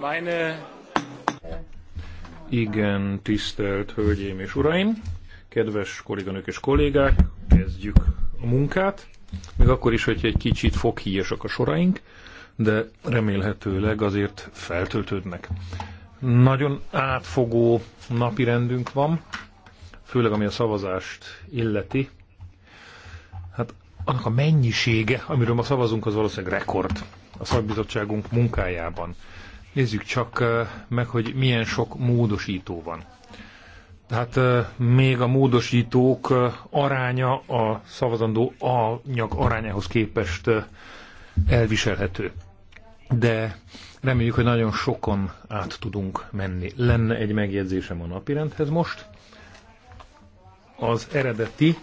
Meine... Igen, tisztelt Hölgyeim és Uraim, kedves kolléganők és kollégák, kezdjük a munkát. Még akkor is, hogy egy kicsit foghíjasak a soraink, de remélhetőleg azért feltöltődnek. Nagyon átfogó napi rendünk van, főleg ami a szavazást illeti. Hát annak a mennyisége, amiről ma szavazunk, az valószínűleg rekord a szakbizottságunk munkájában. Nézzük csak meg, hogy milyen sok módosító van. Tehát még a módosítók aránya a szavazandó anyag arányához képest elviselhető. De reméljük, hogy nagyon sokan át tudunk menni. Lenne egy megjegyzésem a napirendhez most. Az eredeti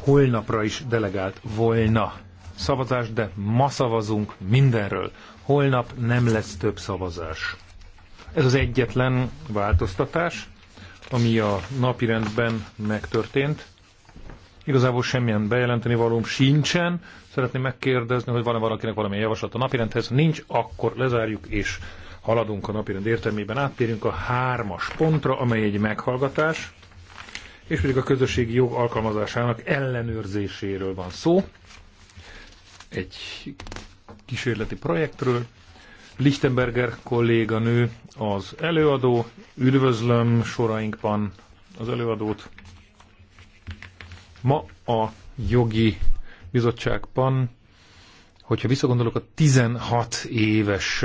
holnapra is delegált volna szavazás, de ma szavazunk mindenről holnap nem lesz több szavazás. Ez az egyetlen változtatás, ami a napirendben megtörtént. Igazából semmilyen bejelenteni valóm sincsen. Szeretném megkérdezni, hogy van-e valakinek valamilyen javaslat a napirendhez. Nincs, akkor lezárjuk és haladunk a napirend értelmében. Áttérünk a hármas pontra, amely egy meghallgatás, és pedig a közösségi jog alkalmazásának ellenőrzéséről van szó. Egy kísérleti projektről. Lichtenberger kolléganő az előadó. Üdvözlöm sorainkban az előadót. Ma a jogi bizottságban, hogyha visszagondolok a 16 éves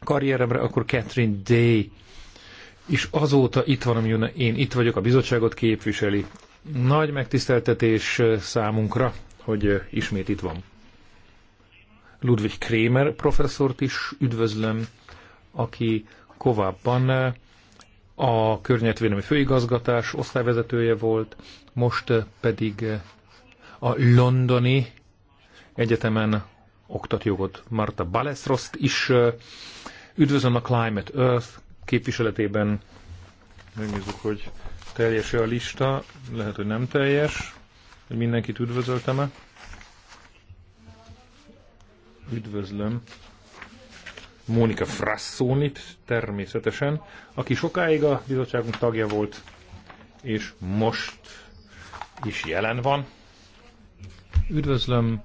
karrieremre, akkor Catherine Day és azóta itt van, amióta én itt vagyok, a bizottságot képviseli. Nagy megtiszteltetés számunkra, hogy ismét itt van. Ludwig Krémer professzort is üdvözlöm, aki kovábban eh, a környezetvédelmi főigazgatás osztályvezetője volt, most eh, pedig eh, a londoni egyetemen oktat jogot Marta Balesrost is. Üdvözlöm a Climate Earth képviseletében. Megnézzük, hogy teljes -e a lista. Lehet, hogy nem teljes. Mindenkit üdvözöltem-e? üdvözlöm Mónika Frassonit természetesen, aki sokáig a bizottságunk tagja volt, és most is jelen van. Üdvözlöm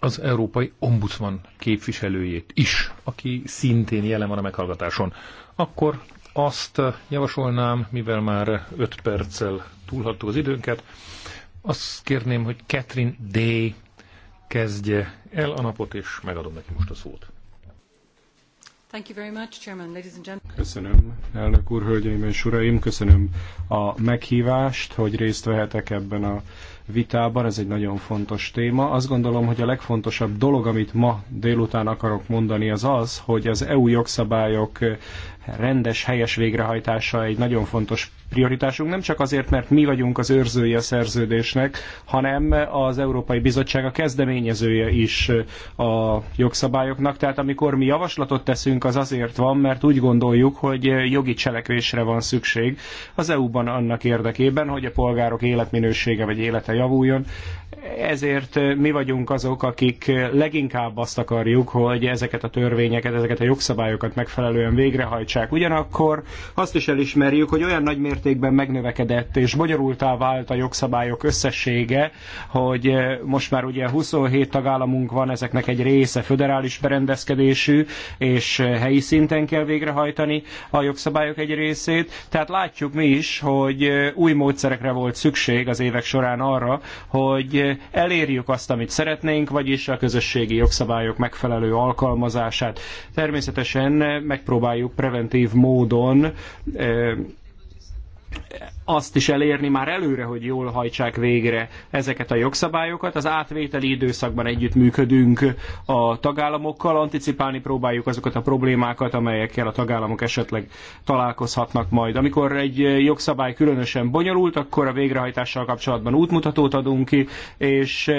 az Európai Ombudsman képviselőjét is, aki szintén jelen van a meghallgatáson. Akkor azt javasolnám, mivel már 5 perccel túlhattuk az időnket, azt kérném, hogy Catherine Day kezdje el a napot, és megadom neki most a szót. Köszönöm, elnök úr, hölgyeim és uraim, köszönöm a meghívást, hogy részt vehetek ebben a vitában, ez egy nagyon fontos téma. Azt gondolom, hogy a legfontosabb dolog, amit ma délután akarok mondani, az az, hogy az EU jogszabályok rendes, helyes végrehajtása egy nagyon fontos prioritásunk, nem csak azért, mert mi vagyunk az őrzői a szerződésnek, hanem az Európai Bizottság a kezdeményezője is a jogszabályoknak. Tehát amikor mi javaslatot teszünk, az azért van, mert úgy gondoljuk, hogy jogi cselekvésre van szükség az EU-ban annak érdekében, hogy a polgárok életminősége vagy élete javuljon. Ezért mi vagyunk azok, akik leginkább azt akarjuk, hogy ezeket a törvényeket, ezeket a jogszabályokat megfelelően végrehajtsák bizottság. Ugyanakkor azt is elismerjük, hogy olyan nagy mértékben megnövekedett és bonyolultá vált a jogszabályok összessége, hogy eh, most már ugye 27 tagállamunk van, ezeknek egy része föderális berendezkedésű, és eh, helyi szinten kell végrehajtani a jogszabályok egy részét. Tehát látjuk mi is, hogy eh, új módszerekre volt szükség az évek során arra, hogy elérjük azt, amit szeretnénk, vagyis a közösségi jogszabályok megfelelő alkalmazását. Természetesen megpróbáljuk preventív preventív módon azt is elérni már előre, hogy jól hajtsák végre ezeket a jogszabályokat. Az átvételi időszakban együtt működünk a tagállamokkal, anticipálni próbáljuk azokat a problémákat, amelyekkel a tagállamok esetleg találkozhatnak majd. Amikor egy jogszabály különösen bonyolult, akkor a végrehajtással kapcsolatban útmutatót adunk ki, és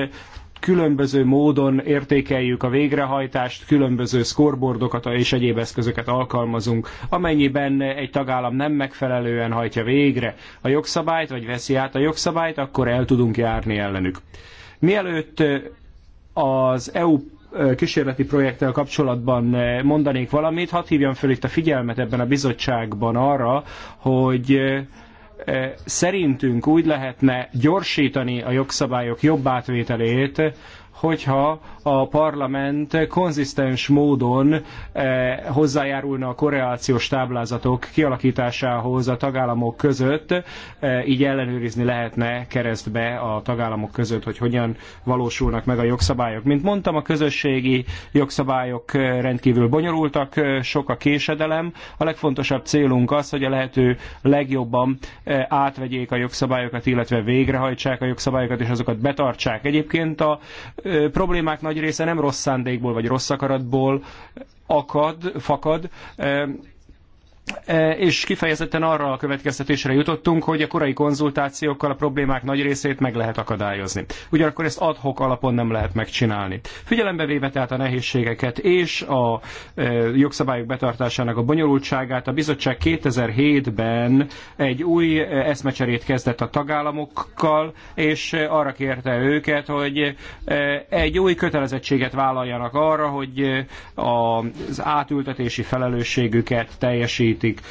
különböző módon értékeljük a végrehajtást, különböző scoreboardokat és egyéb eszközöket alkalmazunk, amennyiben egy tagállam nem megfelelően hajtja végre a jogszabályt, vagy veszi át a jogszabályt, akkor el tudunk járni ellenük. Mielőtt az EU kísérleti projekttel kapcsolatban mondanék valamit, hadd hívjam föl itt a figyelmet ebben a bizottságban arra, hogy Szerintünk úgy lehetne gyorsítani a jogszabályok jobb átvételét, hogyha a parlament konzisztens módon eh, hozzájárulna a korrelációs táblázatok kialakításához a tagállamok között, eh, így ellenőrizni lehetne keresztbe a tagállamok között, hogy hogyan valósulnak meg a jogszabályok. Mint mondtam, a közösségi jogszabályok eh, rendkívül bonyolultak, sok a késedelem. A legfontosabb célunk az, hogy a lehető legjobban átvegyék a jogszabályokat, illetve végrehajtsák a jogszabályokat, és azokat betartsák. Egyébként a problémák nagy része nem rossz szándékból vagy rossz akaratból akad, fakad, E, és kifejezetten arra a következtetésre jutottunk, hogy a korai konzultációkkal a problémák nagy részét meg lehet akadályozni. Ugyanakkor ezt adhok alapon nem lehet megcsinálni. Figyelembe véve tehát a nehézségeket és a e, jogszabályok betartásának a bonyolultságát, a bizottság 2007-ben egy új e, eszmecserét kezdett a tagállamokkal, és arra kérte őket, hogy egy új kötelezettséget vállaljanak arra, hogy az átültetési felelősségüket teljesít segítik.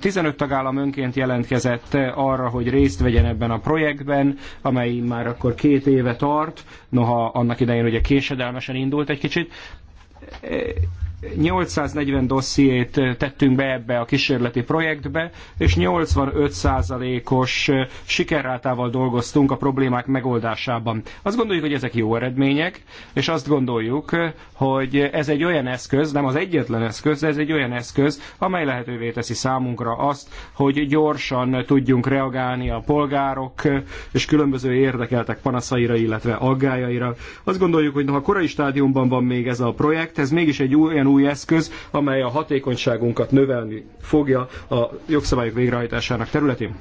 15 tagállam önként jelentkezett arra, hogy részt vegyen ebben a projektben, amely már akkor két éve tart, noha annak idején ugye késedelmesen indult egy kicsit 840 dossziét tettünk be ebbe a kísérleti projektbe, és 85%-os sikerrátával dolgoztunk a problémák megoldásában. Azt gondoljuk, hogy ezek jó eredmények, és azt gondoljuk, hogy ez egy olyan eszköz, nem az egyetlen eszköz, de ez egy olyan eszköz, amely lehetővé teszi számunkra azt, hogy gyorsan tudjunk reagálni a polgárok és különböző érdekeltek panaszaira, illetve aggályaira. Azt gondoljuk, hogy ha korai stádiumban van még ez a projekt, ez mégis egy olyan új eszköz, amely a hatékonyságunkat növelni fogja a jogszabályok végrehajtásának területén.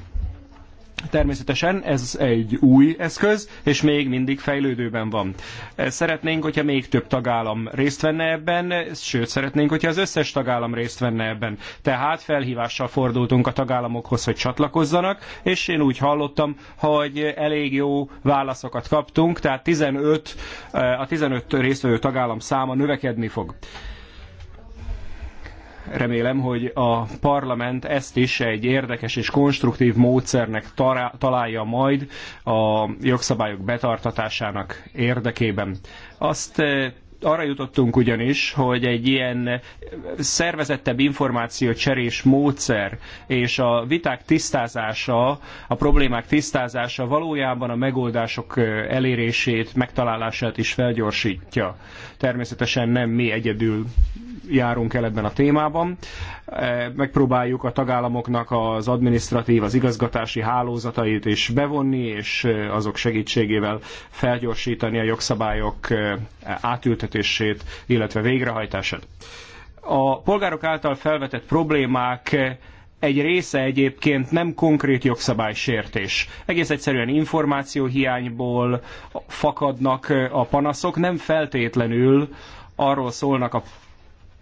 Természetesen ez egy új eszköz, és még mindig fejlődőben van. Szeretnénk, hogyha még több tagállam részt venne ebben, sőt, szeretnénk, hogyha az összes tagállam részt venne ebben. Tehát felhívással fordultunk a tagállamokhoz, hogy csatlakozzanak, és én úgy hallottam, hogy elég jó válaszokat kaptunk, tehát 15, a 15 résztvevő tagállam száma növekedni fog remélem, hogy a parlament ezt is egy érdekes és konstruktív módszernek találja majd a jogszabályok betartatásának érdekében. Azt eh, arra jutottunk ugyanis, hogy egy ilyen szervezettebb információcserés módszer és a viták tisztázása, a problémák tisztázása valójában a megoldások eh, elérését, megtalálását is felgyorsítja. Természetesen nem mi egyedül járunk el ebben a témában. E, megpróbáljuk a tagállamoknak az administratív, az igazgatási hálózatait is bevonni, és e, azok segítségével felgyorsítani a jogszabályok e, átültetését, illetve végrehajtását. A polgárok által felvetett problémák egy része egyébként nem konkrét jogszabálysértés. Egész egyszerűen információhiányból fakadnak eh, a panaszok, nem feltétlenül arról szólnak a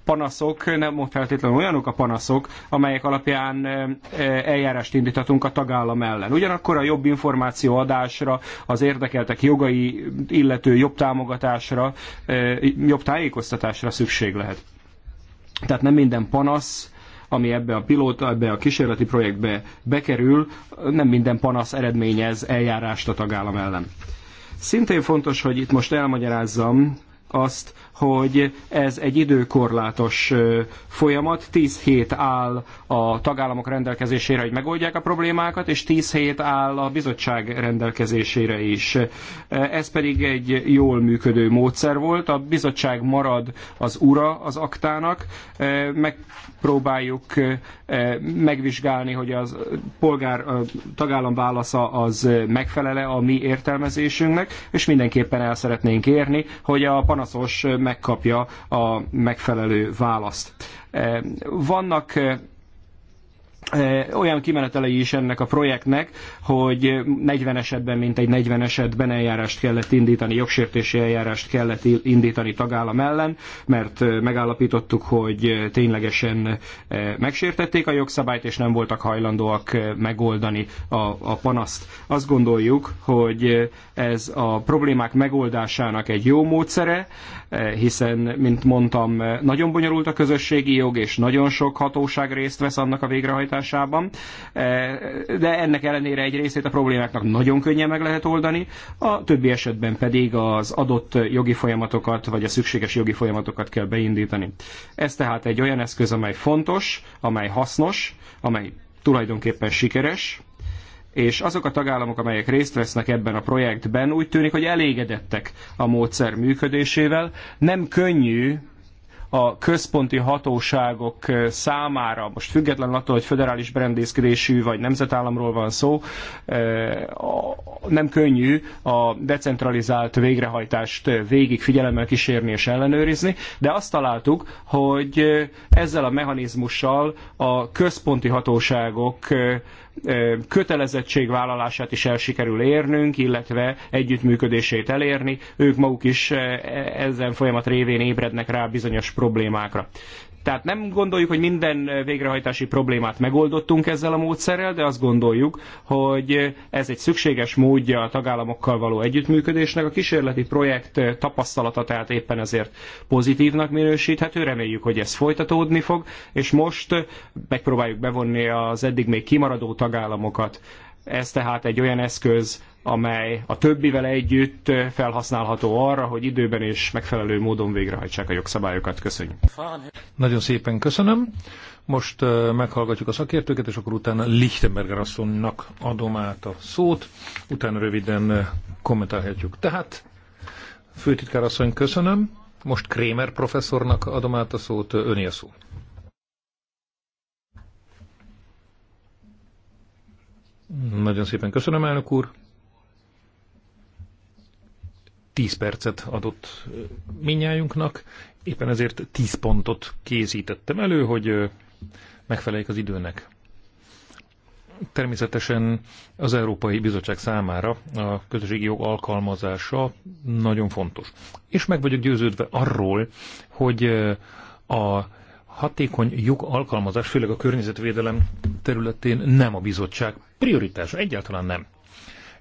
panaszok, nem feltétlenül olyanok a panaszok, amelyek alapján eh, eh, eljárást indítatunk a tagállam ellen. Ugyanakkor a jobb információ adásra, az érdekeltek jogai illető jobb támogatásra, jobb tájékoztatásra szükség lehet. Tehát nem minden panasz ami ebbe a pilóta, ebbe a kísérleti projektbe bekerül, nem minden panasz eredményez eljárást a tagállam ellen. Szintén fontos, hogy itt most elmagyarázzam azt, hogy ez egy időkorlátos folyamat, 10 hét áll a tagállamok rendelkezésére, hogy megoldják a problémákat, és 10 hét áll a bizottság rendelkezésére is. Ez pedig egy jól működő módszer volt, a bizottság marad az ura az aktának, megpróbáljuk megvizsgálni, hogy az polgár a tagállam válasza az megfelele a mi értelmezésünknek, és mindenképpen el szeretnénk érni, hogy a panaszos megkapja a megfelelő választ. Eh, vannak eh, olyan kimenetelei is ennek a projektnek, hogy 40 esetben, mint egy 40 esetben eljárást kellett indítani, jogsértési eljárást kellett indítani tagállam ellen, mert megállapítottuk, hogy ténylegesen megsértették a jogszabályt, és nem voltak hajlandóak megoldani a, a panaszt. Azt gondoljuk, hogy ez a problémák megoldásának egy jó módszere, hiszen, mint mondtam, nagyon bonyolult a közösségi jog, és nagyon sok hatóság részt vesz annak a végrehajtásában, vonatkozásában, e, de ennek ellenére egy részét a problémáknak nagyon könnyen meg lehet oldani, a többi esetben pedig az adott jogi folyamatokat, vagy a szükséges jogi folyamatokat kell beindítani. Ez tehát egy olyan eszköz, amely fontos, amely hasznos, amely tulajdonképpen sikeres, és azok a tagállamok, amelyek részt vesznek ebben a projektben, úgy tűnik, hogy elégedettek a módszer működésével. Nem könnyű a központi hatóságok számára, most független attól, hogy föderális berendezkedésű vagy nemzetállamról van szó, nem könnyű a decentralizált végrehajtást végig figyelemmel kísérni és ellenőrizni, de azt találtuk, hogy ezzel a mechanizmussal a központi hatóságok kötelezettségvállalását is el sikerül érnünk, illetve együttműködését elérni. Ők maguk is e-, ezen folyamat révén ébrednek rá bizonyos problémákra. Tehát nem gondoljuk, hogy minden végrehajtási problémát megoldottunk ezzel a módszerrel, de azt gondoljuk, hogy ez egy szükséges módja a tagállamokkal való együttműködésnek. A kísérleti projekt tapasztalata tehát éppen ezért pozitívnak minősíthető. Reméljük, hogy ez folytatódni fog, és most megpróbáljuk bevonni az eddig még kimaradó tagállamokat ez tehát egy olyan eszköz, amely a többivel együtt felhasználható arra, hogy időben és megfelelő módon végrehajtsák a jogszabályokat. Köszönjük. Nagyon szépen köszönöm. Most meghallgatjuk a szakértőket, és akkor utána Lichtenberger asszonynak adom át a szót. Utána röviden kommentálhatjuk. Tehát, főtitkár asszony, köszönöm. Most Krémer professzornak adom át a szót, öné a szó. Nagyon szépen köszönöm, elnök úr. Tíz percet adott minnyájunknak, éppen ezért tíz pontot készítettem elő, hogy megfeleljék az időnek. Természetesen az Európai Bizottság számára a közösségi jog alkalmazása nagyon fontos. És meg vagyok győződve arról, hogy a hatékony jogalkalmazás, főleg a környezetvédelem területén nem a bizottság prioritása, egyáltalán nem.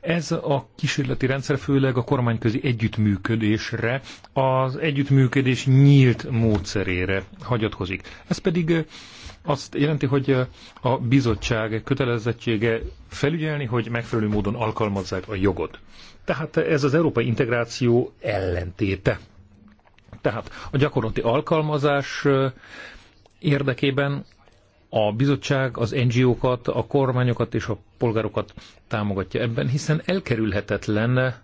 Ez a kísérleti rendszer főleg a kormányközi együttműködésre, az együttműködés nyílt módszerére hagyatkozik. Ez pedig azt jelenti, hogy a bizottság kötelezettsége felügyelni, hogy megfelelő módon alkalmazzák a jogot. Tehát ez az európai integráció ellentéte. Tehát a gyakorlati alkalmazás érdekében a bizottság az NGO-kat, a kormányokat és a polgárokat támogatja ebben, hiszen elkerülhetetlen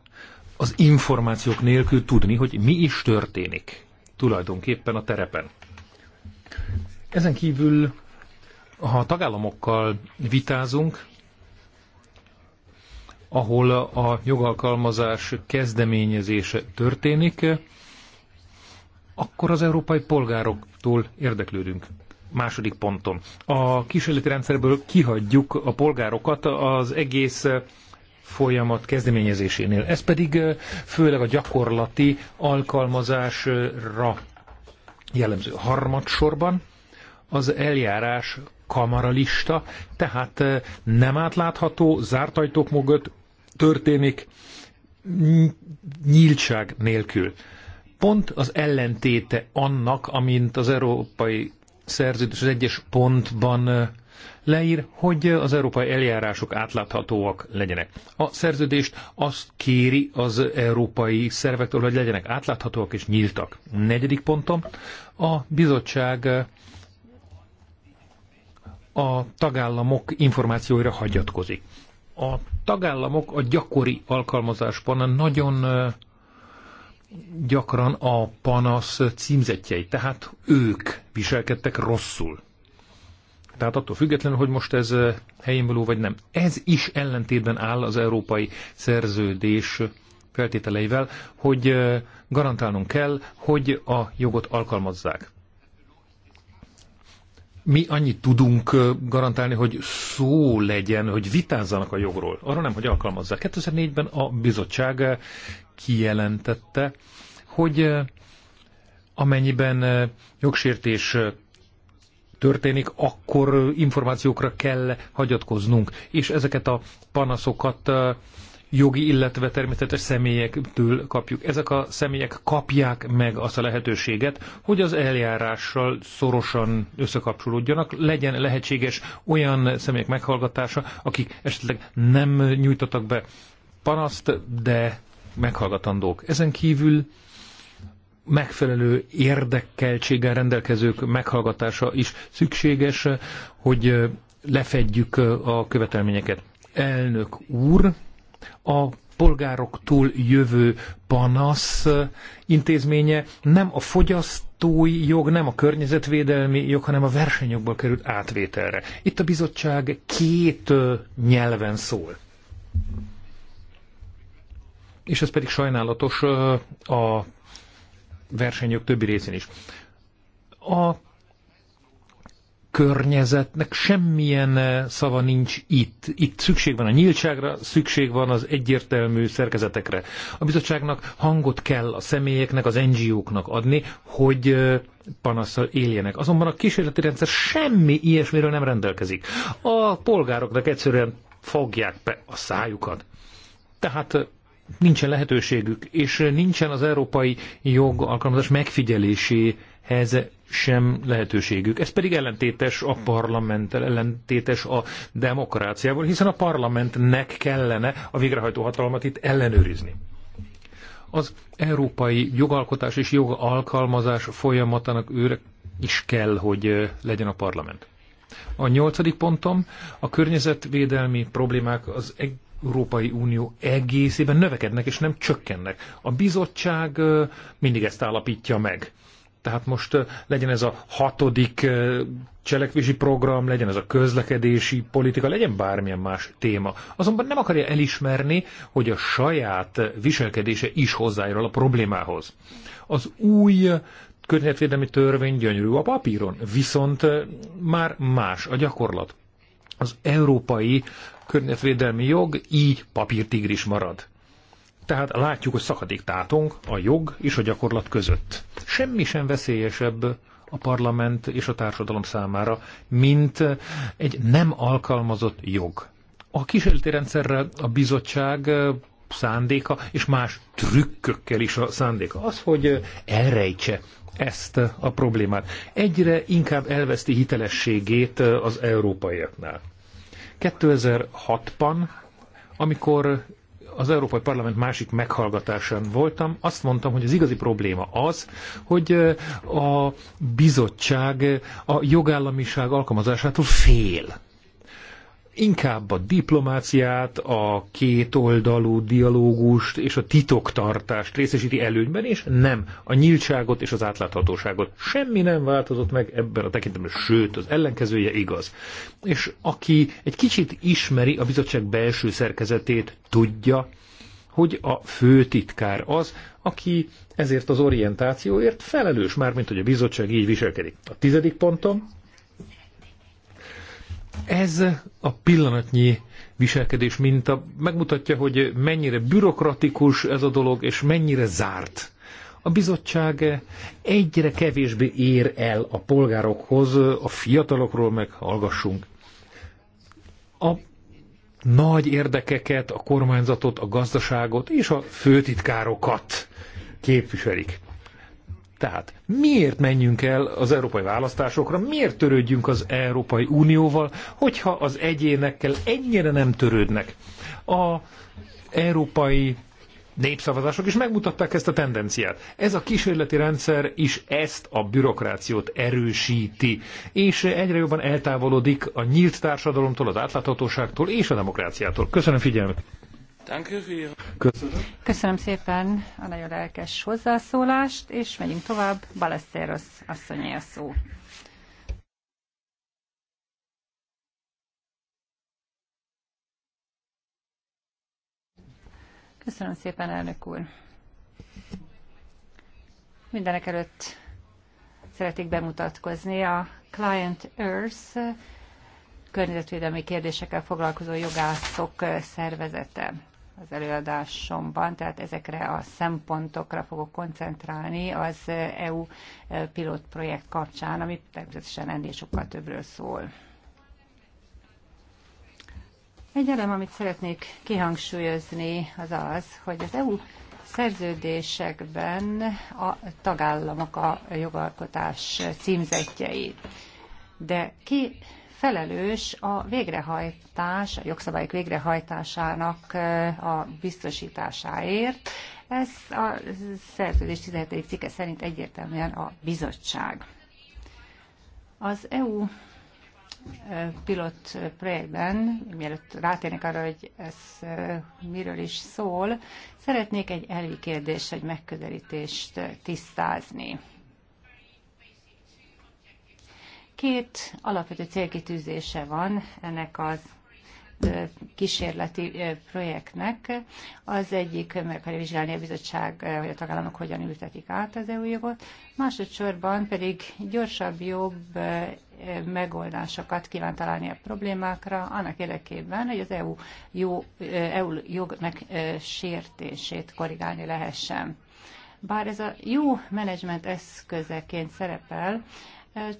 az információk nélkül tudni, hogy mi is történik tulajdonképpen a terepen. Ezen kívül, ha a tagállamokkal vitázunk, ahol a jogalkalmazás kezdeményezése történik, akkor az európai polgároktól érdeklődünk. Második ponton. A kísérleti rendszerből kihagyjuk a polgárokat az egész eh, folyamat kezdeményezésénél. Ez pedig eh, főleg a gyakorlati alkalmazásra jellemző. Harmadsorban az eljárás kamaralista, tehát eh, nem átlátható, zárt ajtók mögött történik nyíltság nélkül pont az ellentéte annak, amint az európai szerződés az egyes pontban leír, hogy az európai eljárások átláthatóak legyenek. A szerződést azt kéri az európai szervektől, hogy legyenek átláthatóak és nyíltak. Negyedik pontom, a bizottság a tagállamok információira hagyatkozik. A tagállamok a gyakori alkalmazásban nagyon gyakran a panasz címzetjei, tehát ők viselkedtek rosszul. Tehát attól függetlenül, hogy most ez eh, helyén való vagy nem. Ez is ellentétben áll az európai szerződés feltételeivel, hogy eh, garantálnunk kell, hogy a jogot alkalmazzák mi annyit tudunk garantálni, hogy szó legyen, hogy vitázzanak a jogról. Arra nem, hogy alkalmazzák. 2004-ben a bizottság kijelentette, hogy amennyiben jogsértés történik, akkor információkra kell hagyatkoznunk, és ezeket a panaszokat jogi, illetve természetes személyektől kapjuk. Ezek a személyek kapják meg azt a lehetőséget, hogy az eljárással szorosan összekapcsolódjanak, legyen lehetséges olyan személyek meghallgatása, akik esetleg nem nyújtottak be panaszt, de meghallgatandók. Ezen kívül megfelelő érdekkeltséggel rendelkezők meghallgatása is szükséges, hogy lefedjük a követelményeket. Elnök úr, a polgároktól jövő panasz intézménye nem a fogyasztói jog, nem a környezetvédelmi jog, hanem a versenyjogból került átvételre. Itt a bizottság két nyelven szól. És ez pedig sajnálatos a versenyjog többi részén is. A környezetnek semmilyen eh, szava nincs itt. Itt szükség van a nyíltságra, szükség van az egyértelmű szerkezetekre. A bizottságnak hangot kell a személyeknek, az NGO-knak adni, hogy eh, panaszsal éljenek. Azonban a kísérleti rendszer semmi ilyesmiről nem rendelkezik. A polgároknak egyszerűen fogják be a szájukat. Tehát eh, nincsen lehetőségük, és nincsen az európai jog alkalmazás megfigyelésé hez sem lehetőségük. Ez pedig ellentétes a parlamenttel, ellentétes a demokráciával, hiszen a parlamentnek kellene a végrehajtó hatalmat itt ellenőrizni. Az európai jogalkotás és jogalkalmazás folyamatának őre is kell, hogy legyen a parlament. A nyolcadik pontom a környezetvédelmi problémák az Európai Unió egészében növekednek és nem csökkennek. A bizottság mindig ezt állapítja meg. Tehát most legyen ez a hatodik cselekvési program, legyen ez a közlekedési politika, legyen bármilyen más téma. Azonban nem akarja elismerni, hogy a saját viselkedése is hozzájárul a problémához. Az új környezetvédelmi törvény gyönyörű a papíron, viszont már más a gyakorlat. Az európai környezetvédelmi jog így papírtigris marad. Tehát látjuk, hogy szakadék tátunk a jog és a gyakorlat között. Semmi sem veszélyesebb a parlament és a társadalom számára, mint egy nem alkalmazott jog. A kísérleti rendszerrel a bizottság szándéka, és más trükkökkel is a szándéka. Az, hogy elrejtse ezt a problémát. Egyre inkább elveszti hitelességét az európaiaknál. 2006-ban, amikor az Európai Parlament másik meghallgatásán voltam, azt mondtam, hogy az igazi probléma az, hogy a bizottság a jogállamiság alkalmazásától fél inkább a diplomáciát, a kétoldalú dialógust és a titoktartást részesíti előnyben, és nem a nyíltságot és az átláthatóságot. Semmi nem változott meg ebben a tekintetben, sőt, az ellenkezője igaz. És aki egy kicsit ismeri a bizottság belső szerkezetét, tudja, hogy a főtitkár az, aki ezért az orientációért felelős, mármint hogy a bizottság így viselkedik. A tizedik pontom, ez a pillanatnyi viselkedés minta megmutatja, hogy mennyire bürokratikus ez a dolog, és mennyire zárt. A bizottság egyre kevésbé ér el a polgárokhoz, a fiatalokról meg hallgassunk. A nagy érdekeket, a kormányzatot, a gazdaságot és a főtitkárokat képviselik. Tehát miért menjünk el az európai választásokra, miért törődjünk az Európai Unióval, hogyha az egyénekkel ennyire nem törődnek? A európai népszavazások is megmutatták ezt a tendenciát. Ez a kísérleti rendszer is ezt a bürokrációt erősíti, és egyre jobban eltávolodik a nyílt társadalomtól, az átláthatóságtól és a demokráciától. Köszönöm figyelmet! Köszönöm. szépen a nagyon lelkes hozzászólást, és megyünk tovább. Balesteros asszonyé a szó. Köszönöm szépen, elnök úr. Mindenek előtt bemutatkozni a Client Earth környezetvédelmi kérdésekkel foglalkozó jogászok szervezete az előadásomban, tehát ezekre a szempontokra fogok koncentrálni az EU e, pilot projekt kapcsán, ami természetesen ennél sokkal többről szól. Egy elem, amit szeretnék kihangsúlyozni, az az, hogy az EU szerződésekben a tagállamok a jogalkotás címzetjei. De ki felelős a végrehajtás, a jogszabályok végrehajtásának a biztosításáért. Ez a szerződés 17. cikke szerint egyértelműen a bizottság. Az EU pilot projektben, mielőtt rátérnék arra, hogy ez miről is szól, szeretnék egy elvi kérdés, egy megközelítést tisztázni. Két alapvető célkitűzése van ennek az kísérleti projektnek. Az egyik meg akarja vizsgálni a bizottság, hogy a tagállamok hogyan ültetik át az EU jogot, másodszorban pedig gyorsabb, jobb megoldásokat kíván találni a problémákra, annak érdekében, hogy az EU, jó, EU jognak sértését korrigálni lehessen. Bár ez a jó menedzsment eszközeként szerepel,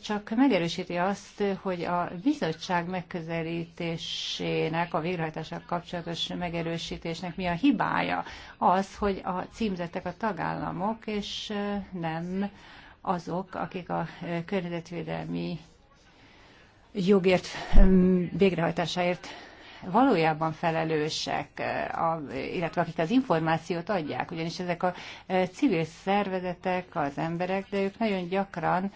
csak megerősíti azt, hogy a bizottság megközelítésének, a végrehajtással kapcsolatos megerősítésnek mi a hibája. Az, hogy a címzettek a tagállamok, és nem azok, akik a környezetvédelmi jogért végrehajtásáért valójában felelősek, illetve akik az információt adják, ugyanis ezek a civil szervezetek, az emberek, de ők nagyon gyakran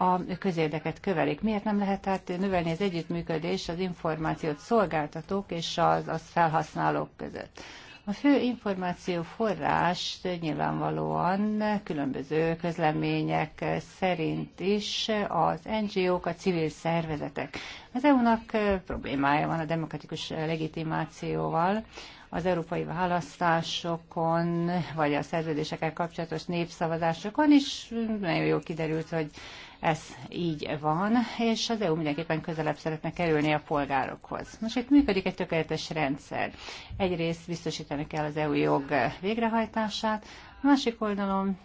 a közérdeket kövelik. Miért nem lehet hát növelni az együttműködés az információt szolgáltatók és az, az felhasználók között? A fő információ forrás nyilvánvalóan különböző közlemények szerint is az NGO-k, a civil szervezetek. Az EU-nak problémája van a demokratikus legitimációval, az európai választásokon, vagy a szerződésekkel kapcsolatos népszavazásokon is nagyon jól kiderült, hogy ez így van, és az EU mindenképpen közelebb szeretne kerülni a polgárokhoz. Most itt működik egy tökéletes rendszer. Egyrészt biztosítani kell az EU jog végrehajtását, a másik oldalon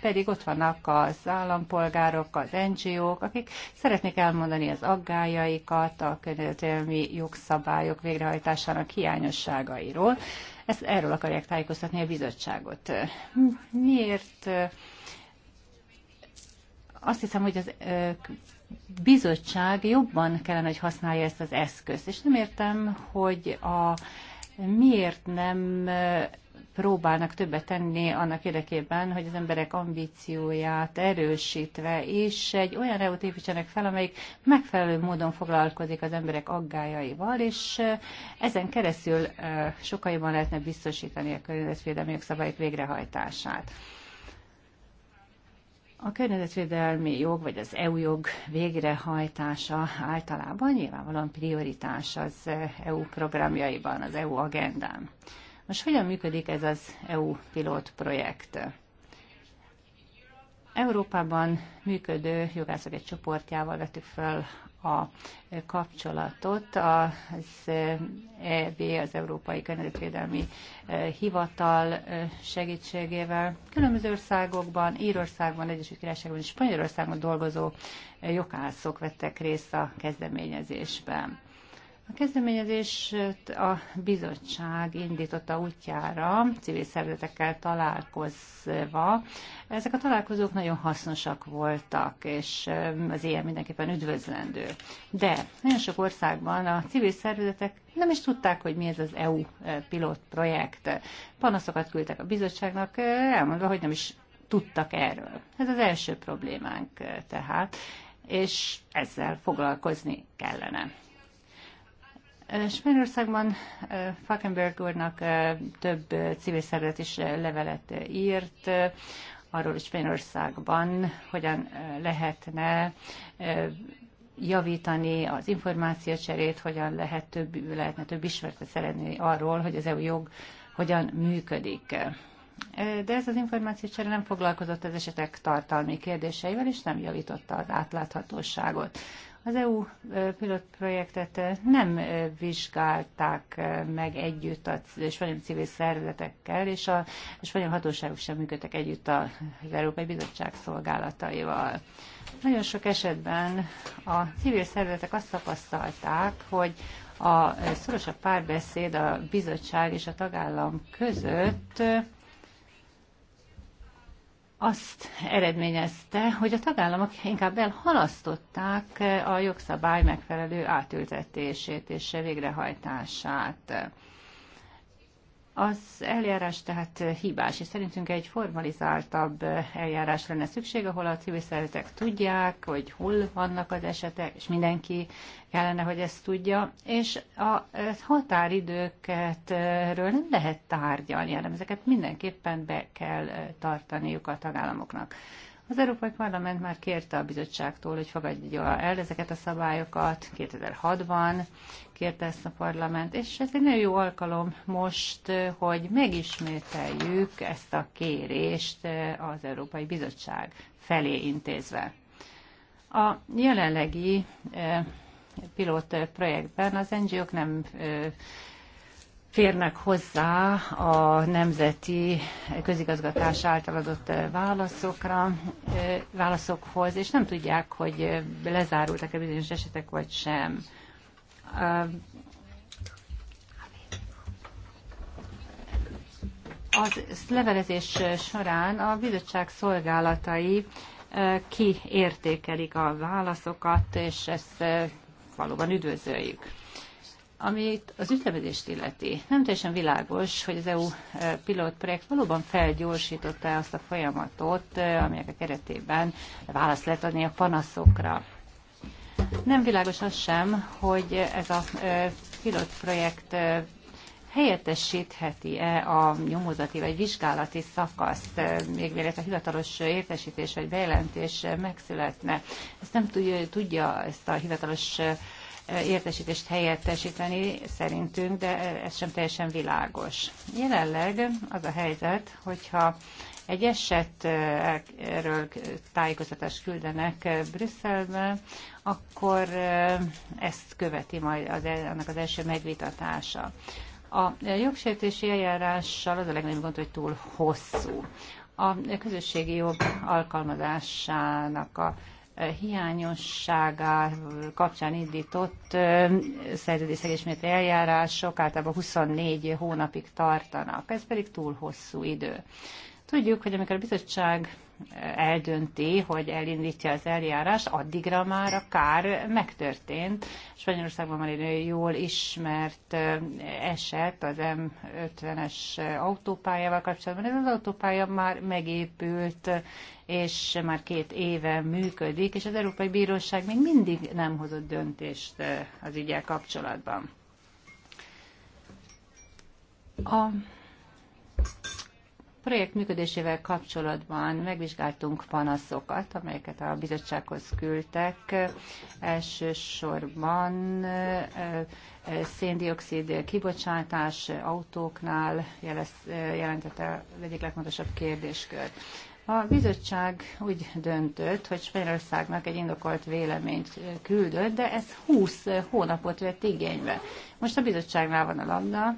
pedig ott vannak az állampolgárok, az NGO-k, akik szeretnék elmondani az aggájaikat, a környezetelmi jogszabályok végrehajtásának hiányosságairól. Ezt erről akarják tájékoztatni a bizottságot. Miért azt hiszem, hogy az bizottság jobban kellene, hogy használja ezt az eszközt. És nem értem, hogy a, miért nem próbálnak többet tenni annak érdekében, hogy az emberek ambícióját erősítve és egy olyan reót építsenek fel, amelyik megfelelő módon foglalkozik az emberek aggájaival, és ezen keresztül sokkal jobban lehetne biztosítani a környezetvédelmi jogszabályok végrehajtását. A környezetvédelmi jog, vagy az EU jog végrehajtása általában nyilvánvalóan prioritás az EU programjaiban, az EU agendán. Most hogyan működik ez az EU pilot projekt? Európában működő jogászok egy csoportjával vettük fel a kapcsolatot. Az EB, az Európai Környezetvédelmi e, Hivatal e, segítségével különböző országokban, Írországban, Egyesült Királyságban és Spanyolországban dolgozó e, jogászok vettek részt a kezdeményezésben. A kezdeményezést a bizottság indította útjára, civil szervezetekkel találkozva. Ezek a találkozók nagyon hasznosak voltak, és az ilyen mindenképpen üdvözlendő. De nagyon sok országban a civil szervezetek nem is tudták, hogy mi ez az EU pilot projekt. Panaszokat küldtek a bizottságnak, elmondva, hogy nem is tudtak erről. Ez az első problémánk tehát, és ezzel foglalkozni kellene. Spanyolországban Falkenberg úrnak több civil szervezet is levelet írt, arról, hogy Spanyolországban hogyan lehetne javítani az információcserét, hogyan lehet több, lehetne több ismertet szerezni arról, hogy az EU jog hogyan működik. De ez az információcsere nem foglalkozott az esetek tartalmi kérdéseivel, és nem javította az átláthatóságot. Az EU pilotprojektet nem vizsgálták meg együtt a spanyol civil szervezetekkel, és a spanyol hatóságok sem működtek együtt az Európai Bizottság szolgálataival. Nagyon sok esetben a civil szervezetek azt tapasztalták, hogy a szorosabb párbeszéd a bizottság és a tagállam között azt eredményezte, hogy a tagállamok inkább elhalasztották a jogszabály megfelelő átültetését és végrehajtását. Az eljárás tehát hibás, és szerintünk egy formalizáltabb eljárás lenne szükség, ahol a civil szervezetek tudják, hogy hol vannak az esetek, és mindenki kellene, hogy ezt tudja, és a határidőkről nem lehet tárgyalni, hanem ezeket mindenképpen be kell tartaniuk a tagállamoknak. Az Európai Parlament már kérte a bizottságtól, hogy fogadja el ezeket a szabályokat. 2006-ban kérte ezt a parlament, és ez egy nagyon jó alkalom most, hogy megismételjük ezt a kérést az Európai Bizottság felé intézve. A jelenlegi eh, pilot projektben az NGO-k nem eh, férnek hozzá a nemzeti közigazgatás által adott válaszokra, válaszokhoz, és nem tudják, hogy lezárultak-e bizonyos esetek, vagy sem. Az levelezés során a bizottság szolgálatai kiértékelik a válaszokat, és ezt valóban üdvözöljük. Amit az ütemezést illeti, nem teljesen világos, hogy az EU e, pilot projekt valóban felgyorsította azt a folyamatot, e, amelyek a keretében választ lehet adni a panaszokra. Nem világos az sem, hogy ez a e, pilot projekt helyettesítheti-e a nyomozati vagy vizsgálati szakaszt, még mielőtt a hivatalos értesítés vagy bejelentés megszületne. Ezt nem tudja, tudja ezt a hivatalos értesítést helyettesíteni szerintünk, de ez sem teljesen világos. Jelenleg az a helyzet, hogyha egy esetről tájékoztatást küldenek Brüsszelbe, akkor ezt követi majd az, e, annak az első megvitatása. A jogsértési eljárással az a legnagyobb gond, hogy túl hosszú. A közösségi jog alkalmazásának a hiányosságá kapcsán indított szerződésszegésmét eljárások általában 24 hónapig tartanak, ez pedig túl hosszú idő. Tudjuk, hogy amikor a bizottság eldönti, hogy elindítja az eljárást, addigra már a kár megtörtént. Spanyolországban már egy jól ismert eh, eset az M50-es autópályával kapcsolatban. Ez az autópálya már megépült, és már két éve működik, és az Európai Bíróság még mindig nem hozott döntést eh, az ügyel kapcsolatban. A projekt működésével kapcsolatban megvizsgáltunk panaszokat, amelyeket a bizottsághoz küldtek. Elsősorban széndiokszid kibocsátás autóknál jelentette az egyik legfontosabb kérdéskör. A bizottság úgy döntött, hogy Spanyolországnak egy indokolt véleményt küldött, de ez 20 hónapot vett igénybe. Most a bizottságnál van a labda,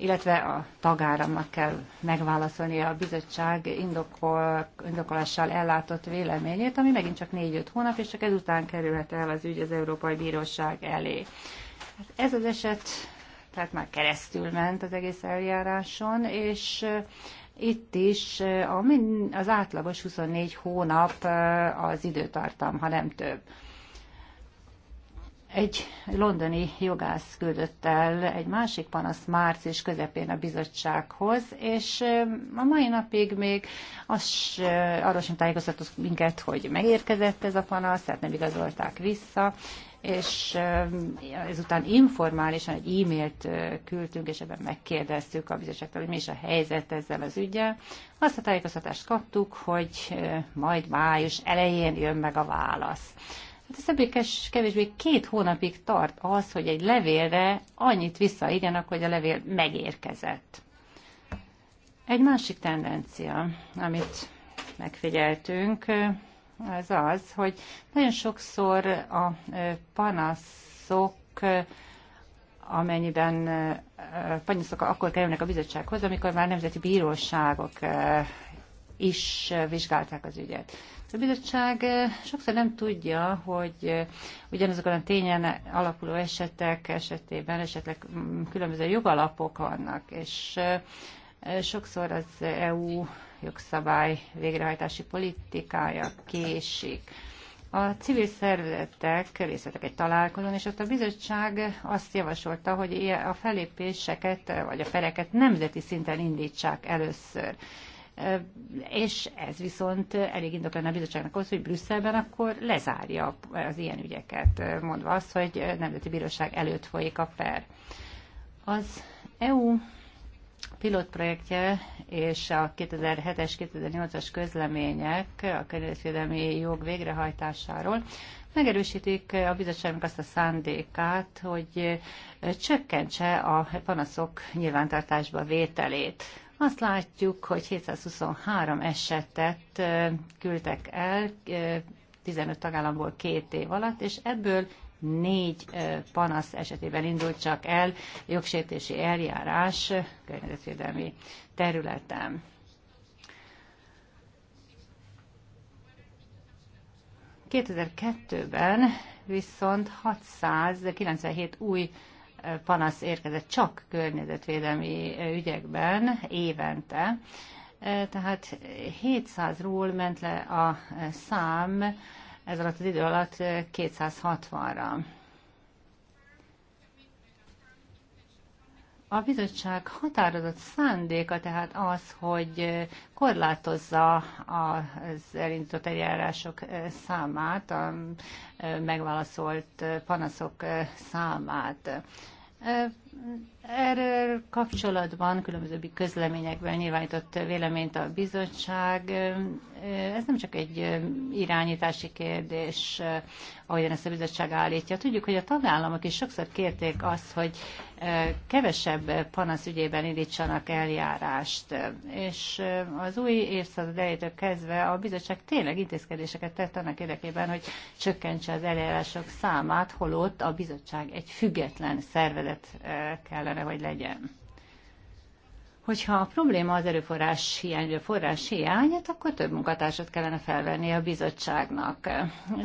illetve a tagáramnak kell megválaszolnia a bizottság indokol, indokolással ellátott véleményét, ami megint csak 4-5 hónap, és csak ezután kerülhet el az ügy az Európai Bíróság elé. Hát ez az eset tehát már keresztül ment az egész eljáráson, és eh, itt is eh, az átlagos 24 hónap eh, az időtartam, ha nem több. Egy londoni jogász küldött el egy másik panasz március közepén a bizottsághoz, és a mai napig még az, arról sem tájékoztatott minket, hogy megérkezett ez a panasz, tehát nem igazolták vissza, és ezután informálisan egy e-mailt küldtünk, és ebben megkérdeztük a bizottságtól, hogy mi is a helyzet ezzel az ügyel. Azt a tájékoztatást kaptuk, hogy majd május elején jön meg a válasz. Hát ez többé kevésbé két hónapig tart az, hogy egy levélre annyit visszaírjanak, hogy a levél megérkezett. Egy másik tendencia, amit megfigyeltünk, az az, hogy nagyon sokszor a panaszok amennyiben panaszok akkor kerülnek a bizottsághoz, amikor már nemzeti bíróságok is vizsgálták az ügyet. A bizottság sokszor nem tudja, hogy ugyanazokon a tényen alapuló esetek esetében esetleg mm, különböző jogalapok vannak, és sokszor az EU jogszabály végrehajtási politikája késik. A civil szervezetek részletek egy találkozón, és ott a bizottság azt javasolta, hogy a felépéseket vagy a pereket nemzeti szinten indítsák először és ez viszont elég indok lenne a bizottságnak ahhoz, hogy Brüsszelben akkor lezárja az ilyen ügyeket, mondva azt, hogy Nemzeti Bíróság előtt folyik a per. Az EU pilotprojektje és a 2007-es, 2008-as közlemények a környezetvédelmi jog végrehajtásáról megerősítik a bizottságnak azt a szándékát, hogy csökkentse a panaszok nyilvántartásba vételét. Azt látjuk, hogy 723 esetet küldtek el 15 tagállamból két év alatt, és ebből négy panasz esetében indult csak el jogsértési eljárás környezetvédelmi területen. ...2002-ben viszont 697 új panasz érkezett csak környezetvédelmi ügyekben évente. E, tehát 700-ról ment le a szám ez alatt az idő alatt 260-ra. E, A bizottság határozott szándéka tehát az, hogy korlátozza az elindított eljárások számát, a megválaszolt panaszok számát. Erről kapcsolatban különböző közleményekben nyilvánított véleményt a bizottság. Ez nem csak egy irányítási kérdés, ahogyan ezt a bizottság állítja. Tudjuk, hogy a tagállamok is sokszor kérték azt, hogy e, kevesebb panasz ügyében indítsanak eljárást. És e, az új évszázad elejétől kezdve a bizottság tényleg intézkedéseket tett annak érdekében, hogy csökkentse az eljárások számát, holott a bizottság egy független szervezet e, kellene, hogy legyen hogyha a probléma az erőforrás hiány, vagy a forrás hiány, hát akkor több munkatársat kellene felvenni a bizottságnak.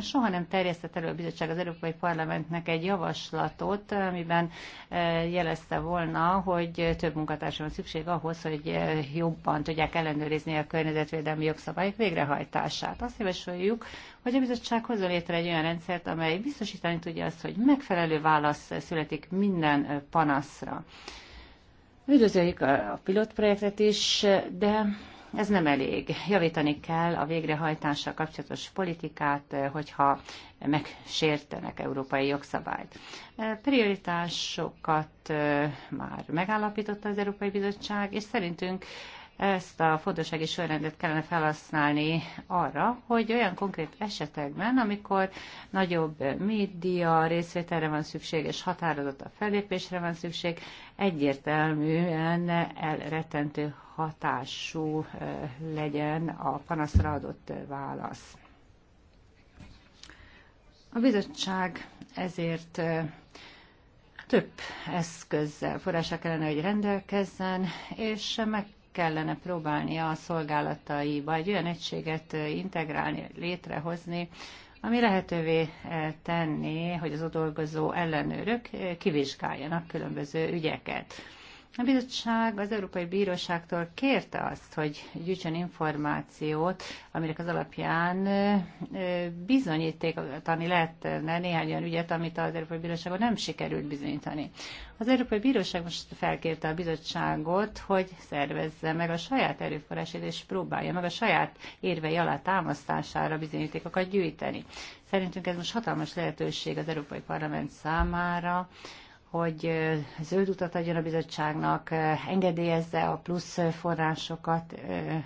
Soha nem terjesztett elő a bizottság az Európai Parlamentnek egy javaslatot, amiben eh, jelezte volna, hogy több munkatársra van szükség ahhoz, hogy eh, jobban tudják ellenőrizni a környezetvédelmi jogszabályok végrehajtását. Azt javasoljuk, hogy a bizottság hozzon létre egy olyan rendszert, amely biztosítani tudja azt, hogy megfelelő válasz születik minden eh, panaszra. Üdvözöljük a pilotprojektet is, de ez nem elég. Javítani kell a végrehajtással kapcsolatos politikát, hogyha megsértenek európai jogszabályt. Prioritásokat eh, már megállapította az Európai Bizottság, és szerintünk ezt a fontossági sorrendet kellene felhasználni arra, hogy olyan konkrét esetekben, amikor nagyobb média részvételre van szükség, és határozott a fellépésre van szükség, egyértelműen elretentő hatású legyen a panaszra adott válasz. A bizottság ezért több eszközzel, forrása kellene, hogy rendelkezzen, és meg kellene próbálnia a szolgálataiba egy olyan egységet integrálni, létrehozni, ami lehetővé tenni, hogy az ott dolgozó ellenőrök kivizsgáljanak különböző ügyeket. A bizottság az Európai Bíróságtól kérte azt, hogy gyűjtsön információt, aminek az alapján bizonyítani lehetne néhány olyan ügyet, amit az Európai Bíróságon nem sikerült bizonyítani. Az Európai Bíróság most felkérte a bizottságot, hogy szervezze meg a saját erőforrásét, és próbálja meg a saját érvei alá támasztására bizonyítékokat gyűjteni. Szerintünk ez most hatalmas lehetőség az Európai Parlament számára, hogy zöld utat adjon a bizottságnak, engedélyezze a plusz forrásokat,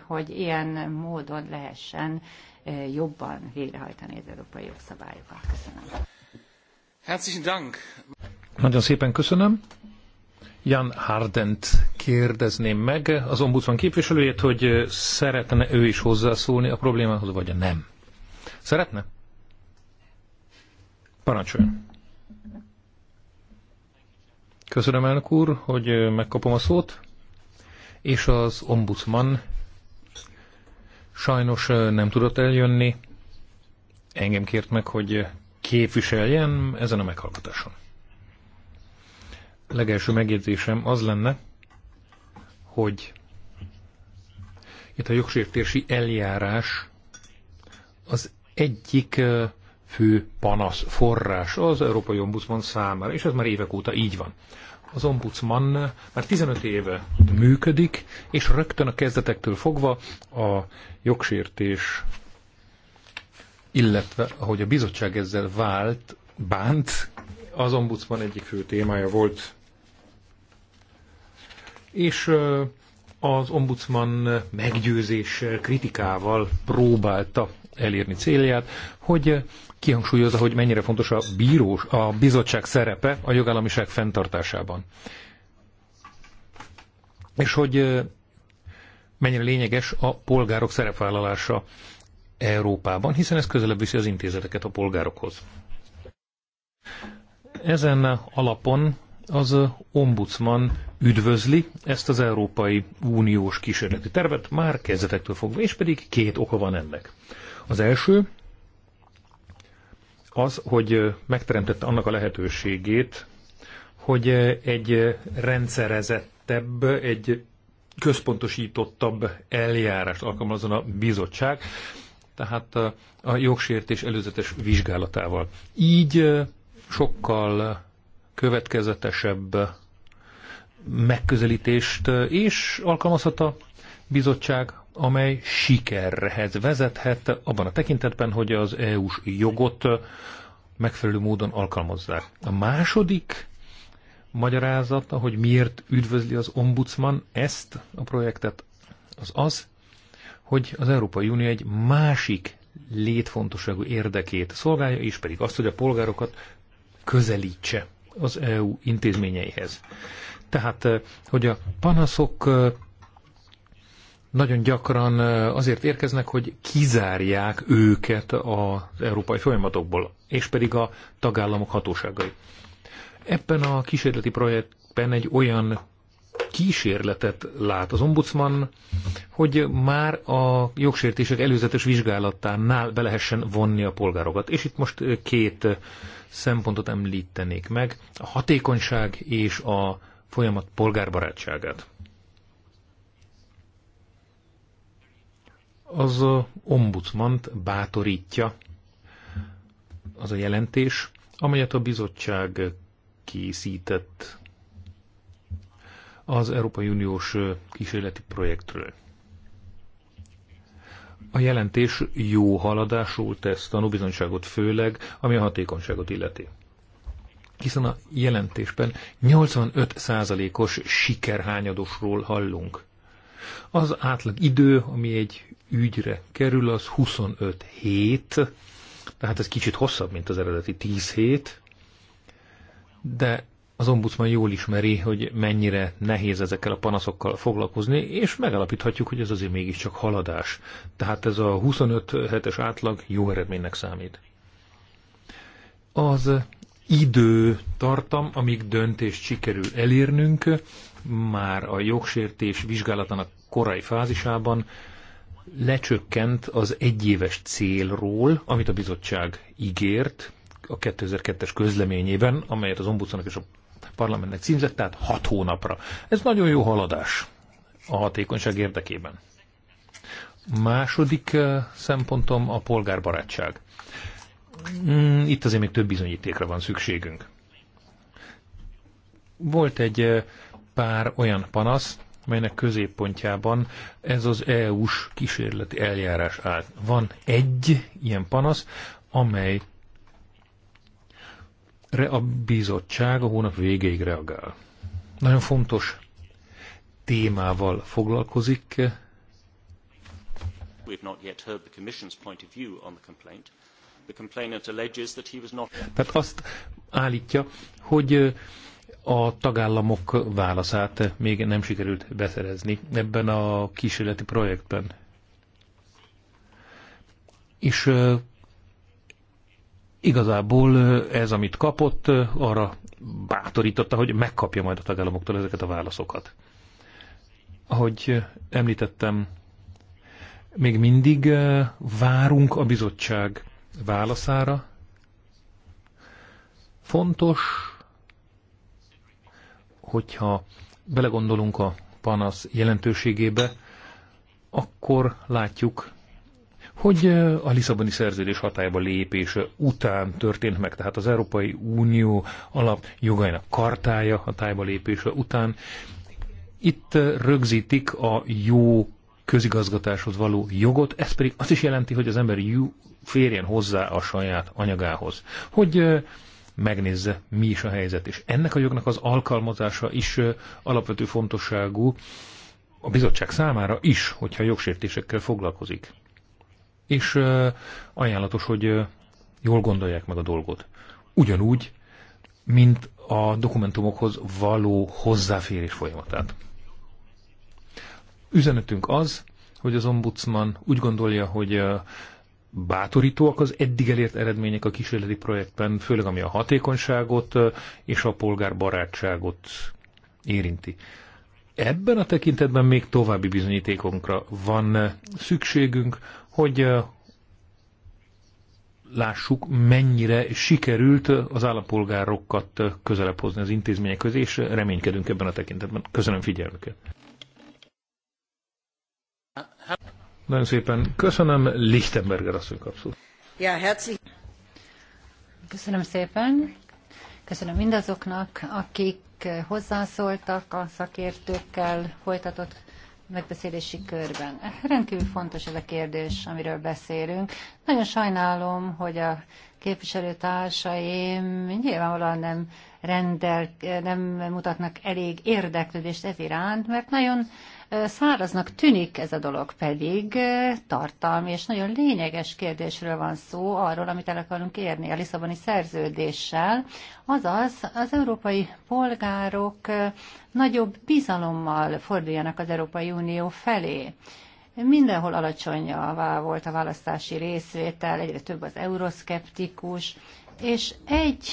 hogy ilyen módon lehessen jobban végrehajtani az európai jogszabályokat. Köszönöm. Herzlichen Dank. Nagyon szépen köszönöm. Jan Hardent kérdezném meg az ombudsman képviselőjét, hogy szeretne ő is hozzászólni a problémához, vagy nem. Szeretne? Parancsoljon. Köszönöm, elnök úr, hogy megkapom a szót. És az ombudsman sajnos nem tudott eljönni. Engem kért meg, hogy képviseljen ezen a meghallgatáson. Legelső megjegyzésem az lenne, hogy itt a jogsértési eljárás az egyik fő panasz forrás az Európai Ombudsman számára, és ez már évek óta így van. Az ombudsman már 15 éve működik, és rögtön a kezdetektől fogva a jogsértés, illetve ahogy a bizottság ezzel vált, bánt, az ombudsman egyik fő témája volt. És az ombudsman meggyőzéssel, kritikával próbálta elérni célját, hogy kihangsúlyozza, hogy mennyire fontos a bírós, a bizottság szerepe a jogállamiság fenntartásában. És hogy mennyire lényeges a polgárok szerepvállalása Európában, hiszen ez közelebb viszi az intézeteket a polgárokhoz. Ezen alapon az ombudsman üdvözli ezt az Európai Uniós kísérleti tervet már kezdetektől fogva, és pedig két oka van ennek. Az első az, hogy megteremtette annak a lehetőségét, hogy egy rendszerezettebb, egy központosítottabb eljárást alkalmazzon a bizottság, tehát a jogsértés előzetes vizsgálatával. Így sokkal következetesebb megközelítést és alkalmazhat a bizottság amely sikerhez vezethet abban a tekintetben, hogy az EU-s jogot megfelelő módon alkalmazzák. A második magyarázata, hogy miért üdvözli az ombudsman ezt a projektet, az az, hogy az Európai Unió egy másik létfontosságú érdekét szolgálja, és pedig azt, hogy a polgárokat közelítse az EU intézményeihez. Tehát, eh, hogy a panaszok eh, nagyon gyakran azért érkeznek, hogy kizárják őket az európai folyamatokból, és pedig a tagállamok hatóságai. Ebben a kísérleti projektben egy olyan kísérletet lát az ombudsman, hogy már a jogsértések előzetes vizsgálatánál be lehessen vonni a polgárokat. És itt most két szempontot említenék meg, a hatékonyság és a folyamat polgárbarátságát. az ombudsmant bátorítja az a jelentés, amelyet a bizottság készített az Európai Uniós kísérleti projektről. A jelentés jó haladásról tesz tanúbizonyságot főleg, ami a hatékonyságot illeti. Hiszen a jelentésben 85%-os sikerhányadosról hallunk. Az átlag idő, ami egy ügyre kerül, az 25 hét, tehát ez kicsit hosszabb, mint az eredeti 10 hét, de az ombudsman jól ismeri, hogy mennyire nehéz ezekkel a panaszokkal foglalkozni, és megalapíthatjuk, hogy ez azért mégiscsak haladás. Tehát ez a 25 hetes átlag jó eredménynek számít. Az idő tartam, amíg döntést sikerül elérnünk, már a jogsértés vizsgálatának korai fázisában lecsökkent az egyéves célról, amit a bizottság ígért a 2002-es közleményében, amelyet az ombudsmanak és a parlamentnek címzett, tehát hat hónapra. Ez nagyon jó haladás a hatékonyság érdekében. Második eh, szempontom a polgárbarátság. Hmm, itt azért még több bizonyítékra van szükségünk. Volt egy eh, pár olyan panasz, melynek középpontjában ez az EU-s kísérleti eljárás áll. Van egy ilyen panasz, amely a bizottság a hónap végéig reagál. Nagyon fontos témával foglalkozik. Tehát azt állítja, hogy a tagállamok válaszát még nem sikerült beszerezni ebben a kísérleti projektben. És igazából ez, amit kapott, arra bátorította, hogy megkapja majd a tagállamoktól ezeket a válaszokat. Ahogy említettem, még mindig várunk a bizottság válaszára. Fontos, hogyha belegondolunk a panasz jelentőségébe, akkor látjuk, hogy a Lisszaboni szerződés hatályba lépése után történt meg, tehát az Európai Unió alapjogainak kartája hatályba lépése után. Itt rögzítik a jó közigazgatáshoz való jogot, ez pedig azt is jelenti, hogy az ember férjen hozzá a saját anyagához. Hogy megnézze, mi is a helyzet. És ennek a jognak az alkalmazása is alapvető fontosságú a bizottság számára is, hogyha jogsértésekkel foglalkozik. És ajánlatos, hogy jól gondolják meg a dolgot. Ugyanúgy, mint a dokumentumokhoz való hozzáférés folyamatát. Üzenetünk az, hogy az ombudsman úgy gondolja, hogy bátorítóak az eddig elért eredmények a kísérleti projektben, főleg ami a hatékonyságot és a polgárbarátságot érinti. Ebben a tekintetben még további bizonyítékonkra van szükségünk, hogy lássuk, mennyire sikerült az állampolgárokat közelebb hozni az intézmények közé, és reménykedünk ebben a tekintetben. Köszönöm figyelmüket! Nagyon szépen köszönöm. Lichtenberger asszony kapszul. Ja, herzlich. Köszönöm szépen. Köszönöm mindazoknak, akik hozzászóltak a szakértőkkel folytatott megbeszélési körben. Rendkívül fontos ez a kérdés, amiről beszélünk. Nagyon sajnálom, hogy a képviselőtársaim nyilvánvalóan nem, rendel, nem mutatnak elég érdeklődést ez iránt, mert nagyon Száraznak tűnik ez a dolog, pedig tartalmi és nagyon lényeges kérdésről van szó, arról, amit el akarunk érni a Lisszaboni szerződéssel, azaz az európai polgárok nagyobb bizalommal forduljanak az Európai Unió felé. Mindenhol alacsonyabbá volt a választási részvétel, egyre több az euroszkeptikus, és egy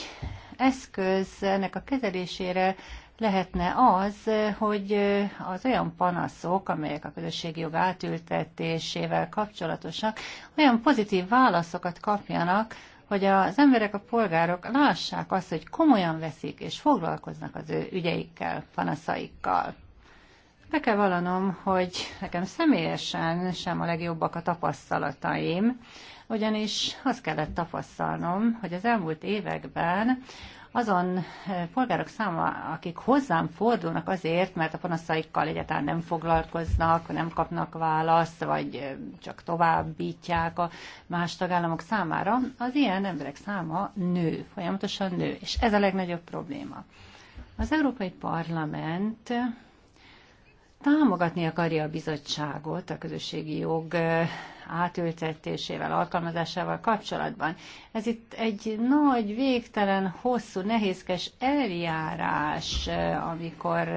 eszköz ennek a kezelésére lehetne az, hogy az olyan panaszok, amelyek a közösségi jog átültetésével kapcsolatosak, olyan pozitív válaszokat kapjanak, hogy az emberek, a polgárok lássák azt, hogy komolyan veszik és foglalkoznak az ő ügyeikkel, panaszaikkal. Be kell vallanom, hogy nekem személyesen sem a legjobbak a tapasztalataim, ugyanis azt kellett tapasztalnom, hogy az elmúlt években azon eh, polgárok száma, akik hozzám fordulnak azért, mert a panaszaikkal egyáltalán nem foglalkoznak, nem kapnak választ, vagy eh, csak továbbítják a más tagállamok számára, az ilyen emberek száma nő, folyamatosan nő, és ez a legnagyobb probléma. Az Európai Parlament eh, támogatni akarja a bizottságot a közösségi jog átültetésével, alkalmazásával kapcsolatban. Ez itt egy nagy, végtelen, hosszú, nehézkes eljárás, amikor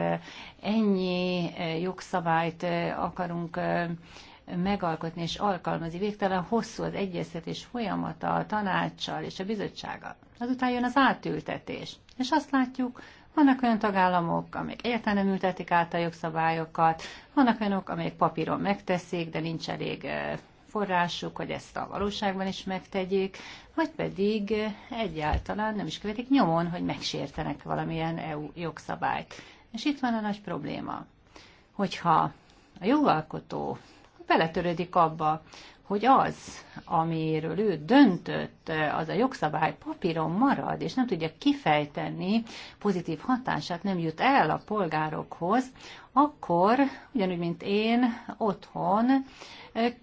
ennyi eh, jogszabályt eh, akarunk eh, megalkotni és alkalmazni. Végtelen hosszú az egyeztetés folyamata a tanácssal és a bizottsággal. Azután jön az átültetés. És azt látjuk, vannak olyan tagállamok, amelyek egyáltalán nem ültetik át a jogszabályokat, vannak olyanok, amelyek papíron megteszik, de nincs elég forrásuk, hogy ezt a valóságban is megtegyék, vagy pedig egyáltalán nem is követik nyomon, hogy megsértenek valamilyen EU jogszabályt. És itt van a nagy probléma, hogyha a jogalkotó beletörődik abba, hogy az, amiről ő döntött, az a jogszabály papíron marad, és nem tudja kifejteni pozitív hatását, nem jut el a polgárokhoz, akkor ugyanúgy, mint én otthon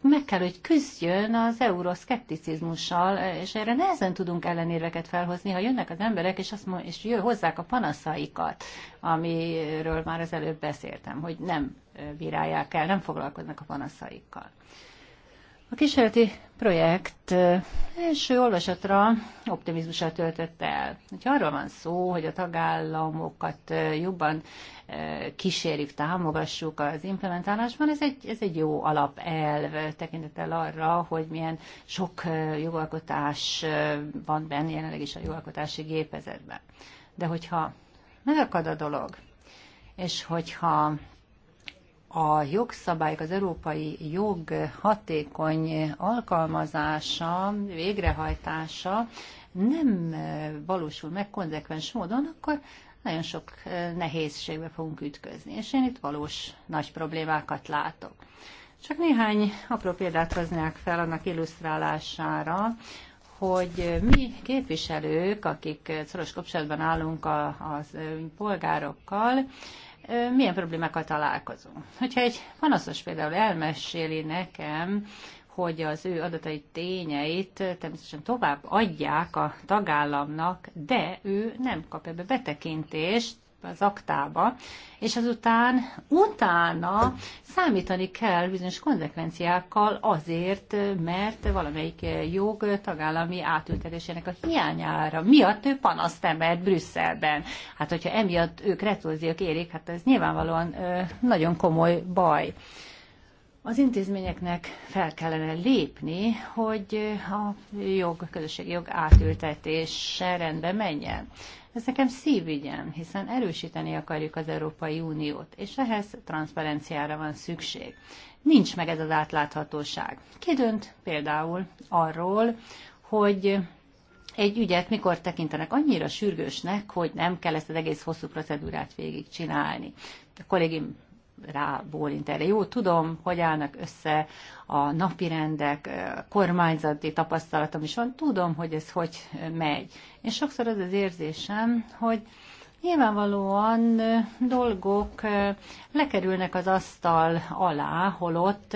meg kell, hogy küzdjön az euroszkepticizmussal, és erre nehezen tudunk ellenérveket felhozni, ha jönnek az emberek, és, azt mondja, és jön hozzák a panaszaikat, amiről már az előbb beszéltem, hogy nem bírálják el, nem foglalkoznak a panaszaikkal. A kísérleti projekt első olvasatra optimizmusra töltött el. Hogyha arról van szó, hogy a tagállamokat jobban kísérjük, támogassuk az implementálásban, ez egy, ez egy jó alapelv tekintettel arra, hogy milyen sok jogalkotás van benne jelenleg is a jogalkotási gépezetben. De hogyha megakad a dolog, és hogyha a jogszabályok, az európai jog hatékony alkalmazása, végrehajtása nem valósul meg konzekvens módon, akkor nagyon sok eh, nehézségbe fogunk ütközni, és én itt valós nagy problémákat látok. Csak néhány apró példát hoznák fel annak illusztrálására, hogy mi képviselők, akik szoros kapcsolatban állunk a, az eh, polgárokkal, milyen problémákkal találkozunk. Hogyha egy panaszos például elmeséli nekem, hogy az ő adatai tényeit természetesen tovább adják a tagállamnak, de ő nem kap ebbe betekintést, az aktába, és azután utána számítani kell bizonyos konzekvenciákkal azért, mert valamelyik jog tagállami átültetésének a hiányára miatt ő panaszt emelt Brüsszelben. Hát, hogyha emiatt ők retorziók érik, hát ez nyilvánvalóan nagyon komoly baj. Az intézményeknek fel kellene lépni, hogy a jog, közösségi jog átültetése rendben menjen. Ez nekem szívügyem, hiszen erősíteni akarjuk az Európai Uniót, és ehhez transzparenciára van szükség. Nincs meg ez az átláthatóság. Ki dönt például arról, hogy egy ügyet mikor tekintenek annyira sürgősnek, hogy nem kell ezt az egész hosszú procedúrát végigcsinálni. A kollégim rá bólint erre. Jó, tudom, hogy állnak össze a napirendek, rendek, kormányzati tapasztalatom is van, tudom, hogy ez hogy megy. És sokszor az az érzésem, hogy nyilvánvalóan dolgok lekerülnek az asztal alá, holott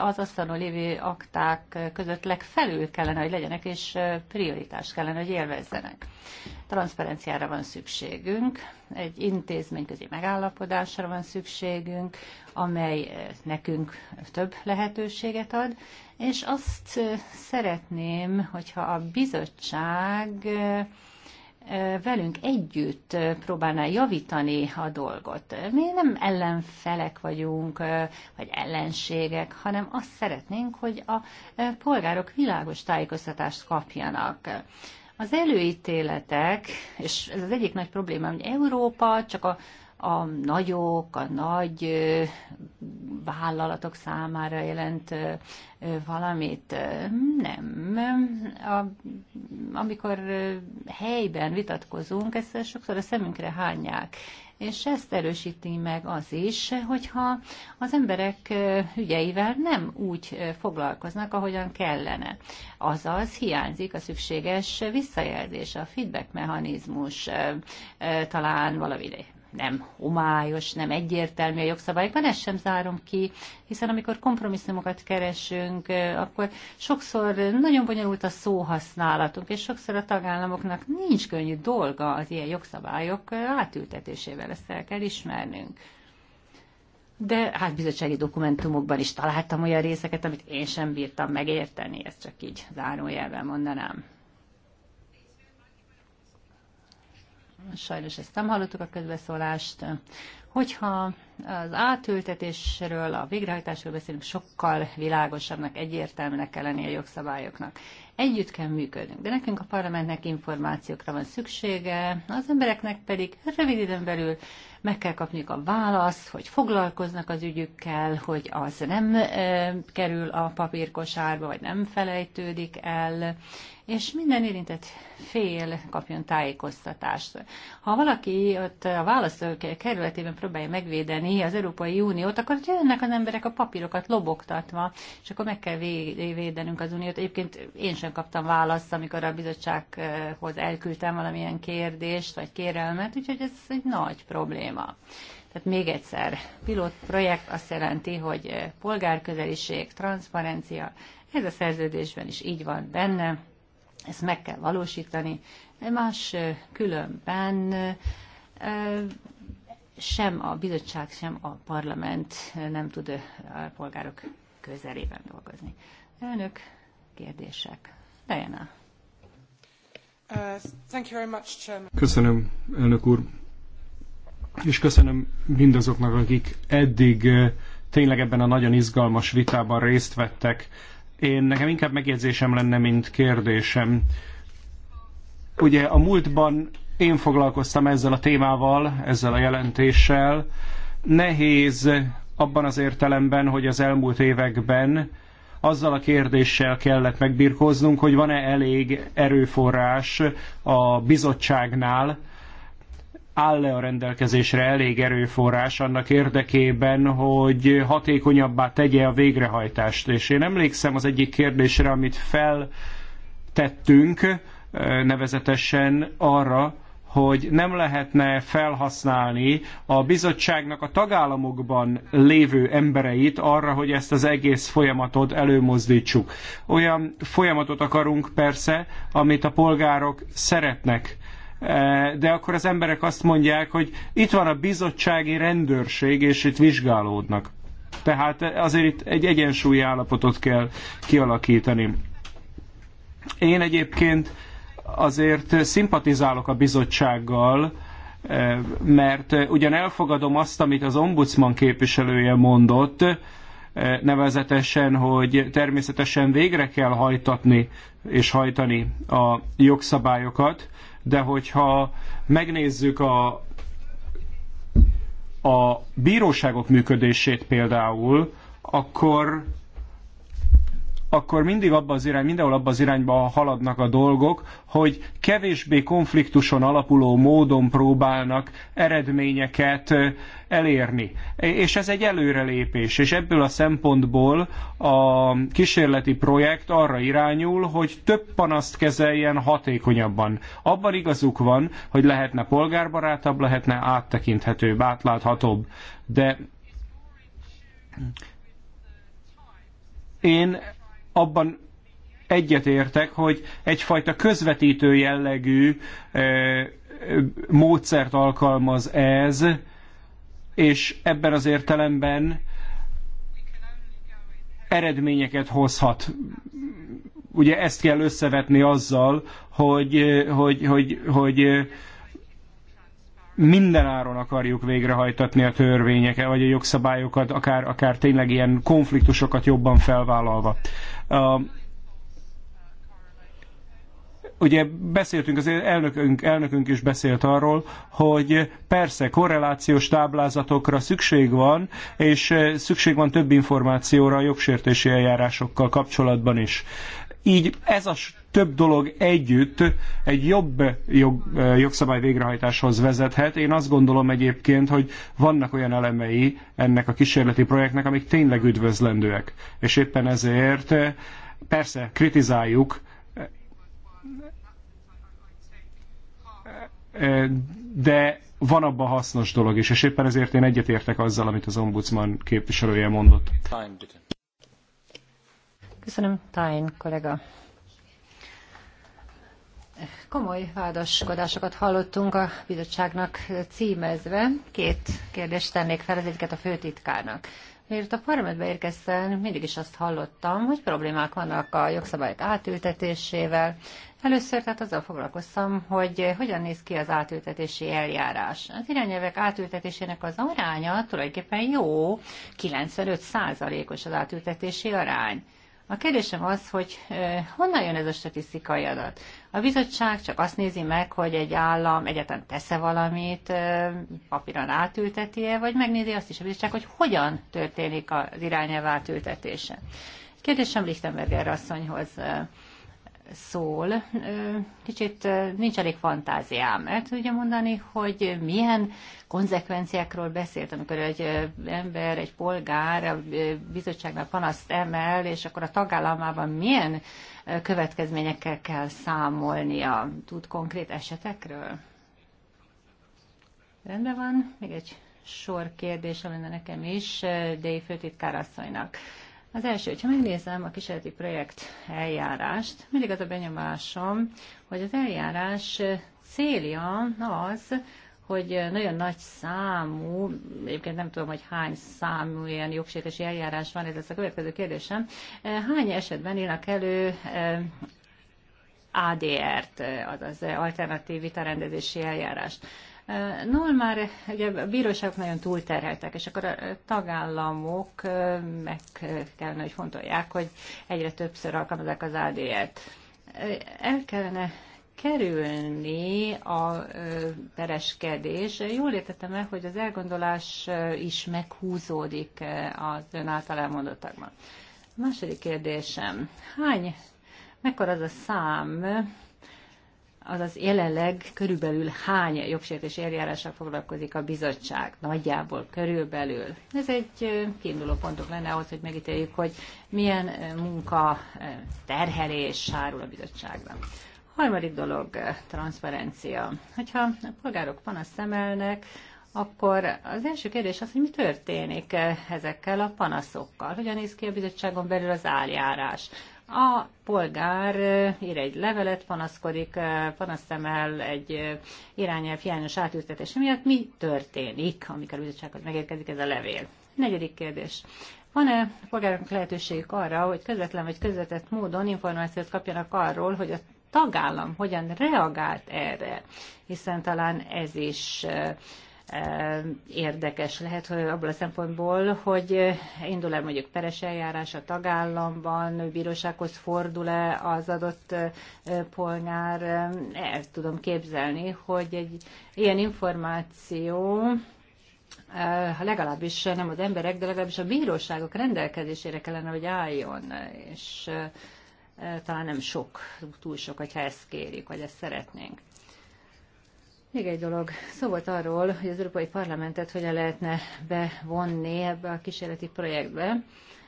az asztalon lévő akták között legfelül kellene, hogy legyenek, és prioritás kellene, hogy élvezzenek. Transzparenciára van szükségünk, egy intézményközi megállapodásra van szükségünk, amely nekünk több lehetőséget ad, és azt szeretném, hogyha a bizottság velünk együtt próbálná javítani a dolgot. Mi nem ellenfelek vagyunk, vagy ellenségek, hanem azt szeretnénk, hogy a polgárok világos tájékoztatást kapjanak. Az előítéletek, és ez az egyik nagy probléma, hogy Európa csak a a nagyok, a nagy vállalatok számára jelent valamit? Nem. A, amikor helyben vitatkozunk, ezt sokszor a szemünkre hányják. És ezt erősíti meg az is, hogyha az emberek ügyeivel nem úgy foglalkoznak, ahogyan kellene. Azaz hiányzik a szükséges visszajelzés, a feedback mechanizmus, talán valami nem homályos, nem egyértelmű a jogszabályokban, ezt sem zárom ki, hiszen amikor kompromisszumokat keresünk, akkor sokszor nagyon bonyolult a szóhasználatunk, és sokszor a tagállamoknak nincs könnyű dolga az ilyen jogszabályok átültetésével, ezt el kell ismernünk. De hát bizottsági dokumentumokban is találtam olyan részeket, amit én sem bírtam megérteni, ezt csak így zárójelben mondanám. Sajnos ezt nem hallottuk a közbeszólást. Hogyha az átültetésről, a végrehajtásról beszélünk, sokkal világosabbnak, egyértelműnek kell lenni a jogszabályoknak. Együtt kell működnünk, de nekünk a parlamentnek információkra van szüksége, az embereknek pedig rövid időn belül meg kell kapniuk a választ, hogy foglalkoznak az ügyükkel, hogy az nem e, kerül a papírkosárba, vagy nem felejtődik el, és minden érintett fél kapjon tájékoztatást. Ha valaki ott a választók kerületében próbálja megvédeni elhagyni az Európai Uniót, akkor jönnek az emberek a papírokat lobogtatva, és akkor meg kell védenünk az Uniót. Egyébként én sem kaptam választ, amikor a bizottsághoz elküldtem valamilyen kérdést vagy kérelmet, úgyhogy ez egy nagy probléma. Tehát még egyszer, pilot projekt azt jelenti, hogy polgárközeliség, transzparencia, ez a szerződésben is így van benne, ezt meg kell valósítani, más különben sem a bizottság, sem a parlament nem tud a polgárok közelében dolgozni. Elnök, kérdések. Diana. Uh, köszönöm, elnök úr, és köszönöm mindazoknak, akik eddig uh, tényleg ebben a nagyon izgalmas vitában részt vettek. Én nekem inkább megjegyzésem lenne, mint kérdésem. Ugye a múltban én foglalkoztam ezzel a témával, ezzel a jelentéssel. Nehéz abban az értelemben, hogy az elmúlt években azzal a kérdéssel kellett megbirkóznunk, hogy van-e elég erőforrás a bizottságnál, áll-e a rendelkezésre elég erőforrás annak érdekében, hogy hatékonyabbá tegye a végrehajtást. És én emlékszem az egyik kérdésre, amit feltettünk, eh, nevezetesen arra, hogy nem lehetne felhasználni a bizottságnak a tagállamokban lévő embereit arra, hogy ezt az egész folyamatot előmozdítsuk. Olyan folyamatot akarunk persze, amit a polgárok szeretnek e, de akkor az emberek azt mondják, hogy itt van a bizottsági rendőrség, és itt vizsgálódnak. Tehát azért itt egy egyensúlyi állapotot kell kialakítani. Én egyébként azért szimpatizálok a bizottsággal, eh, mert ugyan elfogadom azt, amit az ombudsman képviselője mondott, eh, nevezetesen, hogy természetesen végre kell hajtatni és hajtani a jogszabályokat, de hogyha megnézzük a, a bíróságok működését például, akkor akkor mindig abba az irány, mindenhol abba az irányba haladnak a dolgok, hogy kevésbé konfliktuson alapuló módon próbálnak eredményeket elérni. És ez egy előrelépés, és ebből a szempontból a kísérleti projekt arra irányul, hogy több panaszt kezeljen hatékonyabban. Abban igazuk van, hogy lehetne polgárbarátabb, lehetne áttekinthetőbb, átláthatóbb, de én abban egyetértek, hogy egyfajta közvetítő jellegű módszert alkalmaz ez, és ebben az értelemben eredményeket hozhat. Ugye ezt kell összevetni azzal, hogy, hogy, hogy, hogy minden áron akarjuk végrehajtatni a törvényeket, vagy a jogszabályokat, akár, akár tényleg ilyen konfliktusokat jobban felvállalva. A, ugye beszéltünk, az elnökünk, elnökünk is beszélt arról, hogy persze korrelációs táblázatokra szükség van, és eh, szükség van több információra a jogsértési eljárásokkal kapcsolatban is. Így ez a több dolog együtt egy jobb jog, jogszabály végrehajtáshoz vezethet. Én azt gondolom egyébként, hogy vannak olyan elemei ennek a kísérleti projektnek, amik tényleg üdvözlendőek. És éppen ezért persze kritizáljuk, de van abban hasznos dolog is, és éppen ezért én egyetértek azzal, amit az ombudsman képviselője mondott. Köszönöm, Tájn kollega. Komoly vádaskodásokat hallottunk a bizottságnak címezve. Két kérdést tennék fel, az egyiket a főtitkárnak. Miért a parlamentbe érkeztem, mindig is azt hallottam, hogy problémák vannak a jogszabályok átültetésével. Először tehát azzal foglalkoztam, hogy hogyan néz ki az átültetési eljárás. Az irányelvek átültetésének az aránya tulajdonképpen jó, 95 százalékos az átültetési arány. A kérdésem az, hogy honnan jön ez a statisztikai adat? A bizottság csak azt nézi meg, hogy egy állam egyetlen tesz-e valamit, papíron átülteti-e, vagy megnézi azt is a bizottság, hogy hogyan történik az irányelv átültetése. Kérdésem Lichtenberger asszonyhoz szól, kicsit nincs elég fantáziám. El tudja mondani, hogy milyen konzekvenciákról beszélt, amikor egy ember, egy polgár a bizottságnál panaszt emel, és akkor a tagállamában milyen következményekkel kell számolnia? Tud konkrét esetekről? Rendben van, még egy sor kérdés, lenne nekem is, de főtitkár asszonynak. Az első, hogyha megnézem a kísérleti projekt eljárást, mindig az a benyomásom, hogy az eljárás célja az, hogy nagyon nagy számú, egyébként nem tudom, hogy hány számú ilyen jogsértési eljárás van, ez lesz a következő kérdésem, hány esetben írnak elő eh, ADR-t, azaz eh, alternatív vitarendezési eljárást. Nol már ugye, a bíróságok nagyon túlterheltek, és akkor a tagállamok meg kellene, hogy fontolják, hogy egyre többször alkalmazzák az ADL-t. El kellene kerülni a pereskedés. Jól értettem el, hogy az elgondolás is meghúzódik az ön által elmondottakban. A második kérdésem. Hány, mekkora az a szám, azaz jelenleg körülbelül hány jogsértés eljárással foglalkozik a bizottság? Nagyjából körülbelül. Ez egy kiinduló pontok lenne ahhoz, hogy megítéljük, hogy milyen munka terhelés sárul a bizottságban. Harmadik dolog, transzparencia. Hogyha a polgárok panasz szemelnek, akkor az első kérdés az, hogy mi történik ezekkel a panaszokkal. Hogyan néz ki a bizottságon belül az álljárás? A polgár ír egy levelet, panaszkodik, panaszt emel egy irányelv hiányos átültetése miatt. Mi történik, amikor a bizottsághoz megérkezik ez a levél? Negyedik kérdés. Van-e a polgároknak lehetőségük arra, hogy közvetlen vagy közvetett módon információt kapjanak arról, hogy a tagállam hogyan reagált erre? Hiszen talán ez is érdekes lehet, hogy abból a szempontból, hogy indul-e mondjuk peres eljárás a tagállamban, bírósághoz fordul-e az adott polgár. El tudom képzelni, hogy egy ilyen információ legalábbis nem az emberek, de legalábbis a bíróságok rendelkezésére kellene, hogy álljon, és talán nem sok, túl sok, hogyha ezt kérjük, vagy ezt szeretnénk. Még egy dolog. Szó volt arról, hogy az Európai Parlamentet hogyan lehetne bevonni ebbe a kísérleti projektbe.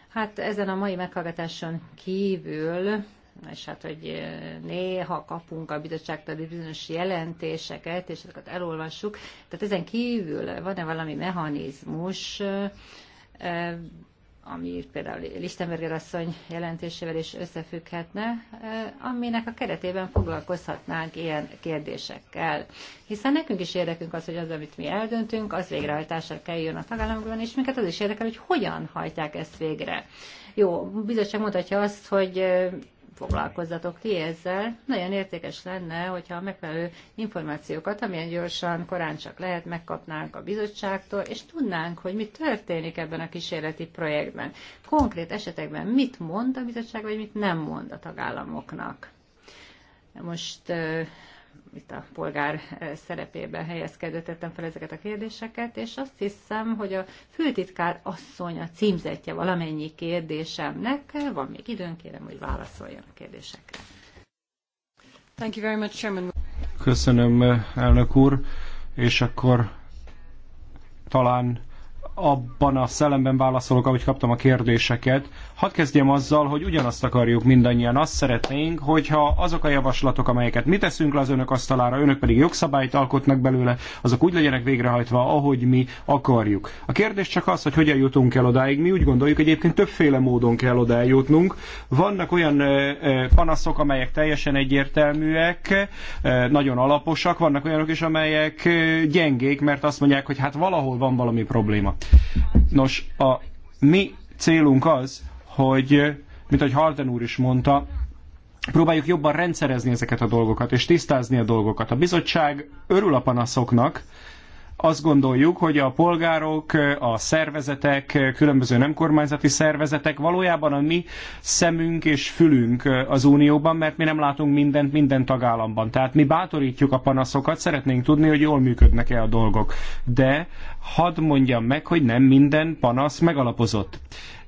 Hát ezen a mai meghallgatáson kívül és hát, hogy eh, néha kapunk a bizottságtól bizonyos jelentéseket, és ezeket elolvassuk. Tehát ezen kívül van-e valami mechanizmus, eh, ami például Lichtenberger asszony jelentésével is összefügghetne, eh, aminek a keretében foglalkozhatnánk ilyen kérdésekkel. Hiszen nekünk is érdekünk az, hogy az, amit mi eldöntünk, az végrehajtásra kerüljön a tagállamokban, és minket az is érdekel, hogy hogyan hajtják ezt végre. Jó, bizottság mutatja azt, hogy eh, foglalkozzatok ti ezzel. Nagyon értékes lenne, hogyha a megfelelő információkat, amilyen gyorsan, korán csak lehet, megkapnánk a bizottságtól, és tudnánk, hogy mi történik ebben a kísérleti projektben. Konkrét esetekben mit mond a bizottság, vagy mit nem mond a tagállamoknak. Most itt a polgár eh, szerepében helyezkedett, tettem fel ezeket a kérdéseket, és azt hiszem, hogy a főtitkár asszony a címzetje valamennyi kérdésemnek. Van még időn, kérem, hogy válaszoljon a kérdésekre. Thank you very much, Chairman. Köszönöm, eh, elnök úr, és akkor talán abban a szellemben válaszolok, ahogy kaptam a kérdéseket. Hadd kezdjem azzal, hogy ugyanazt akarjuk mindannyian, azt szeretnénk, hogyha azok a javaslatok, amelyeket mi teszünk le az önök asztalára, önök pedig jogszabályt alkotnak belőle, azok úgy legyenek végrehajtva, ahogy mi akarjuk. A kérdés csak az, hogy hogyan jutunk el odáig. Mi úgy gondoljuk, egyébként többféle módon kell odájutnunk. Vannak olyan panaszok, amelyek teljesen egyértelműek, nagyon alaposak, vannak olyanok is, amelyek gyengék, mert azt mondják, hogy hát valahol van valami probléma. Nos, a mi célunk az, hogy, mint ahogy Harden úr is mondta, próbáljuk jobban rendszerezni ezeket a dolgokat, és tisztázni a dolgokat. A bizottság örül a panaszoknak, azt gondoljuk, hogy a polgárok, a szervezetek, különböző nem kormányzati szervezetek valójában a mi szemünk és fülünk az Unióban, mert mi nem látunk mindent minden tagállamban. Tehát mi bátorítjuk a panaszokat, szeretnénk tudni, hogy jól működnek-e a dolgok. De hadd mondjam meg, hogy nem minden panasz megalapozott.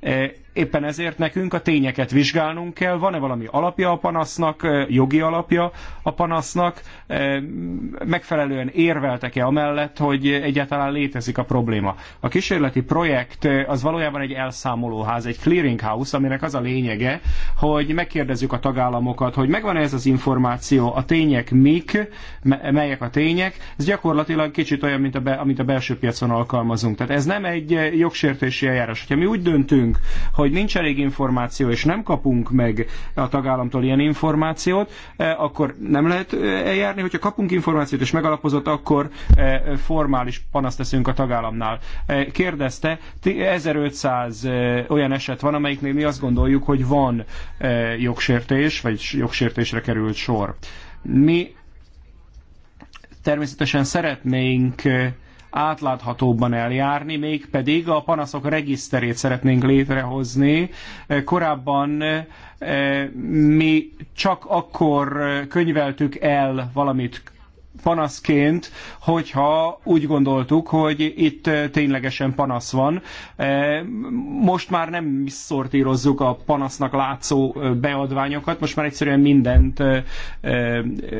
E, éppen ezért nekünk a tényeket vizsgálnunk kell, van-e valami alapja a panasznak, e, jogi alapja a panasznak, e, megfelelően érveltek-e amellett, hogy egyáltalán létezik a probléma. A kísérleti projekt az valójában egy elszámolóház, egy clearinghouse, aminek az a lényege, hogy megkérdezzük a tagállamokat, hogy megvan-e ez az információ, a tények mik, melyek a tények. Ez gyakorlatilag kicsit olyan, mint a, be, amit a belső piacon alkalmazunk. Tehát ez nem egy jogsértési eljárás. Ha mi úgy döntünk, beszélünk, hogy nincs elég információ, és nem kapunk meg a tagállamtól ilyen információt, eh, akkor nem lehet eh, eljárni, hogyha kapunk információt és megalapozott, akkor eh, formális panaszt teszünk a tagállamnál. Kérdezte, 1500 olyan eset van, amelyiknél mi azt gondoljuk, hogy van jogsértés, vagy jogsértésre került sor. Mi természetesen szeretnénk átláthatóbban eljárni, mégpedig a panaszok regiszterét szeretnénk létrehozni. Korábban eh, mi csak akkor eh, könyveltük el valamit panaszként, hogyha úgy gondoltuk, hogy itt eh, ténylegesen panasz van. Eh, most már nem szortírozzuk a panasznak látszó eh, beadványokat, most már egyszerűen mindent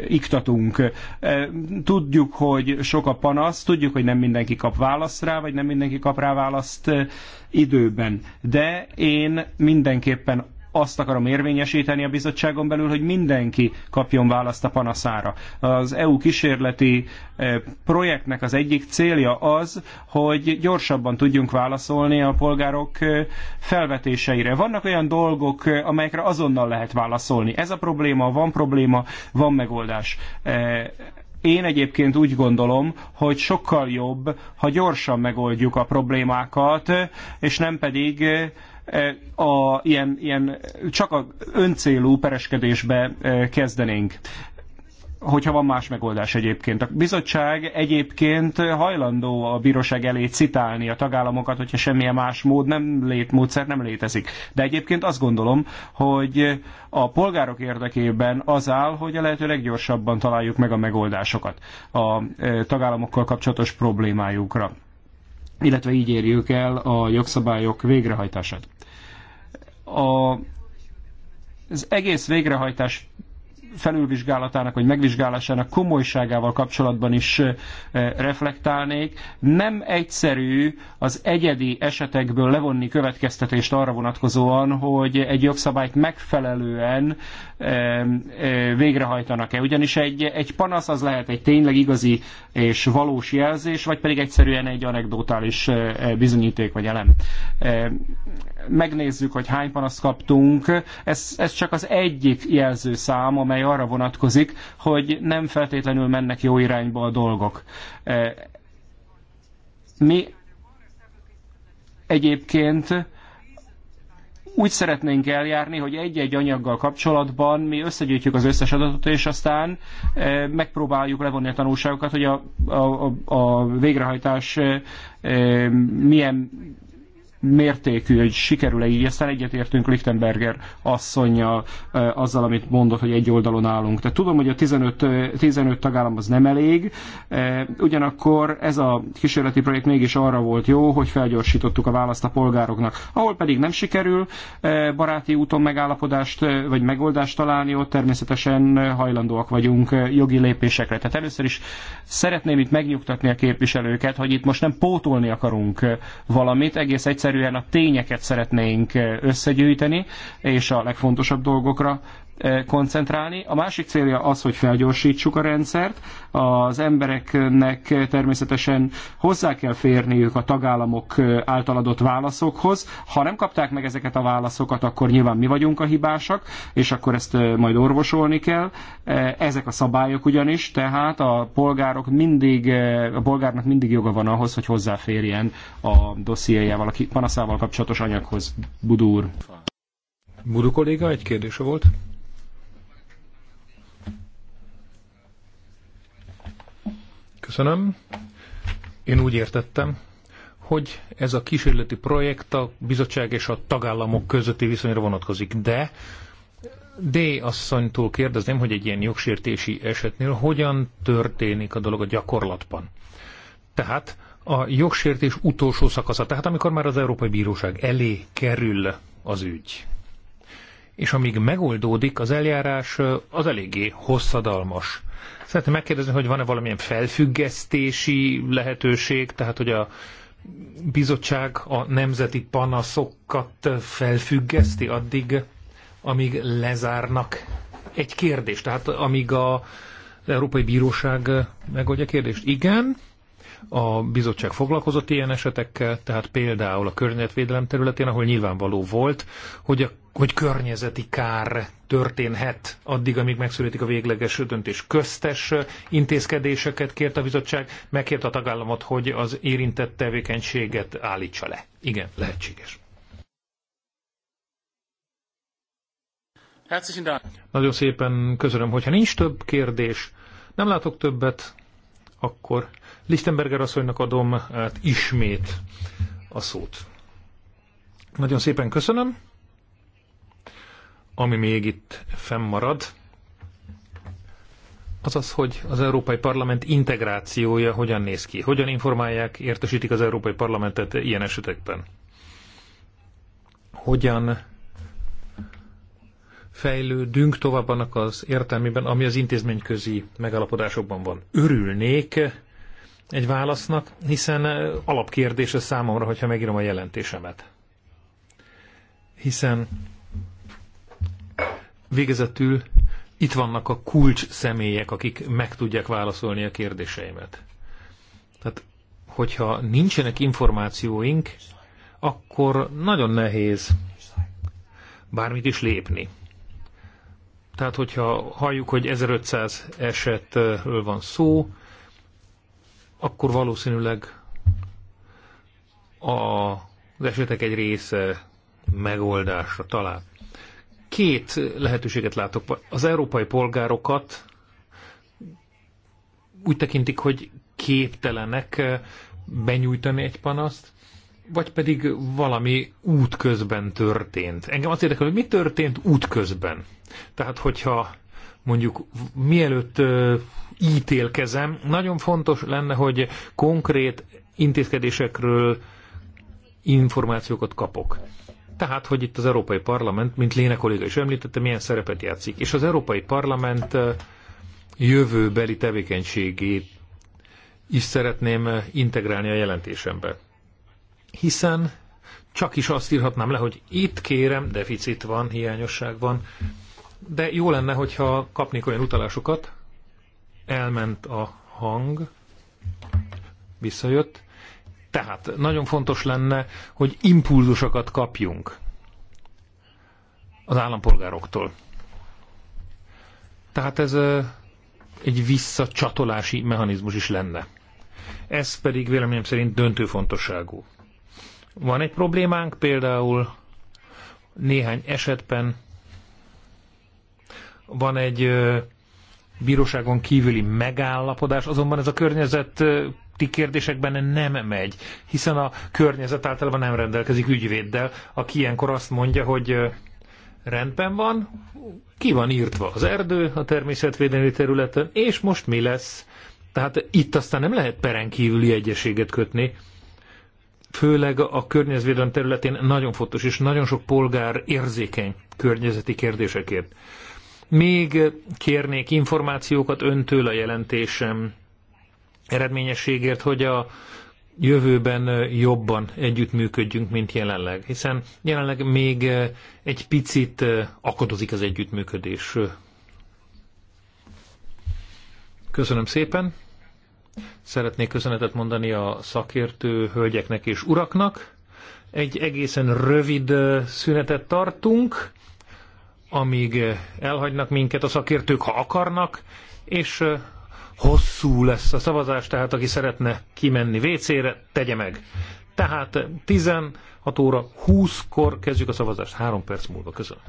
iktatunk. Tudjuk, hogy sok a panasz, tudjuk, hogy nem mindenki kap választ rá, vagy nem mindenki kap rá választ időben. De én mindenképpen azt akarom érvényesíteni a bizottságon belül, hogy mindenki kapjon választ a panaszára. Az EU kísérleti eh, projektnek az egyik célja az, hogy gyorsabban tudjunk válaszolni a polgárok eh, felvetéseire. Vannak olyan dolgok, eh, amelyekre azonnal lehet válaszolni. Ez a probléma, van probléma, van megoldás. Én egyébként úgy gondolom, hogy sokkal jobb, ha gyorsan megoldjuk a problémákat, és nem pedig E, a, ilyen, ilyen csak a öncélú pereskedésbe e, kezdenénk hogyha van más megoldás egyébként. A bizottság egyébként hajlandó a bíróság elé citálni a tagállamokat, hogyha semmilyen más mód nem lét, módszer nem létezik. De egyébként azt gondolom, hogy a polgárok érdekében az áll, hogy a lehető leggyorsabban találjuk meg a megoldásokat a e, tagállamokkal kapcsolatos problémájukra illetve így érjük el a jogszabályok végrehajtását. A, az egész végrehajtás felülvizsgálatának vagy megvizsgálásának komolyságával kapcsolatban is reflektálnék. Nem egyszerű az egyedi esetekből levonni következtetést arra vonatkozóan, hogy egy jogszabályt megfelelően végrehajtanak-e. Ugyanis egy, egy panasz az lehet egy tényleg igazi és valós jelzés, vagy pedig egyszerűen egy anekdotális bizonyíték vagy elem megnézzük, hogy hány panaszt kaptunk, ez, ez csak az egyik jelzőszám, amely arra vonatkozik, hogy nem feltétlenül mennek jó irányba a dolgok. E, mi egyébként úgy szeretnénk eljárni, hogy egy-egy anyaggal kapcsolatban mi összegyűjtjük az összes adatot, és aztán e, megpróbáljuk levonni a tanulságokat, hogy a, a, a végrehajtás e, milyen mértékű, hogy sikerül-e így. Aztán egyetértünk Lichtenberger asszonyjal azzal, amit mondott, hogy egy oldalon állunk. Tehát tudom, hogy a 15, 15 tagállam az nem elég, ugyanakkor ez a kísérleti projekt mégis arra volt jó, hogy felgyorsítottuk a választ a polgároknak. Ahol pedig nem sikerül baráti úton megállapodást vagy megoldást találni, ott természetesen hajlandóak vagyunk jogi lépésekre. Tehát először is szeretném itt megnyugtatni a képviselőket, hogy itt most nem pótolni akarunk valamit, egész egyszer egyszerűen a tényeket szeretnénk összegyűjteni, és a legfontosabb dolgokra koncentrálni. A másik célja az, hogy felgyorsítsuk a rendszert. Az embereknek természetesen hozzá kell férniük a tagállamok által adott válaszokhoz. Ha nem kapták meg ezeket a válaszokat, akkor nyilván mi vagyunk a hibásak, és akkor ezt majd orvosolni kell. Ezek a szabályok ugyanis, tehát a polgárok mindig, a polgárnak mindig joga van ahhoz, hogy hozzáférjen a dossziéjával, a panaszával kapcsolatos anyaghoz. Budúr. Budu kolléga, egy kérdése volt. Köszönöm. Én úgy értettem, hogy ez a kísérleti projekt a bizottság és a tagállamok közötti viszonyra vonatkozik, de D. asszonytól kérdezném, hogy egy ilyen jogsértési esetnél hogyan történik a dolog a gyakorlatban. Tehát a jogsértés utolsó szakasza, tehát amikor már az Európai Bíróság elé kerül az ügy. És amíg megoldódik, az eljárás az eléggé hosszadalmas. Szeretném megkérdezni, hogy van-e valamilyen felfüggesztési lehetőség, tehát hogy a bizottság a nemzeti panaszokat felfüggeszti addig, amíg lezárnak egy kérdést, tehát amíg a, Európai Bíróság megoldja a kérdést. Igen, a bizottság foglalkozott ilyen esetekkel, tehát például a környezetvédelem területén, ahol nyilvánvaló volt, hogy, a, hogy környezeti kár történhet addig, amíg megszületik a végleges döntés. Köztes intézkedéseket kért a bizottság, megkért a tagállamot, hogy az érintett tevékenységet állítsa le. Igen, lehetséges. Nagyon szépen köszönöm, hogyha nincs több kérdés, nem látok többet, akkor Lichtenberger asszonynak adom át ismét a szót. Nagyon szépen köszönöm. Ami még itt fennmarad, az az, hogy az Európai Parlament integrációja hogyan néz ki, hogyan informálják, értesítik az Európai Parlamentet ilyen esetekben. Hogyan fejlődünk tovább annak az értelmében, ami az intézményközi megalapodásokban van. Örülnék, egy válasznak, hiszen alapkérdés ez számomra, hogyha megírom a jelentésemet. Hiszen végezetül itt vannak a kulcs személyek, akik meg tudják válaszolni a kérdéseimet. Tehát, hogyha nincsenek információink, akkor nagyon nehéz bármit is lépni. Tehát, hogyha halljuk, hogy 1500 esetről van szó, akkor valószínűleg a, az esetek egy része megoldásra talál. Két lehetőséget látok. Az európai polgárokat úgy tekintik, hogy képtelenek benyújtani egy panaszt, vagy pedig valami útközben történt. Engem azt érdekel, hogy mi történt útközben. Tehát, hogyha mondjuk mielőtt ítélkezem. Nagyon fontos lenne, hogy konkrét intézkedésekről információkat kapok. Tehát, hogy itt az Európai Parlament, mint Léne kolléga is említette, milyen szerepet játszik. És az Európai Parlament jövőbeli tevékenységét is szeretném integrálni a jelentésembe. Hiszen csak is azt írhatnám le, hogy itt kérem, deficit van, hiányosság van, de jó lenne, hogyha kapnék olyan utalásokat, elment a hang, visszajött. Tehát nagyon fontos lenne, hogy impulzusokat kapjunk az állampolgároktól. Tehát ez egy visszacsatolási mechanizmus is lenne. Ez pedig véleményem szerint döntő fontosságú. Van egy problémánk, például néhány esetben van egy bíróságon kívüli megállapodás, azonban ez a környezeti kérdésekben nem megy, hiszen a környezet általában nem rendelkezik ügyvéddel, aki ilyenkor azt mondja, hogy rendben van, ki van írtva az erdő a természetvédelmi területen, és most mi lesz? Tehát itt aztán nem lehet peren kívüli egyeséget kötni, főleg a környezetvédelmi területén nagyon fontos, és nagyon sok polgár érzékeny környezeti kérdésekért. Még kérnék információkat öntől a jelentésem eredményességért, hogy a jövőben jobban együttműködjünk, mint jelenleg. Hiszen jelenleg még egy picit akadozik az együttműködés. Köszönöm szépen. Szeretnék köszönetet mondani a szakértő hölgyeknek és uraknak. Egy egészen rövid szünetet tartunk amíg eh, elhagynak minket a szakértők, ha akarnak, és eh, hosszú lesz a szavazás, tehát aki szeretne kimenni WC-re, tegye meg. Tehát 16 eh, óra 20-kor kezdjük a szavazást, három perc múlva. Köszönöm.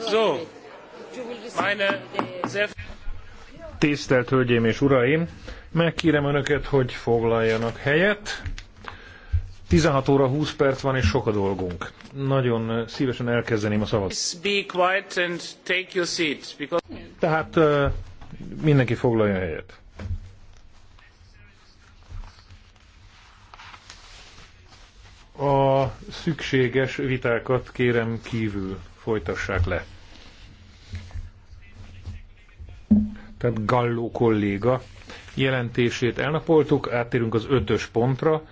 So, meine sehr Tisztelt Hölgyeim és Uraim, megkérem Önöket, hogy foglaljanak helyet. 16 óra 20 perc van, és sok a dolgunk. Nagyon szívesen elkezdeném a szavat. Tehát mindenki foglalja helyet. A szükséges vitákat kérem kívül folytassák le. Tehát Galló kolléga jelentését elnapoltuk, áttérünk az ötös pontra.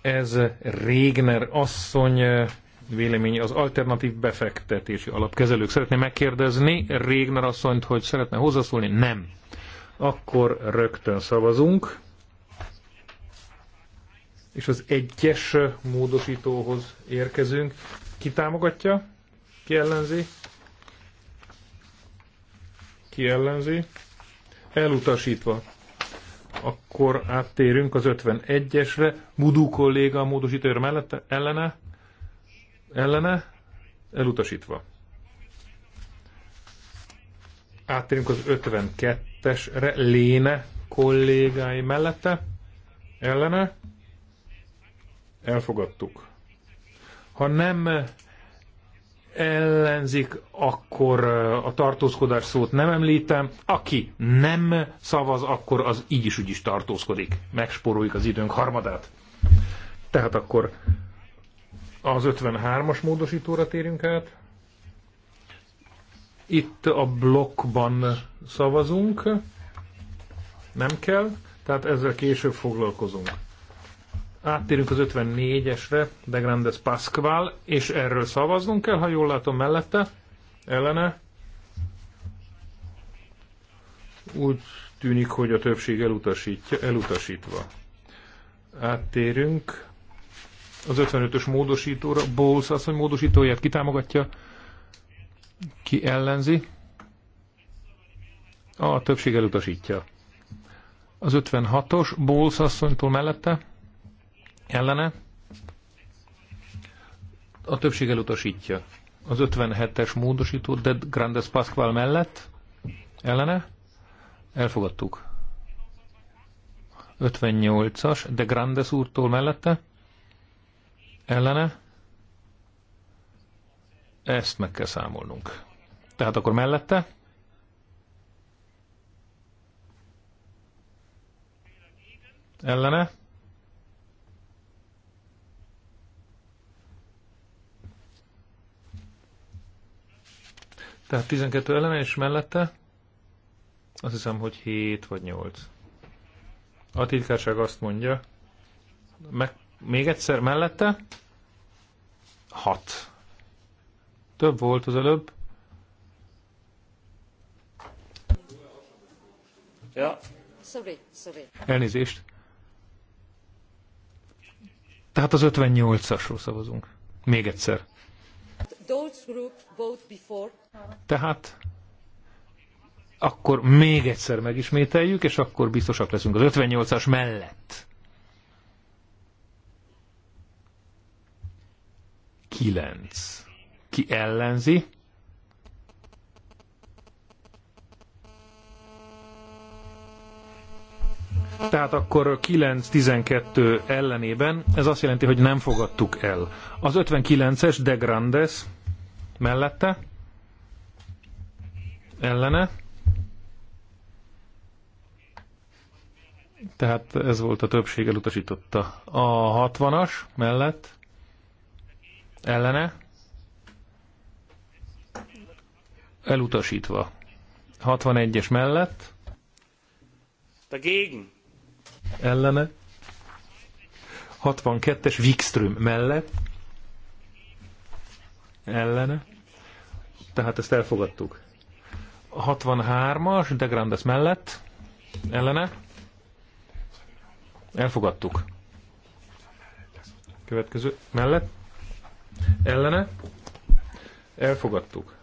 Ez Régner asszony eh, véleménye az alternatív befektetési alapkezelők. Szeretné megkérdezni Régner asszonyt, hogy szeretne hozzászólni? Nem. Akkor rögtön szavazunk. És az egyes módosítóhoz érkezünk. Ki támogatja? kiellenzi, kiellenzi, Elutasítva. Akkor áttérünk az 51-esre. Budú kolléga a módosítója mellette ellene? Ellene? Elutasítva. Áttérünk az 52-esre. Léne kollégái mellette? Ellene? Elfogadtuk. Ha nem ellenzik, akkor a tartózkodás szót nem említem. Aki nem szavaz, akkor az így is úgy is tartózkodik. Megspóroljuk az időnk harmadát. Tehát akkor az 53-as módosítóra térünk át. Itt a blokkban szavazunk. Nem kell, tehát ezzel később foglalkozunk. Áttérünk az 54-esre, De Grandes Pascual, és erről szavaznunk kell, ha jól látom mellette, ellene. Úgy tűnik, hogy a többség elutasítja, elutasítva. Áttérünk az 55-ös módosítóra. Bowles hogy módosítóját kitámogatja, ki ellenzi. A többség elutasítja. Az 56-os Bowles asszonytól mellette ellene. A többség elutasítja. Az 57-es módosító de Grandes Pascual mellett ellene. Elfogadtuk. 58-as de Grandes úrtól mellette ellene. Ezt meg kell számolnunk. Tehát akkor mellette. Ellene. Tehát 12 eleme és mellette azt hiszem, hogy 7 vagy 8. A titkárság azt mondja, meg, még egyszer mellette 6. Több volt az előbb. Ja. Sorry, sorry. Elnézést. Tehát az 58-asról szavazunk. Még egyszer. Those group vote before tehát akkor még egyszer megismételjük, és akkor biztosak leszünk az 58-as mellett. Kilenc. Ki ellenzi? Tehát akkor 9-12 ellenében, ez azt jelenti, hogy nem fogadtuk el. Az 59-es De Grandes mellette ellene. Tehát ez volt a többség, elutasította. A 60-as mellett ellene elutasítva. 61-es mellett dagegen ellene 62-es Wikström mellett ellene tehát ezt elfogadtuk. 63-as, De Grandes mellett, ellene. Elfogadtuk. Következő, mellett, ellene. Elfogadtuk.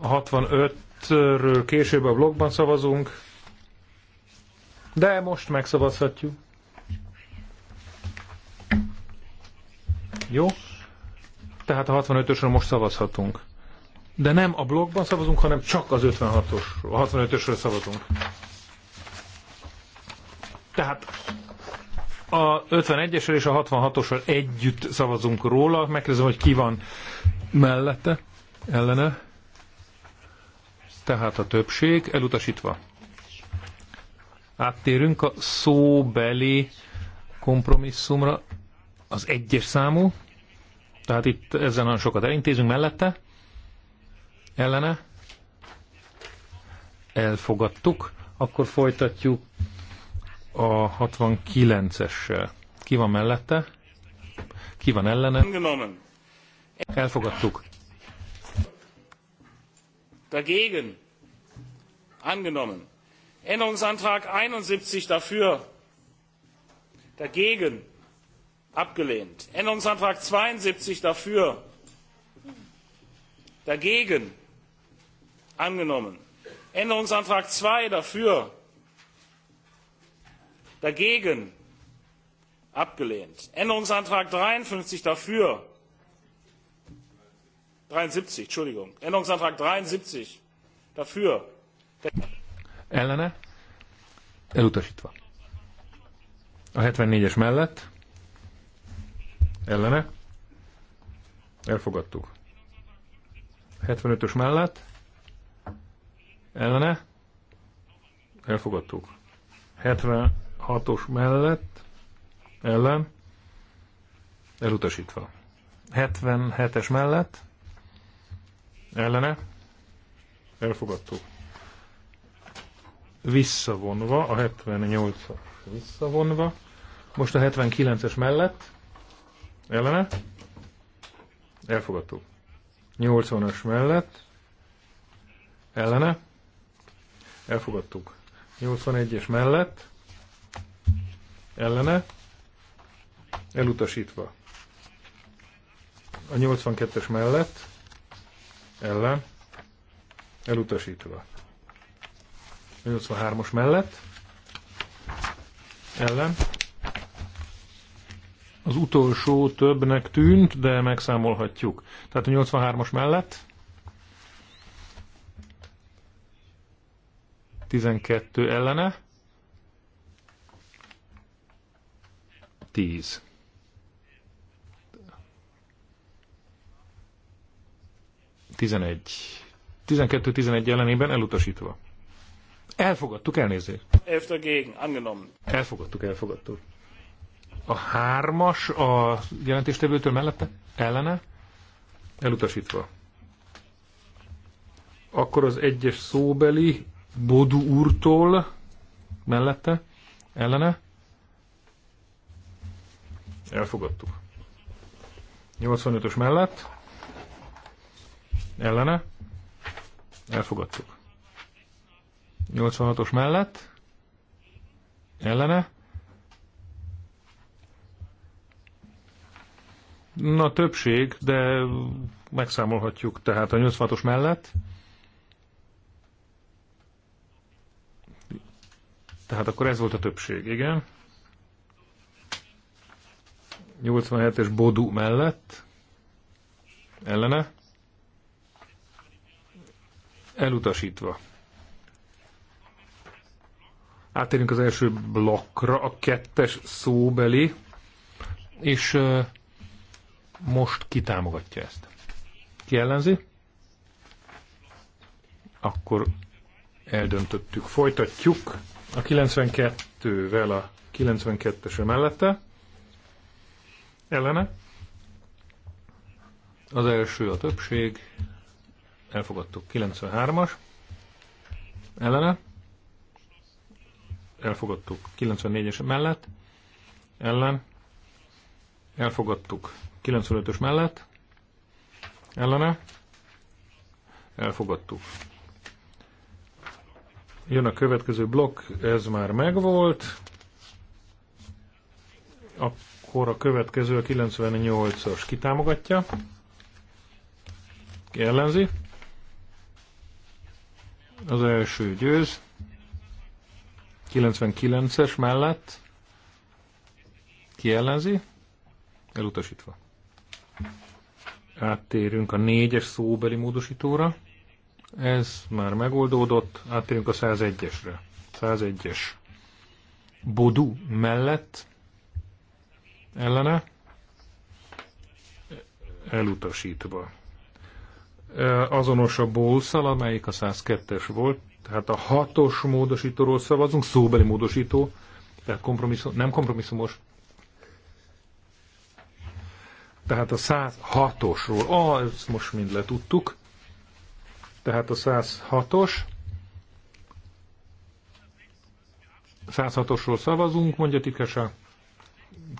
A 65-ről később a blogban szavazunk, de most megszavazhatjuk. Jó? Tehát a 65-ösről most szavazhatunk. De nem a blogban szavazunk, hanem csak az 56-os, a 65-ösről szavazunk. Tehát a 51-esről és a 66-osról együtt szavazunk róla. Megkérdezem, hogy ki van mellette, ellene. Tehát a többség elutasítva. Áttérünk a szóbeli kompromisszumra, az egyes számú. Tehát itt ezen nagyon sokat elintézünk mellette ellene elfogadtuk, akkor folytatjuk a 69-essel. Ki van mellette? Ki van ellene? Elfogadtuk. Dagegen. Angenommen. Änderungsantrag 71 dafür. Dagegen. Abgelehnt. Änderungsantrag 72 dafür. Dagegen angenommen; änderungsantrag zwei dafür dagegen abgelehnt; änderungsantrag dreiundfünfzig dafür dreiundsiebzig entschuldigung änderungsantrag dreiundsiebzig dafür ellene elutasítva a 74-es mellett ellene elfogadtuk 75-ös mellett ellene, elfogadtuk. 76-os mellett, ellen, elutasítva. 77-es mellett, ellene, elfogadtuk. Visszavonva, a 78-as visszavonva, most a 79-es mellett, ellene, elfogadtuk. 80-as mellett, ellene, elfogadtuk. 81-es mellett, ellene, elutasítva. A 82-es mellett, ellen, elutasítva. A 83-as mellett, ellen. Az utolsó többnek tűnt, de megszámolhatjuk. Tehát a 83-as mellett, 12 ellene. 10. Tizenegy. 12-11 ellenében elutasítva. Elfogadtuk, elnézést. Elfdagegen, angenommen. Elfogadtuk, elfogadtuk. A hármas a jelentéstevőtől mellette? Ellene? Elutasítva. Akkor az egyes szóbeli Bodu úrtól mellette, ellene. Elfogadtuk. 85-ös mellett, ellene. Elfogadtuk. 86-os mellett, ellene. Na, többség, de megszámolhatjuk, tehát a 86-os mellett, Tehát akkor ez volt a többség, igen. 87-es Bodu mellett, ellene, elutasítva. Átérünk az első blokkra, a kettes szóbeli, és uh, most kitámogatja ezt. Ki ellenzi? Akkor eldöntöttük. Folytatjuk. A 92-vel a 92-es mellette. Ellene. Az első a többség. Elfogadtuk 93-as. Ellene. Elfogadtuk 94-es mellett. Ellen. Elfogadtuk 95-ös mellett. Ellene. Elfogadtuk Jön a következő blokk, ez már megvolt. Akkor a következő a 98-as kitámogatja. ellenzi. Az első győz. 99-es mellett. kiellenzi. Elutasítva. Áttérünk a négyes szóbeli módosítóra. Ez már megoldódott, áttérünk a 101-esre. 101-es. Bodu mellett ellene elutasítva. Azonos a bolszal, amelyik a 102-es volt, tehát a hatos módosítóról szavazunk, szóbeli módosító, tehát kompromisszum, nem kompromisszumos. Tehát a 106-osról, ah, ezt most mind letudtuk, tehát a 106-os. 106-osról szavazunk, mondja titkárság.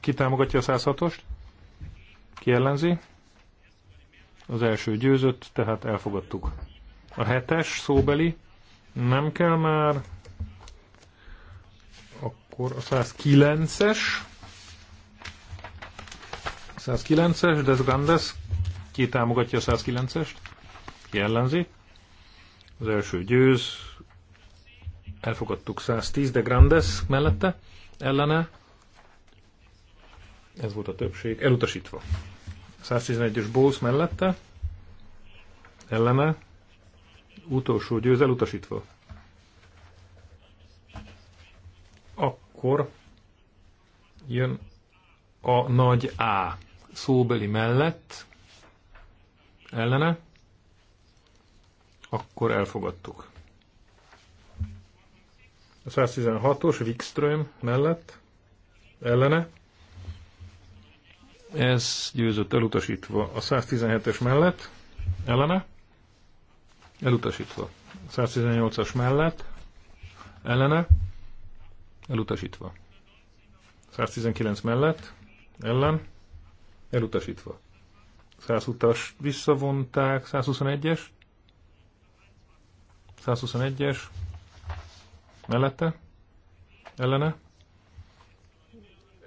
Ki támogatja a 106-ost? Ki ellenzi? Az első győzött, tehát elfogadtuk. A hetes szóbeli nem kell már. Akkor a 109-es. 109-es, Desgrandes. Ki támogatja a 109-est? Ki ellenzi? Az első győz. Elfogadtuk 110 de Grandes mellette, ellene. Ez volt a többség. Elutasítva. 111-es Bósz mellette, ellene. Utolsó győz elutasítva. Akkor jön a nagy A szóbeli mellett, ellene akkor elfogadtuk. A 116-os Wikström mellett, ellene, ez győzött elutasítva. A 117-es mellett, ellene, elutasítva. A 118-as mellett, ellene, elutasítva. 119 mellett, ellen, elutasítva. 120-as visszavonták, 121-es, 121-es mellette, ellene.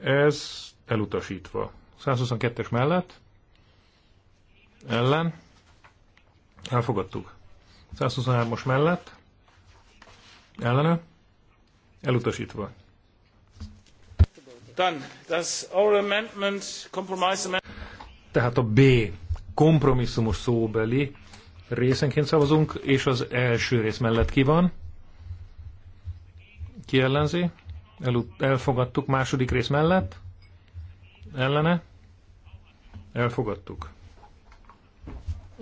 Ez elutasítva. 122-es mellett, ellen, elfogadtuk. 123 os mellett, ellene, elutasítva. Tehát a B kompromisszumos szóbeli Részenként szavazunk, és az első rész mellett ki van? Ki ellenzi? elfogadtuk második rész mellett? Ellene? Elfogadtuk.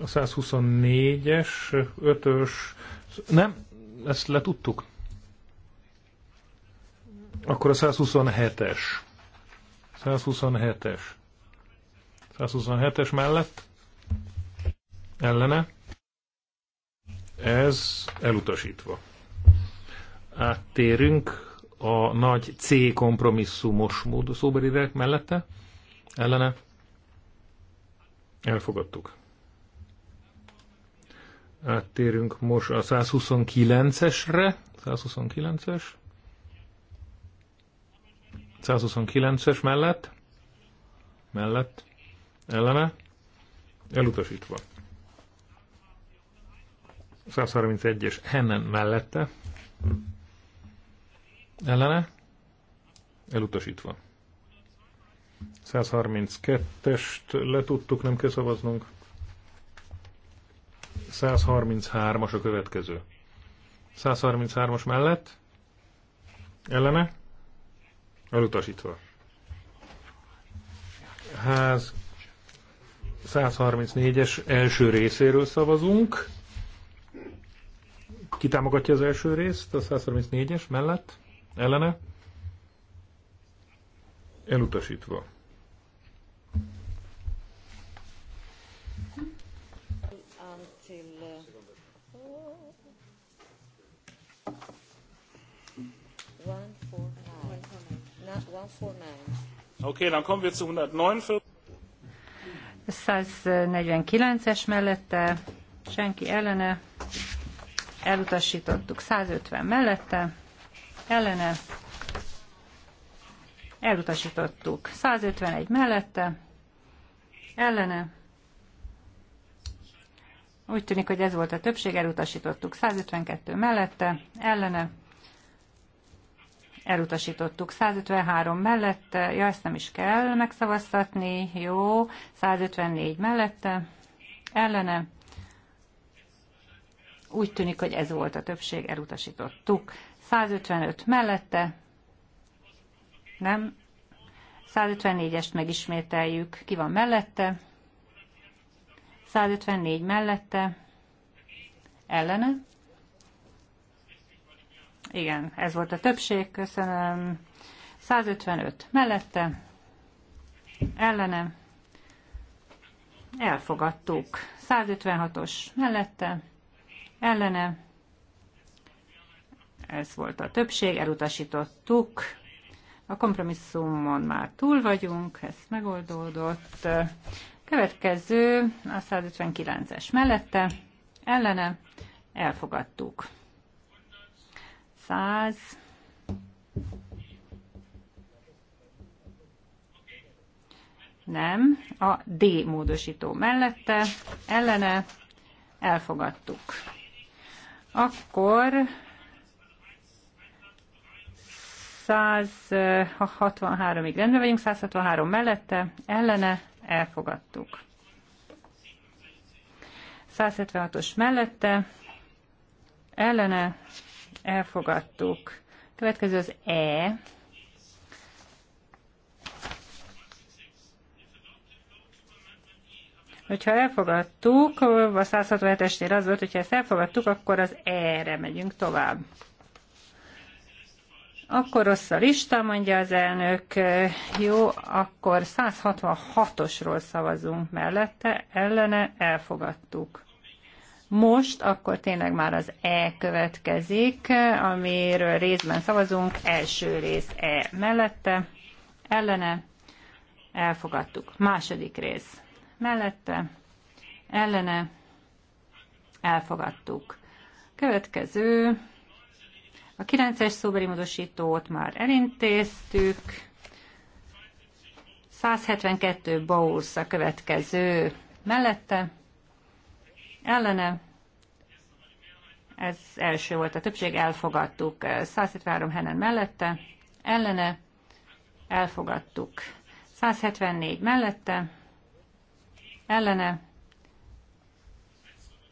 A 124-es, 5-ös, nem, ezt letudtuk. Akkor a 127-es. 127-es. 127-es mellett? Ellene? Ez elutasítva. Áttérünk a nagy C kompromisszumos szóberidek mellette, ellene. Elfogadtuk. Áttérünk most a 129-esre. 129-es. 129-es mellett. Mellett. Ellene. Elutasítva. 131-es Hennen mellette. Ellene. Elutasítva. 132-est letudtuk, nem kell szavaznunk. 133-as a következő. 133-as mellett. Ellene. Elutasítva. Ház 134-es első részéről szavazunk. Kitámogatja az első részt, a 134-es mellett, ellene, elutasítva. Oké, dann kommen wir zu 149. 149-es mellette, senki ellene, elutasítottuk 150 mellette, ellene, elutasítottuk 151 mellette, ellene, úgy tűnik, hogy ez volt a többség, elutasítottuk 152 mellette, ellene, elutasítottuk 153 mellette, ja, ezt nem is kell megszavaztatni, jó, 154 mellette, ellene, úgy tűnik, hogy ez volt a többség, elutasítottuk. 155 mellette, nem, 154-est megismételjük, ki van mellette, 154 mellette, ellene, igen, ez volt a többség, köszönöm. 155 mellette, ellene, elfogadtuk. 156-os mellette, ellene. Ez volt a többség, elutasítottuk. A kompromisszumon már túl vagyunk, ez megoldódott. Következő a 159-es mellette, ellene, elfogadtuk. 100. Nem, a D módosító mellette, ellene, elfogadtuk akkor 163-ig rendben vagyunk, 163 mellette, ellene elfogadtuk. 176-os mellette, ellene elfogadtuk. Következő az E Hogyha elfogadtuk, a 167-esnél az volt, hogyha ezt elfogadtuk, akkor az erre megyünk tovább. Akkor rossz a lista, mondja az elnök. Jó, akkor 166-osról szavazunk mellette, ellene elfogadtuk. Most akkor tényleg már az E következik, amiről részben szavazunk. Első rész E mellette, ellene elfogadtuk. Második rész mellette, ellene, elfogadtuk. Következő, a 9-es szóbeli módosítót már elintéztük, 172 Bowles a következő mellette, ellene, ez első volt a többség, elfogadtuk. 173 Henen mellette, ellene, elfogadtuk. 174 mellette, ellene.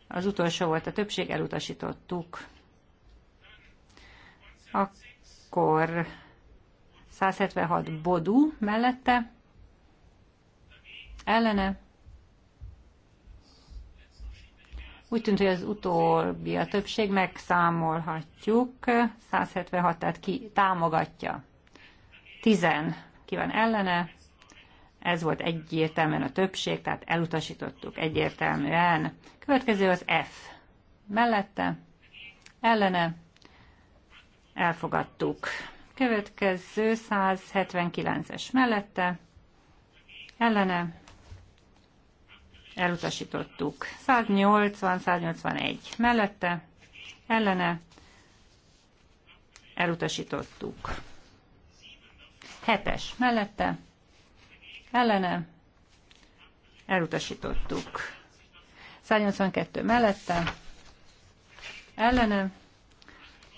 Az utolsó volt a többség, elutasítottuk. Akkor 176 bodú mellette, ellene. Úgy tűnt, hogy az utóbbi a többség, megszámolhatjuk. 176, tehát ki támogatja. 10, ki van ellene, ez volt egyértelműen a többség, tehát elutasítottuk egyértelműen. Következő az F. Mellette, ellene, elfogadtuk. Következő 179-es mellette, ellene, elutasítottuk. 180-181 mellette, ellene, elutasítottuk. 7-es mellette, ellene, elutasítottuk. 182 mellette, ellene,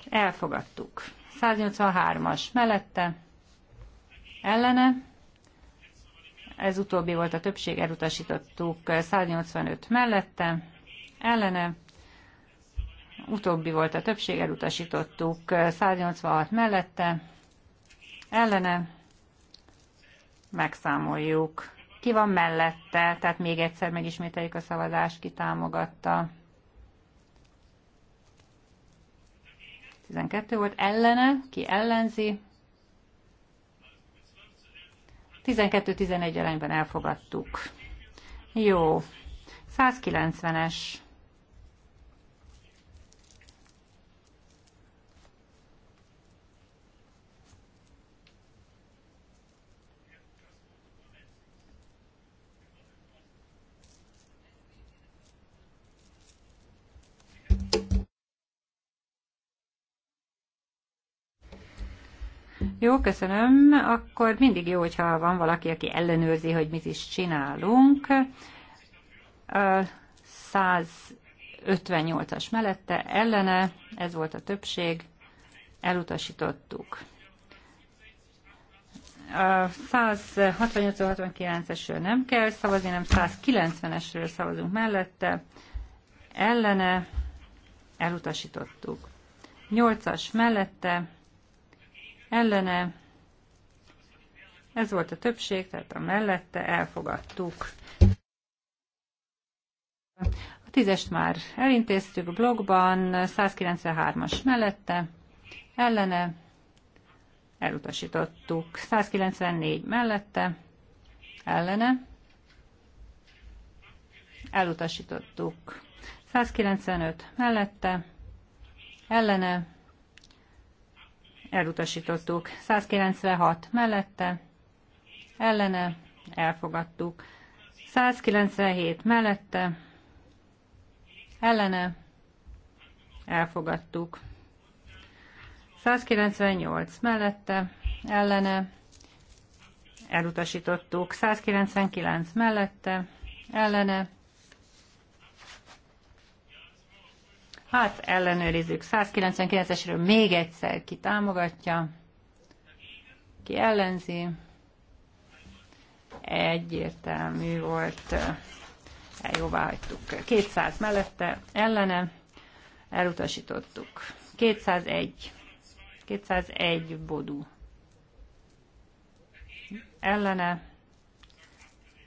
elfogadtuk. 183-as mellette, ellene, ez utóbbi volt a többség, elutasítottuk 185 mellette, ellene, utóbbi volt a többség, elutasítottuk 186 mellette, ellene, megszámoljuk. Ki van mellette? Tehát még egyszer megismételjük a szavazást, ki támogatta. 12 volt ellene, ki ellenzi. 12-11 arányban elfogadtuk. Jó. 190-es Jó, köszönöm. Akkor mindig jó, hogyha van valaki, aki ellenőrzi, hogy mit is csinálunk. 158-as mellette ellene, ez volt a többség, elutasítottuk. A 168-69-esről nem kell szavazni, nem 190-esről szavazunk mellette, ellene, elutasítottuk. 8-as mellette, ellene. Ez volt a többség, tehát a mellette elfogadtuk. A tízest már elintéztük a blogban, 193-as mellette, ellene, elutasítottuk. 194 mellette, ellene, elutasítottuk. 195 mellette, ellene, elutasítottuk. 196 mellette, ellene, elfogadtuk. 197 mellette, ellene, elfogadtuk. 198 mellette, ellene, elutasítottuk. 199 mellette, ellene, Hát ellenőrizzük. 199-esről még egyszer ki támogatja, ki ellenzi. Egyértelmű volt. E, jóvá hagytuk. 200 mellette, ellene. Elutasítottuk. 201. 201 bodú. Ellene.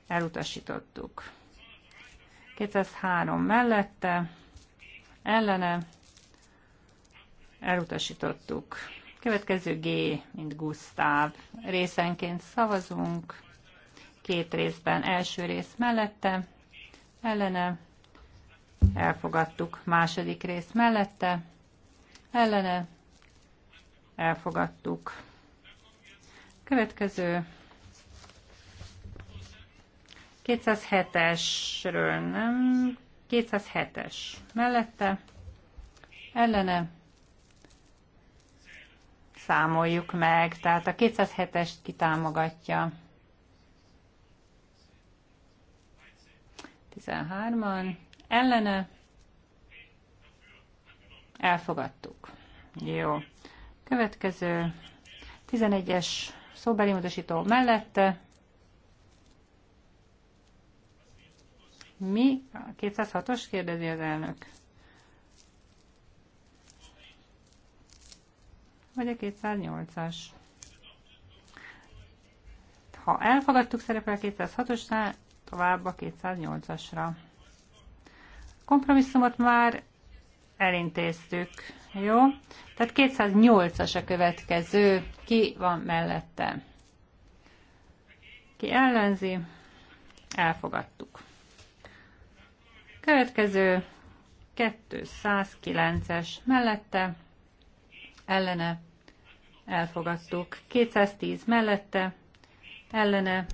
Elutasítottuk. 203 mellette ellene elutasítottuk. Következő G, mint Gusztáv. Részenként szavazunk. Két részben. Első rész mellette, ellene. Elfogadtuk. Második rész mellette, ellene. Elfogadtuk. Következő 207-esről nem 207-es mellette, ellene számoljuk meg, tehát a 207-est kitámogatja. 13-an ellene elfogadtuk. Jó. Következő 11-es szóbeli módosító mellette Mi? A 206-os kérdezi az elnök. Vagy a 208-as? Ha elfogadtuk, szerepel a 206-osnál, tovább a 208-asra. Kompromisszumot már elintéztük. Jó? Tehát 208-as a következő. Ki van mellette? Ki ellenzi? Elfogadtuk. Következő 209-es mellette, ellene, elfogadtuk. 210 mellette, ellene,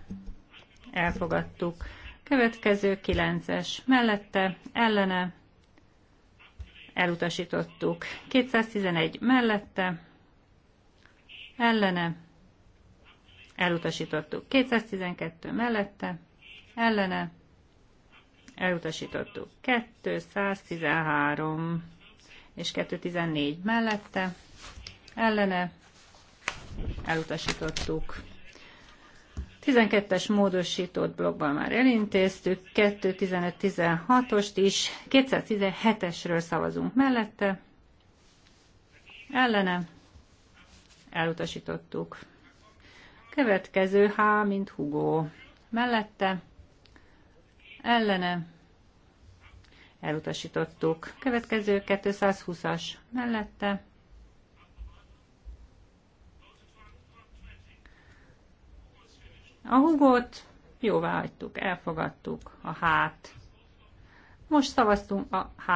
elfogadtuk. Következő 9-es mellette, ellene, elutasítottuk. 211 mellette, ellene, elutasítottuk. 212 mellette, ellene, elutasítottuk. 213 és 214 mellette, ellene, elutasítottuk. 12-es módosított blogban már elintéztük, 16 ost is, 217-esről szavazunk mellette, ellene, elutasítottuk. Következő H, mint Hugo, mellette, ellene elutasítottuk. Következő 220-as mellette A hugót jóvá hagytuk, elfogadtuk a hát. Most szavaztunk a H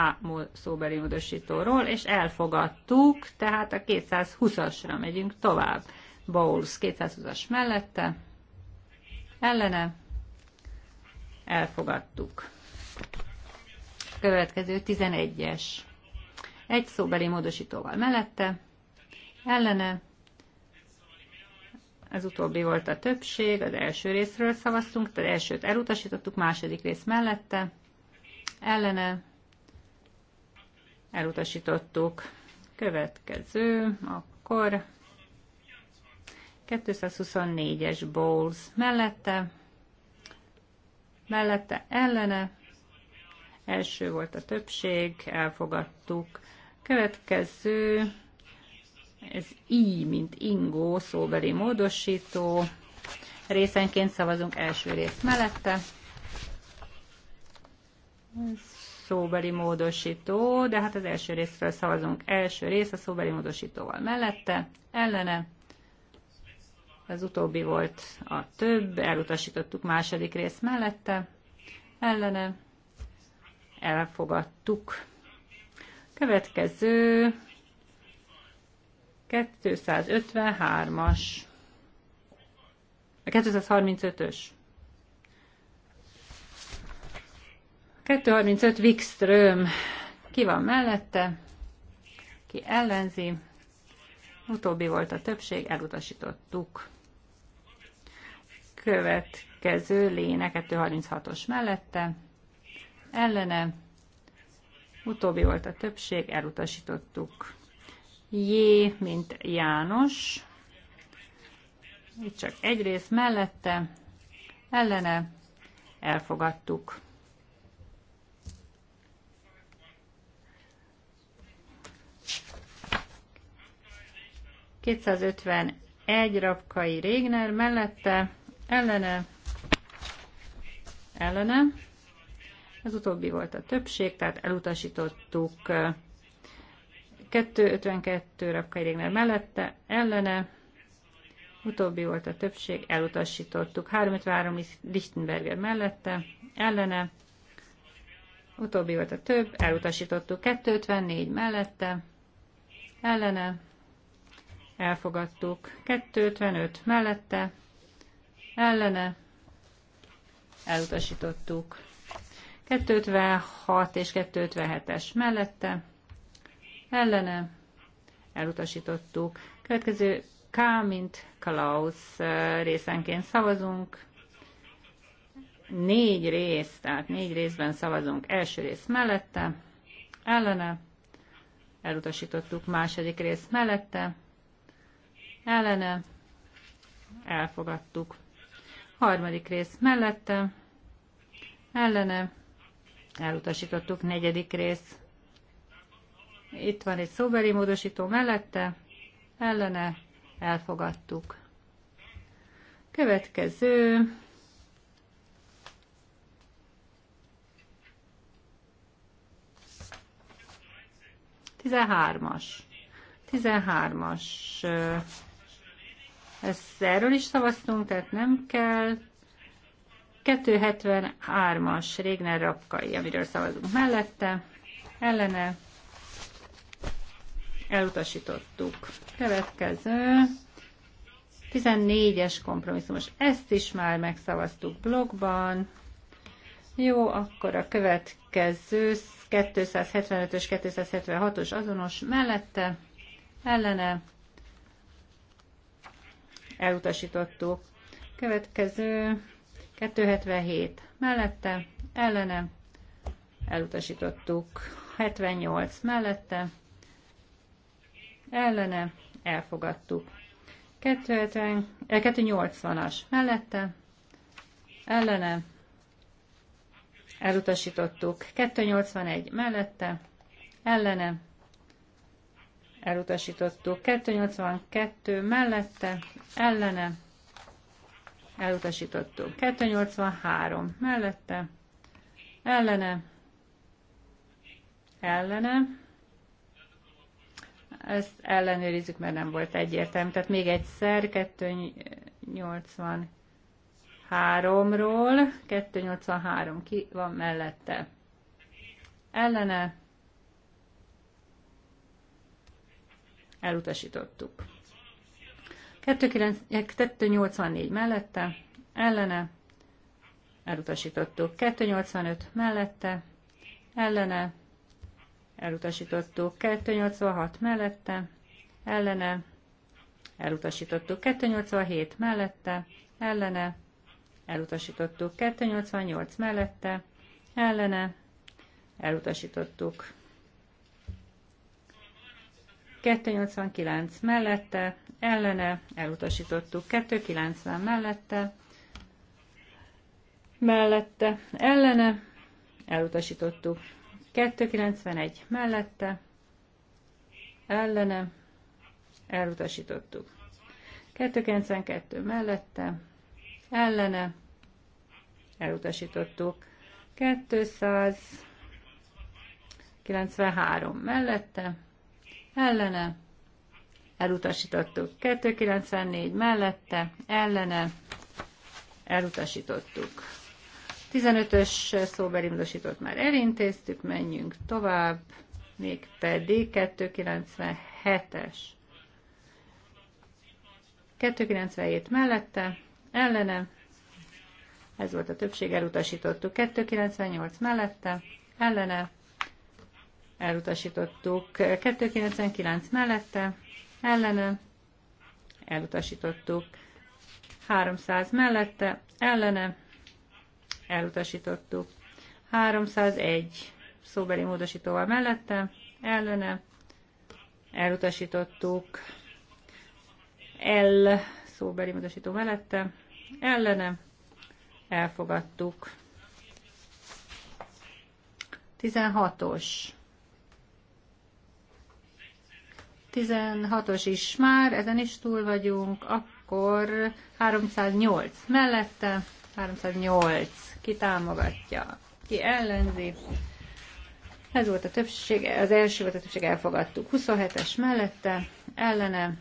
szóbeli módosítóról, és elfogadtuk, tehát a 220-asra megyünk tovább. Bowles 220-as mellette, ellene, elfogadtuk. Következő 11-es. Egy szóbeli módosítóval mellette, ellene, az utóbbi volt a többség, az első részről szavaztunk, tehát elsőt elutasítottuk, második rész mellette, ellene, elutasítottuk. Következő, akkor 224-es Bowles mellette, mellette ellene, első volt a többség, elfogadtuk. Következő, ez I, mint ingó, szóbeli módosító, részenként szavazunk első rész mellette. Szóbeli módosító, de hát az első részről szavazunk első rész a szóbeli módosítóval mellette, ellene, az utóbbi volt a több, elutasítottuk második rész mellette, ellene elfogadtuk. Következő 253-as, a 235-ös. 235 Wikström. Ki van mellette? Ki ellenzi? Utóbbi volt a többség, elutasítottuk. Következő léne 236-os mellette, ellene, utóbbi volt a többség, elutasítottuk. J, mint János, itt csak egy rész mellette, ellene, elfogadtuk. Kétszázötven egy rabkai Régner mellette, ellene, ellene. Ez utóbbi volt a többség, tehát elutasítottuk 252 rabkaidégnél mellette, ellene, utóbbi volt a többség, elutasítottuk 353 Lichtenberger mellette, ellene, utóbbi volt a több, elutasítottuk 254 mellette, ellene, elfogadtuk 255 mellette, ellene elutasítottuk. 256 és 257-es mellette ellene elutasítottuk. Következő K, mint Klaus eh, részenként szavazunk. Négy rész, tehát négy részben szavazunk. Első rész mellette, ellene, elutasítottuk második rész mellette, ellene, elfogadtuk. Harmadik rész mellette, ellene, elutasítottuk. Negyedik rész. Itt van egy szóbeli módosító mellette, ellene, elfogadtuk. Következő. Tizenhármas. Tizenhármas ezt erről is szavaztunk, tehát nem kell. 273-as Régner Rapkai, amiről szavazunk mellette, ellene elutasítottuk. Következő 14-es kompromisszumos. Ezt is már megszavaztuk blogban. Jó, akkor a következő 275-ös, 276-os azonos mellette, ellene elutasítottuk. Következő 277 mellette, ellene, elutasítottuk. 78 mellette, ellene, elfogadtuk. 270, 280-as eh, mellette, ellene, elutasítottuk. 281 mellette, ellene, elutasítottuk. 282 mellette, ellene, elutasítottuk. 283 mellette, ellene, ellene, ezt ellenőrizzük, mert nem volt egyértelmű. Tehát még egyszer 283-ról, 283 ki van mellette. Ellene, elutasítottuk. 284 mellette, ellene, elutasítottuk. 285 mellette, ellene, elutasítottuk. 286 mellette, ellene, elutasítottuk. 287 mellette, ellene, elutasítottuk. 288 mellette, ellene, elutasítottuk. 289 mellette, ellene, elutasítottuk. 290 mellette, mellette, ellene, elutasítottuk. 291 mellette, ellene, elutasítottuk. 292 mellette, ellene, elutasítottuk. 293 mellette, ellene, elutasítottuk. 294 mellette, ellene, elutasítottuk. 15-ös szóbeli módosítót már elintéztük, menjünk tovább, pedig 297-es. 297 mellette, ellene, ez volt a többség, elutasítottuk. 298 mellette, ellene, elutasítottuk. 299 mellette, ellene, elutasítottuk. 300 mellette, ellene, elutasítottuk. 301 szóbeli módosítóval mellette, ellene, elutasítottuk. L szóbeli módosító mellette, ellene, elfogadtuk. 16-os 16-os is már, ezen is túl vagyunk, akkor 308 mellette, 308 ki támogatja, ki ellenzi. Ez volt a többség, az első volt a többség, elfogadtuk. 27-es mellette, ellene,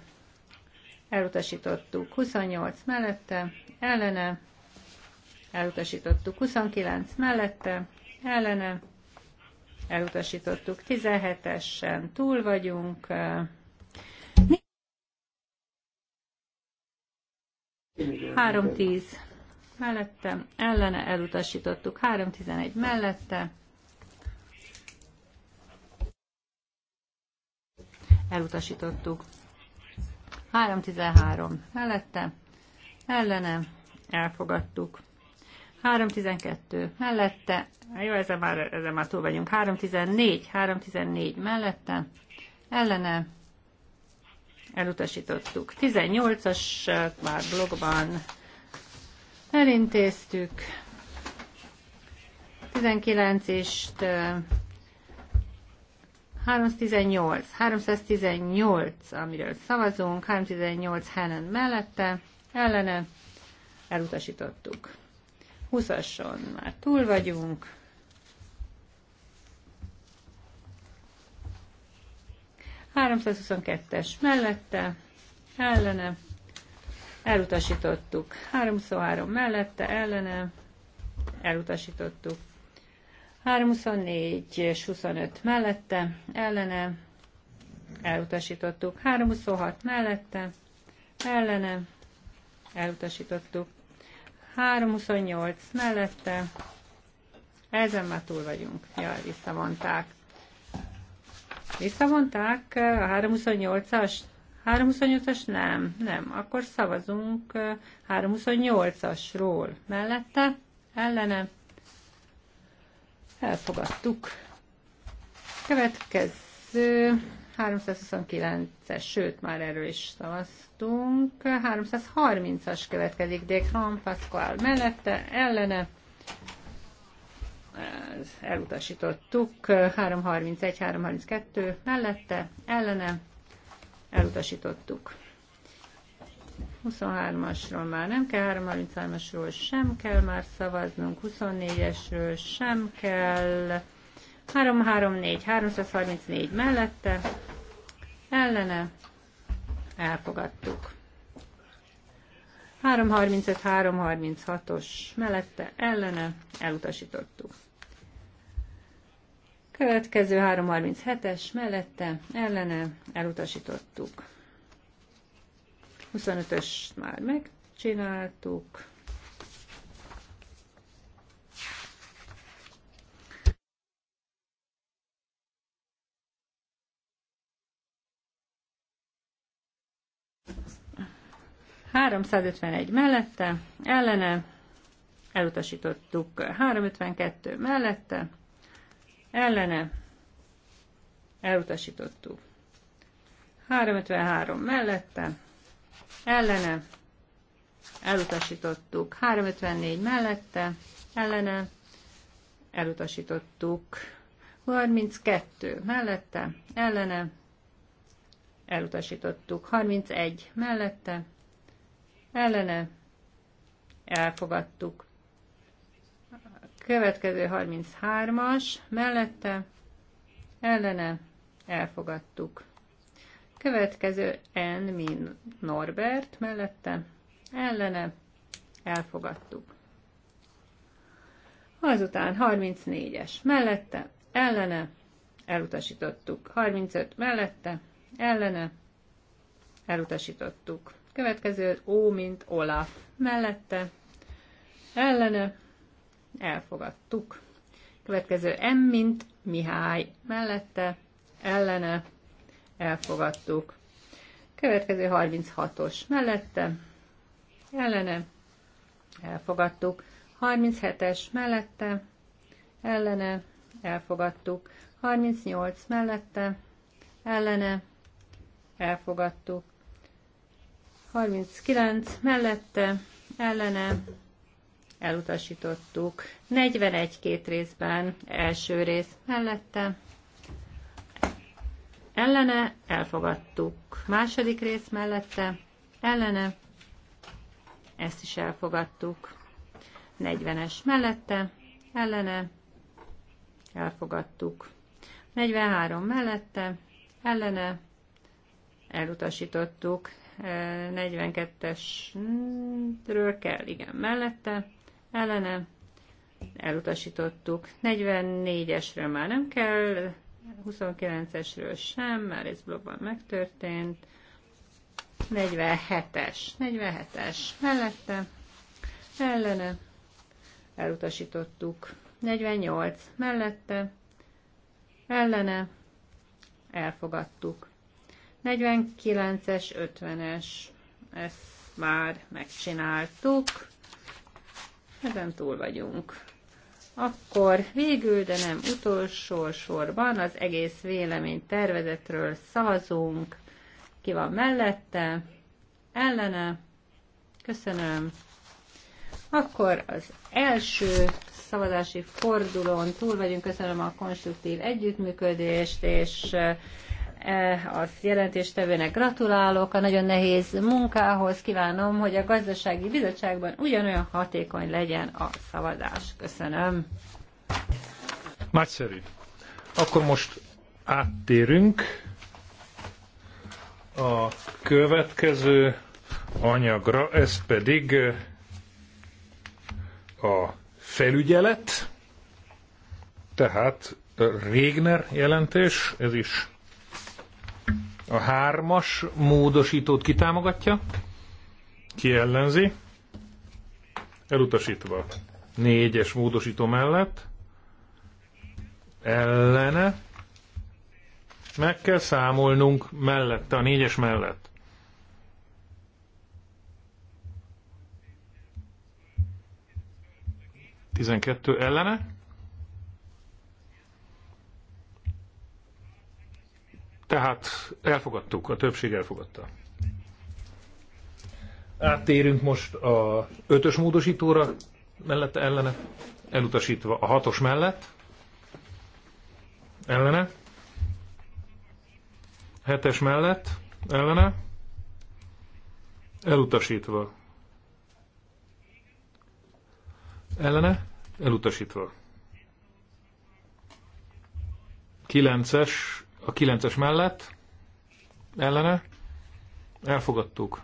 elutasítottuk. 28 mellette, ellene, elutasítottuk. 29 mellette, ellene, elutasítottuk. 17-esen túl vagyunk, 3-10 mellette, ellene elutasítottuk. 3-11 mellette, elutasítottuk. 3-13 mellette, ellene elfogadtuk. 3-12 mellette, jó, ezzel már, ezzel már túl vagyunk, 3.14, 3.14 mellette, ellene elutasítottuk. 18-as már blogban elintéztük. 19 és 318, 318, amiről szavazunk, 318 Hennen mellette, ellene elutasítottuk. 20-ason már túl vagyunk. 322-es mellette, ellene, elutasítottuk. 323 mellette, ellene, elutasítottuk. 324 és 25 mellette, ellene, elutasítottuk. 326 mellette, ellene, elutasítottuk. 328 mellette, ezen már túl vagyunk, jaj, visszavonták. Visszavonták a 328 as 328-as nem, nem. Akkor szavazunk 328-asról. Mellette, ellene, elfogadtuk. Következő 329-es, sőt, már erről is szavaztunk. 330-as következik Dékran Pascual mellette, ellene, elutasítottuk, 331-332 mellette, ellene elutasítottuk. 23-asról már nem kell, 33 asról sem kell már szavaznunk, 24-esről sem kell, 334, 334 mellette, ellene elfogadtuk. 335-336-os mellette ellene elutasítottuk. Következő 337-es mellette ellene elutasítottuk. 25-ös már megcsináltuk. ...351 mellette, ellene, elutasítottuk 352 mellette, ellene elutasítottuk. 353 mellette ellene elutasítottuk. 354 mellette ellene elutasítottuk. 32 mellette ellene elutasítottuk. 31 mellette ellene elfogadtuk. Következő 33-as, mellette, ellene, elfogadtuk. Következő N, min Norbert, mellette, ellene, elfogadtuk. Azután 34-es, mellette, ellene, elutasítottuk. 35 mellette, ellene, elutasítottuk. Következő O, mint Olaf, mellette, ellene, elfogadtuk. Következő M, mint Mihály mellette, ellene, elfogadtuk. Következő 36-os mellette, ellene, elfogadtuk. 37-es mellette, ellene, elfogadtuk. 38 mellette, ellene, elfogadtuk. 39 mellette, ellene, elutasítottuk. 41 két részben, első rész mellette, ellene, elfogadtuk. Második rész mellette, ellene, ezt is elfogadtuk. 40-es mellette, ellene, elfogadtuk. 43 mellette, ellene, elutasítottuk. 42-esről kell, igen, mellette, ellene elutasítottuk. 44-esről már nem kell, 29-esről sem, már ez blogban megtörtént. 47-es, 47-es mellette, ellene elutasítottuk. 48 mellette, ellene elfogadtuk. 49-es, 50-es, ezt már megcsináltuk ezen túl vagyunk. Akkor végül, de nem utolsó sorban az egész vélemény tervezetről szavazunk. Ki van mellette? Ellene? Köszönöm. Akkor az első szavazási fordulón túl vagyunk. Köszönöm a konstruktív együttműködést, és Eh, az jelentéstevőnek gratulálok a nagyon nehéz munkához, kívánom, hogy a gazdasági bizottságban ugyanolyan hatékony legyen a szavazás. Köszönöm. Nagyszerű. Akkor most áttérünk a következő anyagra, ez pedig eh, a felügyelet, tehát Régner jelentés, ez is a hármas módosítót kitámogatja, ki ellenzi, elutasítva. Négyes módosító mellett, ellene, meg kell számolnunk mellette, a négyes mellett. Tizenkettő ellene, Tehát elfogadtuk, a többség elfogadta. Áttérünk most a ötös módosítóra, mellette ellene, elutasítva a hatos mellett, ellene, hetes mellett, ellene, elutasítva, ellene, elutasítva. 9-es a 9-es mellett ellene elfogadtuk.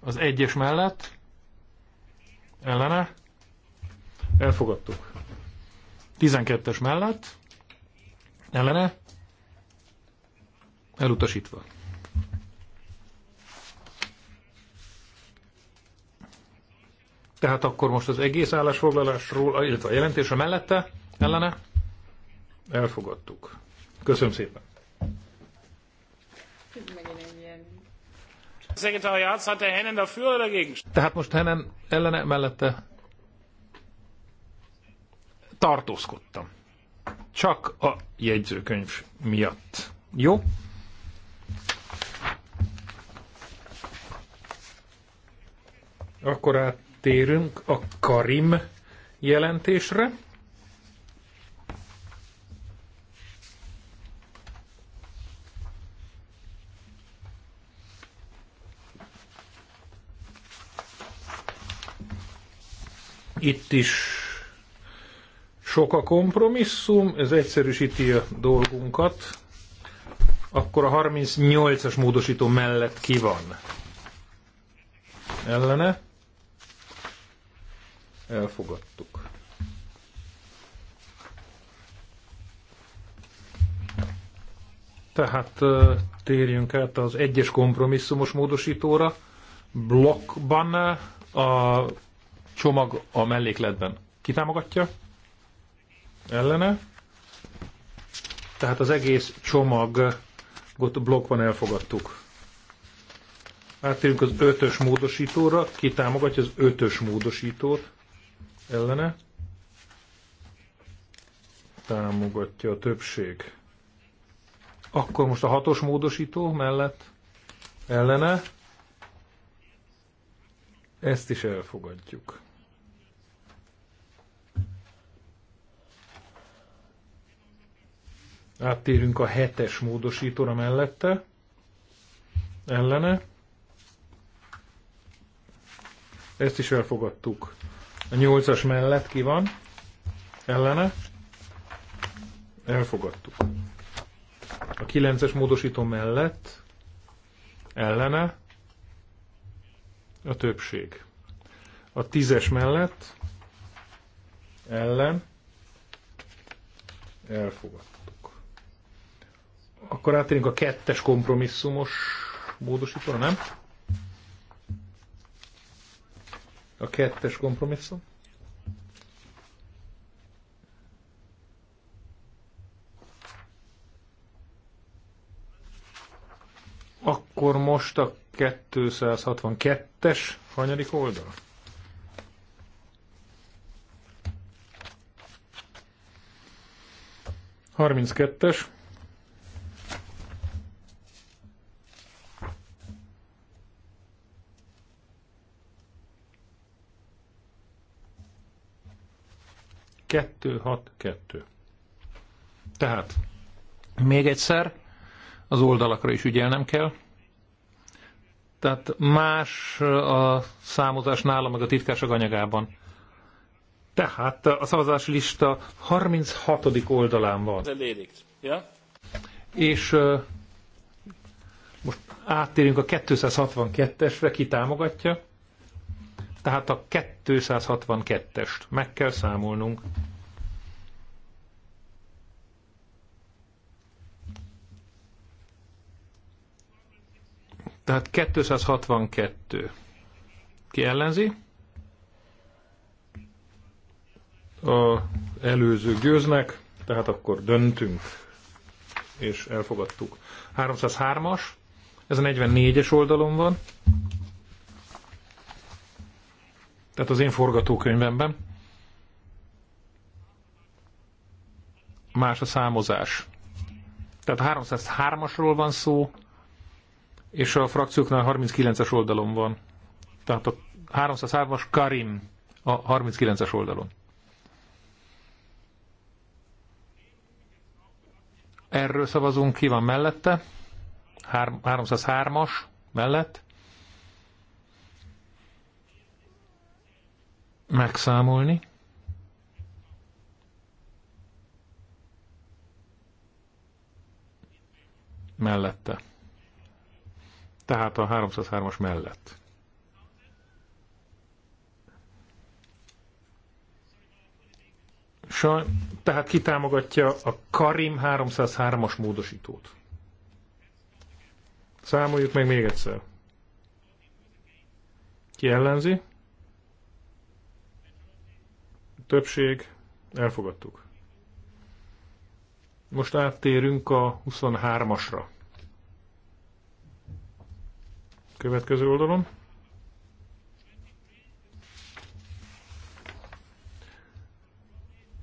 Az 1-es mellett ellene elfogadtuk. 12-es mellett ellene elutasítva. Tehát akkor most az egész állásfoglalásról, illetve a jelentésre mellette ellene elfogadtuk. Köszönöm szépen! Tehát most Hennen ellene mellette tartózkodtam. Csak a jegyzőkönyv miatt. Jó? Akkor áttérünk a Karim jelentésre. Itt is sok a kompromisszum, ez egyszerűsíti a dolgunkat. Akkor a 38-as módosító mellett ki van? Ellene? Elfogadtuk. Tehát térjünk át az egyes kompromisszumos módosítóra. Blokkban a csomag a mellékletben. Ki támogatja? Ellene? Tehát az egész csomagot blokkban elfogadtuk. Áttérünk az ötös módosítóra. Ki támogatja az ötös módosítót? Ellene? Támogatja a többség. Akkor most a hatos módosító mellett ellene. Ezt is elfogadjuk. Áttérünk a hetes módosítóra mellette. Ellene. Ezt is elfogadtuk. A nyolcas mellett ki van? Ellene. Elfogadtuk. A kilences módosító mellett. Ellene. A többség. A tízes mellett. Ellen. Elfogadtuk. Akkor átérünk a kettes kompromisszumos módosítóra, nem? A kettes kompromisszum. Akkor most a 262-es hanyadik oldal? Harminckettes. 262. Tehát még egyszer az oldalakra is ügyelnem kell. Tehát más a számozás nálam meg a titkárság anyagában. Tehát a szavazási lista 36. oldalán van. Ja? És most áttérünk a 262-esre, ki támogatja, tehát a 262-est meg kell számolnunk. Tehát 262. Ki ellenzi? A előző győznek, tehát akkor döntünk, és elfogadtuk. 303-as, ez a 44-es oldalon van. Tehát az én forgatókönyvemben más a számozás. Tehát 303-asról van szó, és a frakcióknál 39-es oldalon van. Tehát a 303-as Karim a 39-es oldalon. Erről szavazunk, ki van mellette? 303-as mellett. megszámolni. Mellette. Tehát a 303-as mellett. Saj, tehát kitámogatja a Karim 303-as módosítót. Számoljuk meg még egyszer. Ki ellenzi? többség, elfogadtuk. Most áttérünk a 23-asra. Következő oldalon.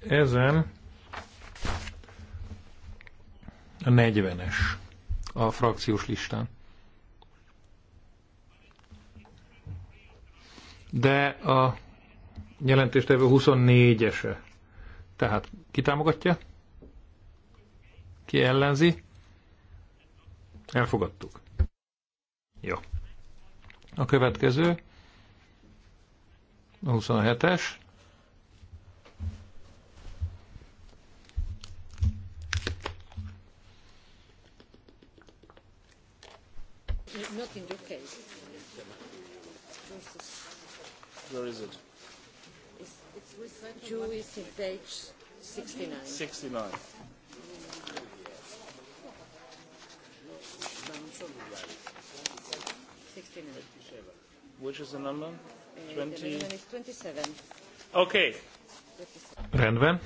Ezen a 40-es a frakciós listán. De a jelentéstevő 24-ese. Tehát ki támogatja? Ki ellenzi? Elfogadtuk. Jó. A következő, a 27-es. Not in your case. Where is it? 2 is in page 69. 69. Which is the number? 20... Uh, is 27. Okay. Rendben.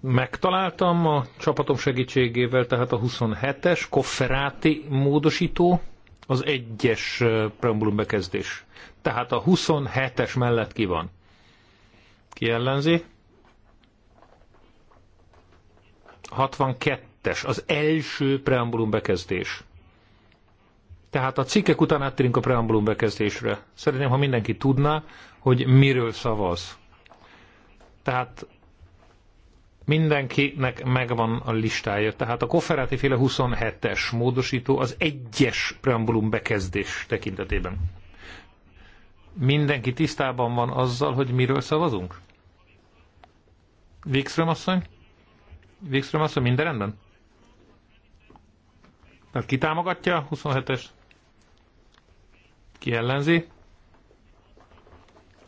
Megtaláltam a csapatom segítségével, tehát a 27-es kofferáti módosító az egyes preambulum bekezdés. Tehát a 27-es mellett ki van? Ki ellenzi? 62-es, az első preambulum bekezdés. Tehát a cikkek után áttérünk a preambulum bekezdésre. Szeretném, ha mindenki tudná, hogy miről szavaz. Tehát Mindenkinek megvan a listája. Tehát a kofferáti féle 27-es módosító az egyes preambulum bekezdés tekintetében. Mindenki tisztában van azzal, hogy miről szavazunk? Wikström asszony? Wikström asszony, minden rendben? Tehát ki támogatja a 27-es? Ki ellenzi?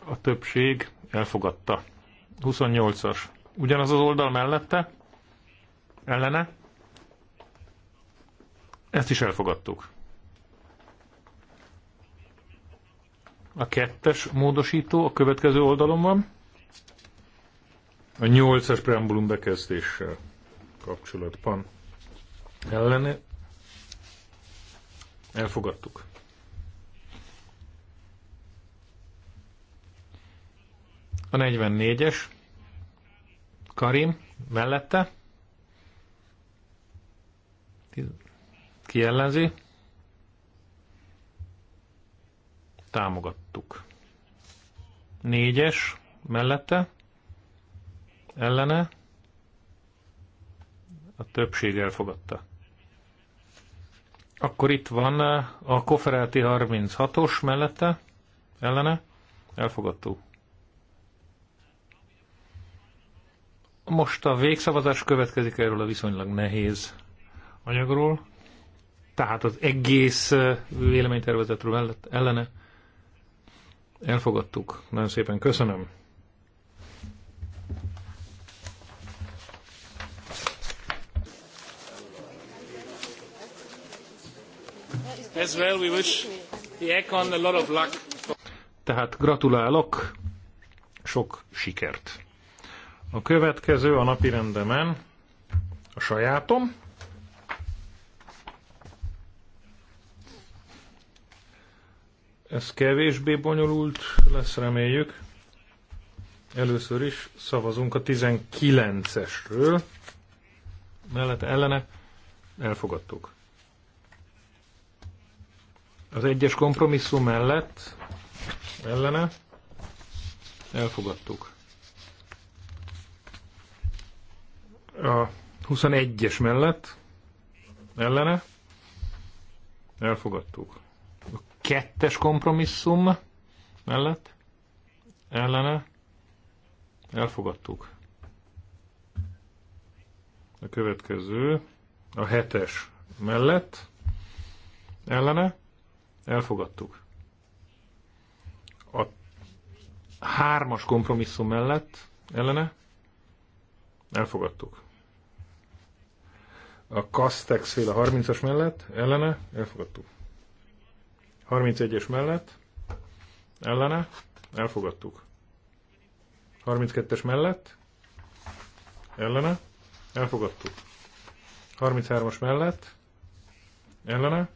A többség elfogadta. 28-as. Ugyanaz az oldal mellette? Ellene? Ezt is elfogadtuk. A kettes módosító a következő oldalon van. A nyolcas preambulum bekezdéssel kapcsolatban ellene elfogadtuk. A 44-es Karim mellette. Ki ellenzi? Támogattuk. Négyes mellette. Ellene. A többség elfogadta. Akkor itt van eh, a Koferelti 36-os mellette. Ellene. Elfogadtuk. Most a végszavazás következik erről a viszonylag nehéz anyagról. Tehát az egész véleménytervezetről ellene elfogadtuk. Nagyon szépen köszönöm. As well, we wish the Econ a lot of luck. Tehát gratulálok, sok sikert! A következő a napi rendemen a sajátom. Ez kevésbé bonyolult lesz, reméljük. Először is szavazunk a 19-esről. Mellett ellene elfogadtuk. Az egyes kompromisszum mellett ellene elfogadtuk. A 21-es mellett ellene elfogadtuk. A kettes kompromisszum mellett ellene elfogadtuk. A következő a hetes mellett ellene elfogadtuk. A hármas kompromisszum mellett ellene elfogadtuk a Castex fél a 30-as mellett, ellene, elfogadtuk. 31-es mellett, ellene, elfogadtuk. 32-es mellett, ellene, elfogadtuk. 33-as mellett, ellene,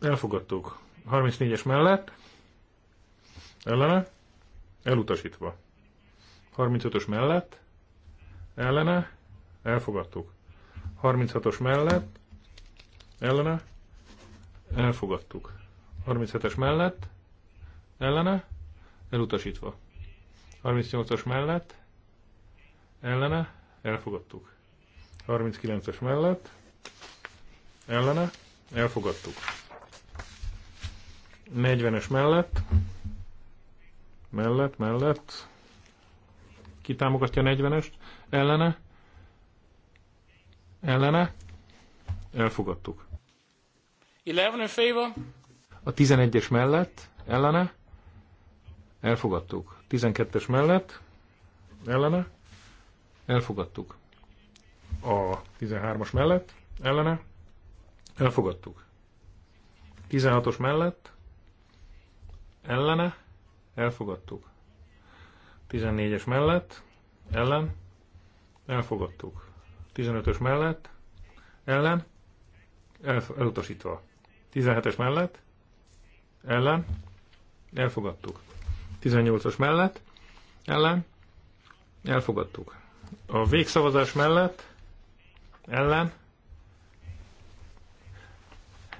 elfogadtuk. 34-es mellett, ellene, elutasítva. 35-ös mellett, ellene, elfogadtuk. 36-os mellett, ellene, elfogadtuk. 37-es mellett, ellene, elutasítva. 38-as mellett, ellene, elfogadtuk. 39-es mellett, ellene, elfogadtuk. 40-es mellett, mellett, mellett, kitámogatja 40-est, ellene, ellene, elfogadtuk. 11 in favor. A 11-es mellett, ellene, elfogadtuk. 12-es mellett, ellene, elfogadtuk. A 13-as mellett, ellene, elfogadtuk. 16-os mellett, ellene, elfogadtuk. 14-es mellett, ellen, elfogadtuk. 15-ös mellett, ellen, el, elutasítva. 17-es mellett, ellen, elfogadtuk. 18-as mellett, ellen, elfogadtuk. A végszavazás mellett, ellen,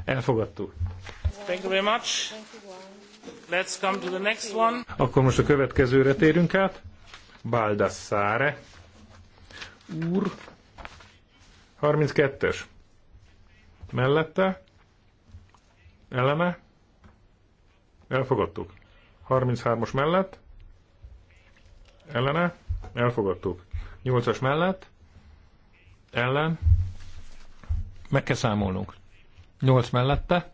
elfogadtuk. Thank you very much. Let's come to the next one. Akkor most a következőre térünk át. Baldassare úr 32-es. Mellette. Eleme. Elfogadtuk. 33-as mellett. Ellene. Elfogadtuk. 8-as mellett. Ellen. Meg kell számolnunk. 8 mellette.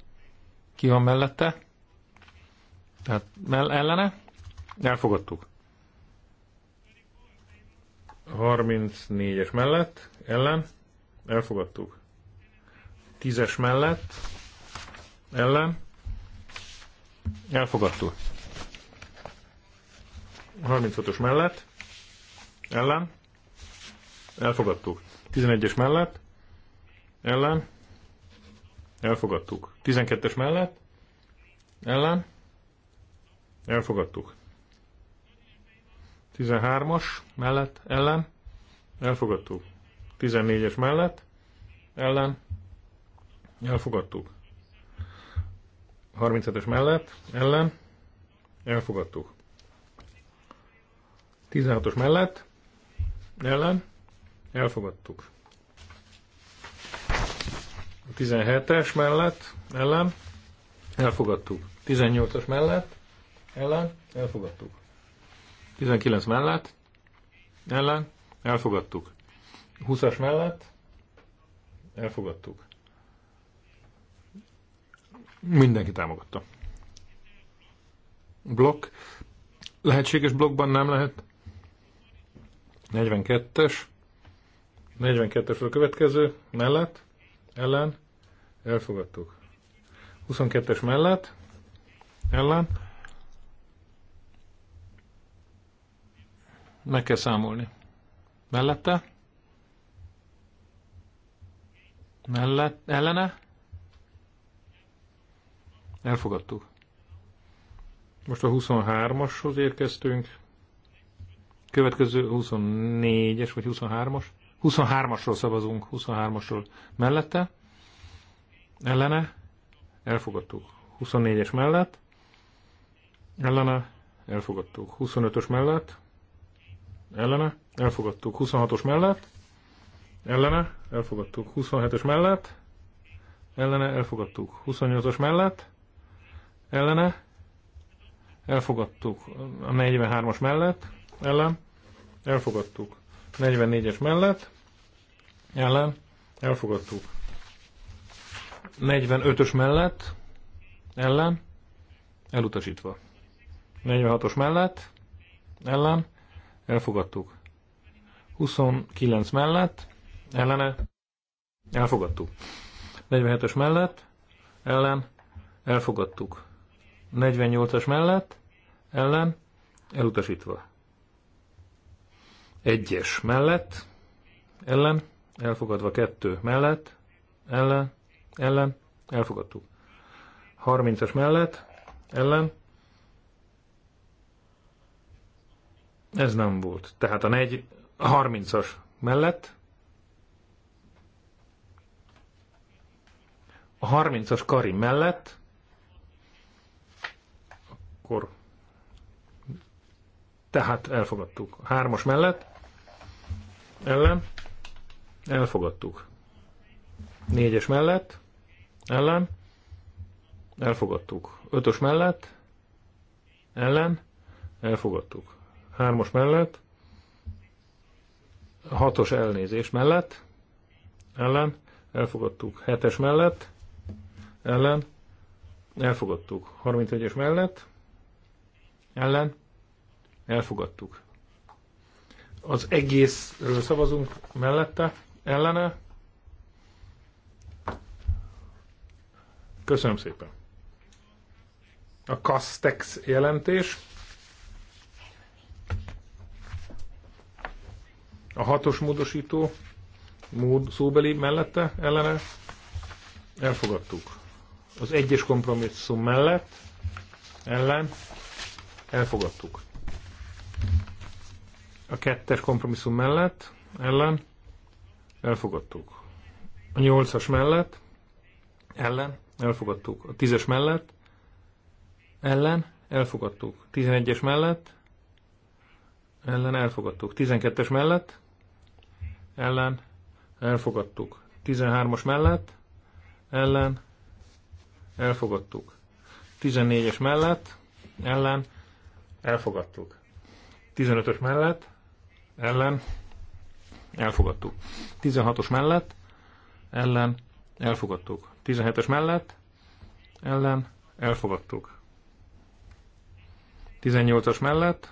Ki van mellette? Tehát mell ellene. Elfogadtuk. 34-es mellett. Ellen elfogadtuk. Tízes mellett, ellen, elfogadtuk. 36-os mellett, ellen, elfogadtuk. 11-es mellett, ellen, elfogadtuk. 12-es mellett, ellen, elfogadtuk. 13-as mellett, ellen, elfogadtuk. 14-es mellett ellen elfogadtuk. 37-es mellett ellen elfogadtuk. 16-os mellett ellen elfogadtuk. 17-es mellett ellen elfogadtuk. 18-as mellett ellen elfogadtuk. 19 mellett ellen elfogadtuk. 20-as mellett elfogadtuk. Mindenki támogatta. Blokk. Lehetséges blokkban nem lehet. 42-es. 42-es a következő. Mellett. Ellen. Elfogadtuk. 22-es mellett. Ellen. Meg kell számolni. Mellette. mellett, ellene. Elfogadtuk. Most a 23-ashoz érkeztünk. Következő 24-es vagy 23-as. 23-asról szavazunk, 23-asról mellette. Ellene. Elfogadtuk. 24-es mellett. Ellene. Elfogadtuk. 25-ös mellett. Ellene. Elfogadtuk. 26-os mellett ellene, elfogadtuk 27 ös mellett, ellene, elfogadtuk 28 os mellett, ellene, elfogadtuk a 43-as mellett, ellen, elfogadtuk 44-es mellett, ellen, elfogadtuk 45-ös mellett, ellen, elutasítva. 46-os mellett, ellen, elfogadtuk. 29 mellett, ellene, elfogadtuk. 47-es mellett, ellen, elfogadtuk. 48-as mellett, ellen, elutasítva. 1-es mellett, ellen, elfogadva 2 mellett, ellen, ellen, elfogadtuk. 30-as mellett, ellen, ez nem volt. Tehát a 30-as mellett, a 30-as Karim mellett, akkor tehát elfogadtuk. A 3-as mellett, ellen, elfogadtuk. 4-es mellett, ellen, elfogadtuk. 5-ös mellett, ellen, elfogadtuk. 3-as mellett, 6-os elnézés mellett, ellen, elfogadtuk. 7-es mellett, ellen, elfogadtuk. 31-es mellett, ellen, elfogadtuk. Az egészről szavazunk mellette, ellene. Köszönöm szépen. A Castex jelentés. A hatos módosító mód szóbeli mellette, ellene. Elfogadtuk az egyes kompromisszum mellett, ellen elfogadtuk. A kettes kompromisszum mellett, ellen elfogadtuk. A nyolcas mellett, ellen elfogadtuk. A tízes mellett, ellen elfogadtuk. tizenegyes mellett ellen elfogadtuk. 12 mellett ellen elfogadtuk. 13 mellett ellen elfogadtuk. 14-es mellett, ellen, elfogadtuk. 15-ös mellett, ellen, elfogadtuk. 16-os mellett, ellen, elfogadtuk. 17-es mellett, ellen, elfogadtuk. 18-as mellett,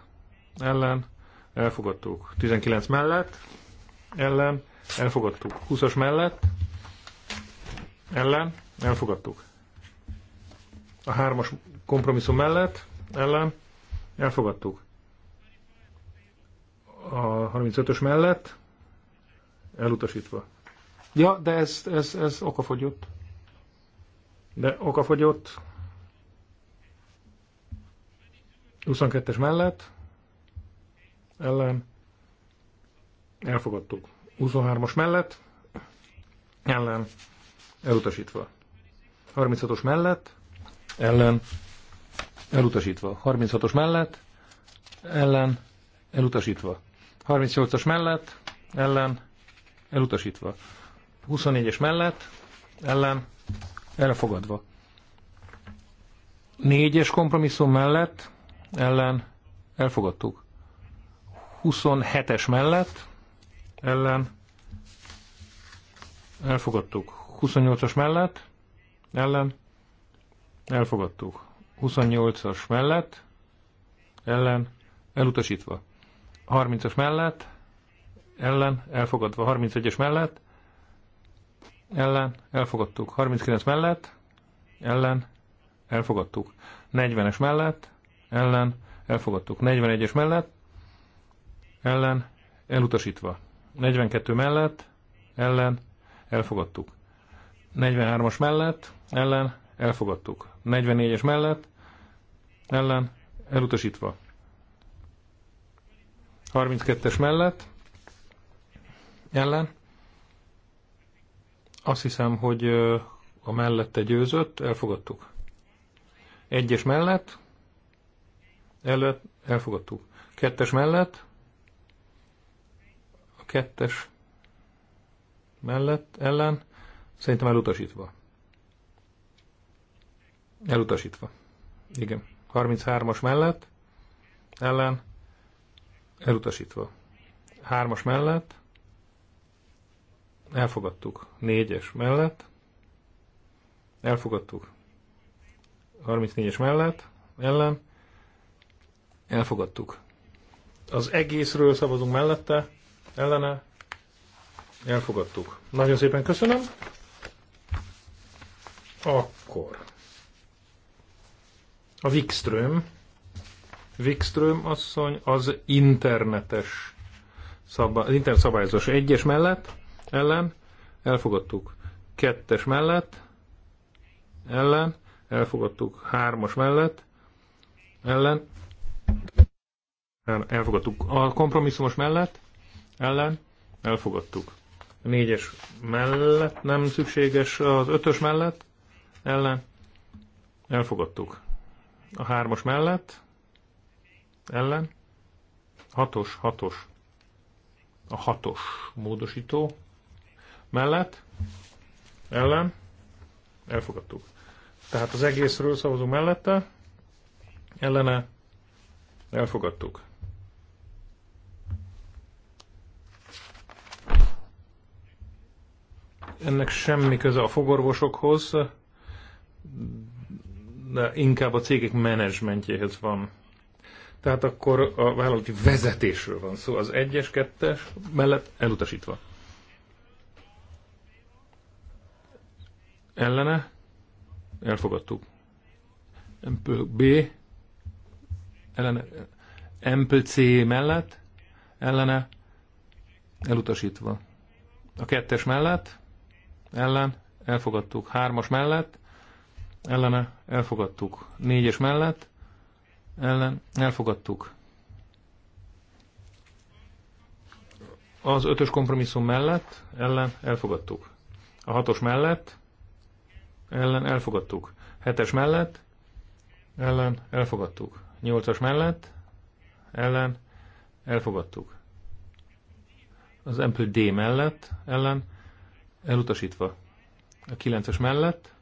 ellen, elfogadtuk. 19 mellett, ellen, elfogadtuk. 20-as mellett, ellen, elfogadtuk a hármas kompromisszum mellett, ellen, elfogadtuk. A 35-ös mellett, elutasítva. Ja, de ez, ez, ez okafogyott. De okafogyott. 22-es mellett, ellen, elfogadtuk. 23-as mellett, ellen, elutasítva. 36-os mellett, ellen, elutasítva. 36-os mellett, ellen, elutasítva. 38-as mellett, ellen, elutasítva. 24-es mellett, ellen, elfogadva. 4-es kompromisszum mellett, ellen, elfogadtuk. 27-es mellett, ellen, elfogadtuk. 28-as mellett, ellen, Elfogadtuk. 28-as mellett, ellen, elutasítva. 30-as mellett, ellen, elfogadva. 31-es mellett, ellen, elfogadtuk. 39 mellett, ellen, elfogadtuk. 40-es mellett, ellen, elfogadtuk. 41-es mellett, ellen, elutasítva. 42 mellett, ellen, elfogadtuk. 43-as mellett, ellen, elfogadtuk. 44-es mellett, ellen, elutasítva. 32-es mellett, ellen. Azt hiszem, hogy a mellette győzött, elfogadtuk. Egyes mellett, előtt, elfogadtuk. 2-es mellett, a 2-es mellett, ellen, szerintem elutasítva. Elutasítva. Igen. 33-as mellett, ellen, elutasítva. 3-as mellett, elfogadtuk. 4-es mellett, elfogadtuk. 34-es mellett, ellen, elfogadtuk. Az egészről szavazunk mellette, ellene, elfogadtuk. Nagyon szépen köszönöm. Akkor a Wikström, Wikström asszony az internetes szabá az internet szabályozás egyes mellett, ellen, elfogadtuk. Kettes mellett, ellen, elfogadtuk. Hármas mellett, ellen, elfogadtuk. A kompromisszumos mellett, ellen, elfogadtuk. A négyes mellett, nem szükséges az ötös mellett, ellen, elfogadtuk a hármas mellett, ellen, hatos, hatos, a hatos módosító mellett, ellen, elfogadtuk. Tehát az egészről szavazunk mellette, ellene, elfogadtuk. Ennek semmi köze a fogorvosokhoz, de inkább a cégek menedzsmentjéhez van. Tehát akkor a vállalati vezetésről van szó, az egyes, kettes mellett elutasítva. Ellene elfogadtuk. Empl B ellene Empl C mellett ellene elutasítva. A kettes mellett ellen elfogadtuk. Hármas mellett ellene elfogadtuk. Négyes mellett ellen elfogadtuk. Az ötös kompromisszum mellett ellen elfogadtuk. A hatos mellett ellen elfogadtuk. Hetes mellett ellen elfogadtuk. Nyolcas mellett ellen elfogadtuk. Az Ample D mellett ellen elutasítva. A kilences mellett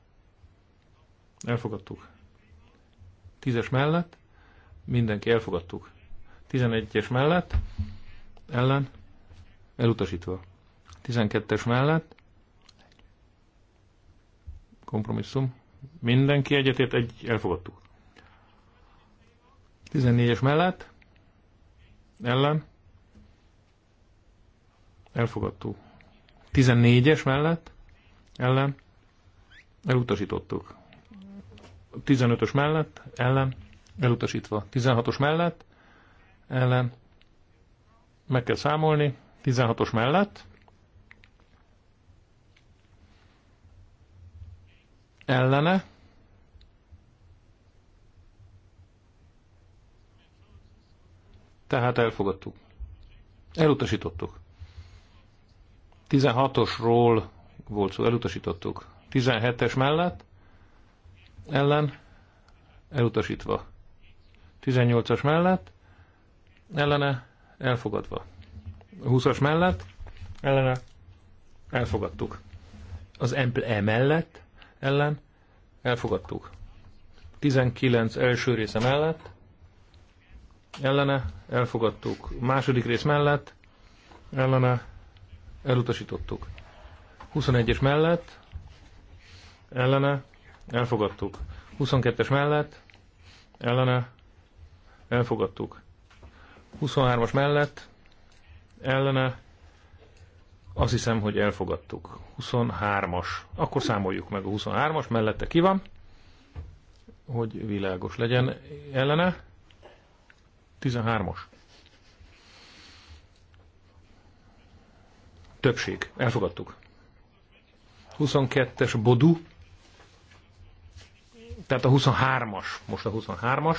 Elfogadtuk. Tízes mellett. Mindenki elfogadtuk. tizenegyes mellett. Ellen. Elutasítva. tizenkettes mellett. Kompromisszum. Mindenki egyetért, egy elfogadtuk. tizennégyes mellett. Ellen. Elfogadtuk. tizennégyes mellett. Ellen. Elutasítottuk. 15-ös mellett, ellen, elutasítva. 16-os mellett, ellen, meg kell számolni, 16-os mellett, ellene, tehát elfogadtuk. Elutasítottuk. 16-osról volt szó, elutasítottuk. 17-es mellett, ellen, elutasítva. 18-as mellett, ellene, elfogadva. 20-as mellett, ellene, elfogadtuk. Az M e mellett, ellen, elfogadtuk. 19 első része mellett, ellene, elfogadtuk. Második rész mellett, ellene, elutasítottuk. 21-es mellett, ellene, Elfogadtuk. 22-es mellett. Ellene. Elfogadtuk. 23-as mellett. Ellene. Azt hiszem, hogy elfogadtuk. 23-as. Akkor számoljuk meg a 23-as. Mellette ki van? Hogy világos legyen. Ellene. 13-as. Többség. Elfogadtuk. 22-es Bodu tehát a 23-as, most a 23-as.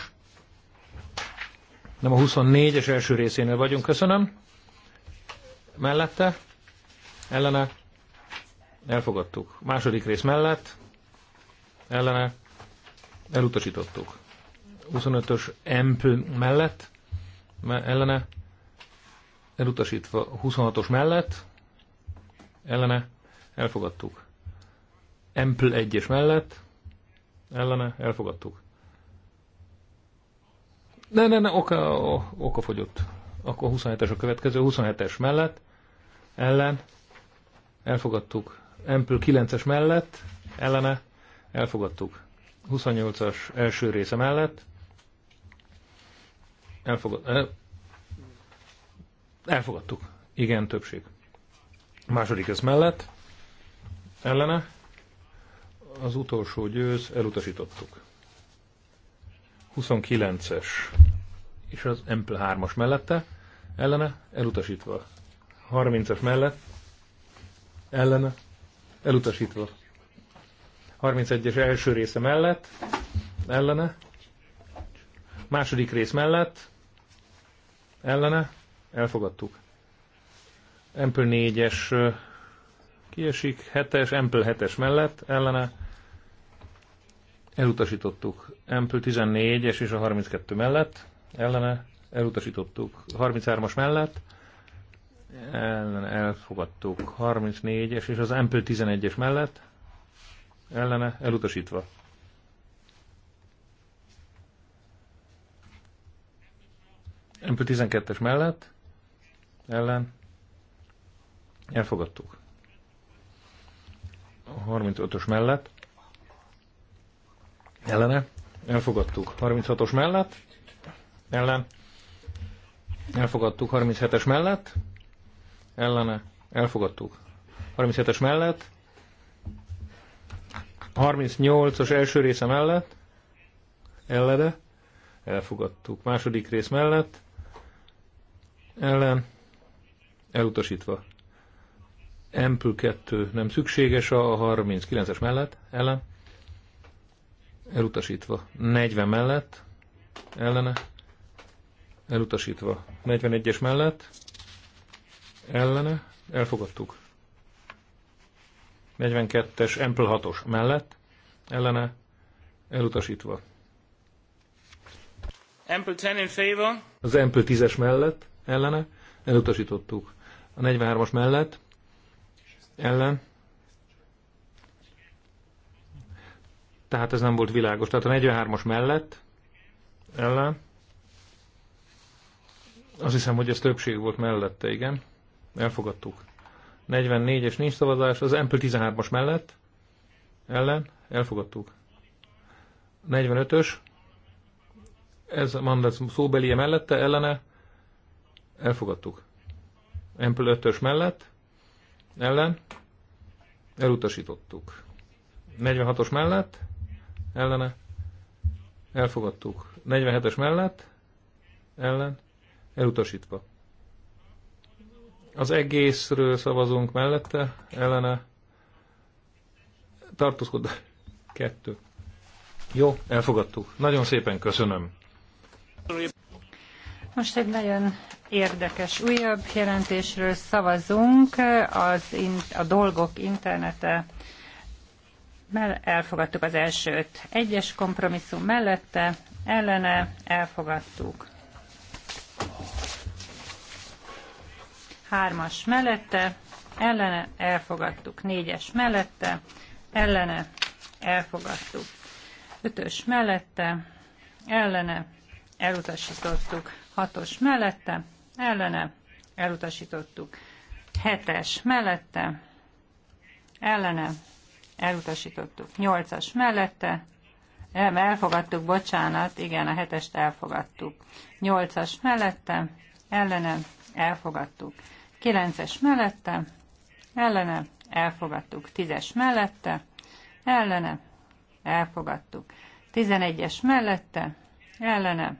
Nem a 24-es első részénél vagyunk, köszönöm. Mellette, ellene, elfogadtuk. Második rész mellett, ellene, elutasítottuk. 25-ös MP mellett, ellene, elutasítva 26-os mellett, ellene elfogadtuk. Ample 1-es mellett, ellene, elfogadtuk. Ne, ne, ne, oka, oka fogyott. Akkor 27-es a következő, 27-es mellett, ellen, elfogadtuk. Empül 9-es mellett, ellene, elfogadtuk. 28-as első része mellett, elfogad, el, elfogadtuk. Igen, többség. második ez mellett, ellene, az utolsó győz elutasítottuk. 29-es és az Ample 3-as mellette, ellene elutasítva. 30-as mellett, ellene elutasítva. 31-es első része mellett, ellene, második rész mellett, ellene, elfogadtuk. Ample 4-es kiesik, 7-es, Ample 7-es mellett ellene elutasítottuk. Ample 14-es és a 32 mellett ellene elutasítottuk. 33-as mellett ellene elfogadtuk. 34-es és az Ample 11-es mellett ellene elutasítva. MP12-es mellett ellen elfogadtuk. 35-ös mellett. Ellene. Elfogadtuk. 36-os mellett. Ellen. Elfogadtuk. 37-es mellett. Ellene. Elfogadtuk. 37-es mellett. 38 os első része mellett. Ellene. Elfogadtuk. Második rész mellett. Ellen. Elutasítva. Ample 2 nem szükséges, a 39-es mellett ellen, elutasítva 40 mellett ellene, elutasítva 41-es mellett ellene, elfogadtuk. 42-es Ample 6-os mellett ellene, elutasítva. Ample 10 in favor. Az Ample 10-es mellett ellene, elutasítottuk. A 43-as mellett ellen. Tehát ez nem volt világos. Tehát a 43-as mellett ellen. Azt hiszem, hogy ez többség volt mellette, igen. Elfogadtuk. 44-es nincs szavazás, az MP 13-as mellett ellen. Elfogadtuk. 45-ös, ez a mandat szóbelie mellette, ellene elfogadtuk. MP 5-ös mellett ellen, elutasítottuk. 46-os mellett, ellene, elfogadtuk. 47-es mellett, ellen, elutasítva. Az egészről szavazunk mellette, ellene, tartózkod. kettő. Jó, elfogadtuk. Nagyon szépen köszönöm. Most egy nagyon érdekes újabb jelentésről szavazunk, az in, a dolgok internete mert elfogadtuk az elsőt. Egyes kompromisszum mellette, ellene elfogadtuk. Hármas mellette, ellene elfogadtuk. Négyes mellette, ellene elfogadtuk. Ötös mellette, ellene elutasítottuk. Hatos mellette, ellene, elutasítottuk. Hetes mellette, ellene, elutasítottuk. Nyolcas mellette, elfogadtuk, bocsánat, igen, a hetest elfogadtuk. Nyolcas mellette, ellene, elfogadtuk. Kilences mellette, ellene, elfogadtuk. Tízes mellette, ellene, elfogadtuk. Tizenegyes mellette, ellene,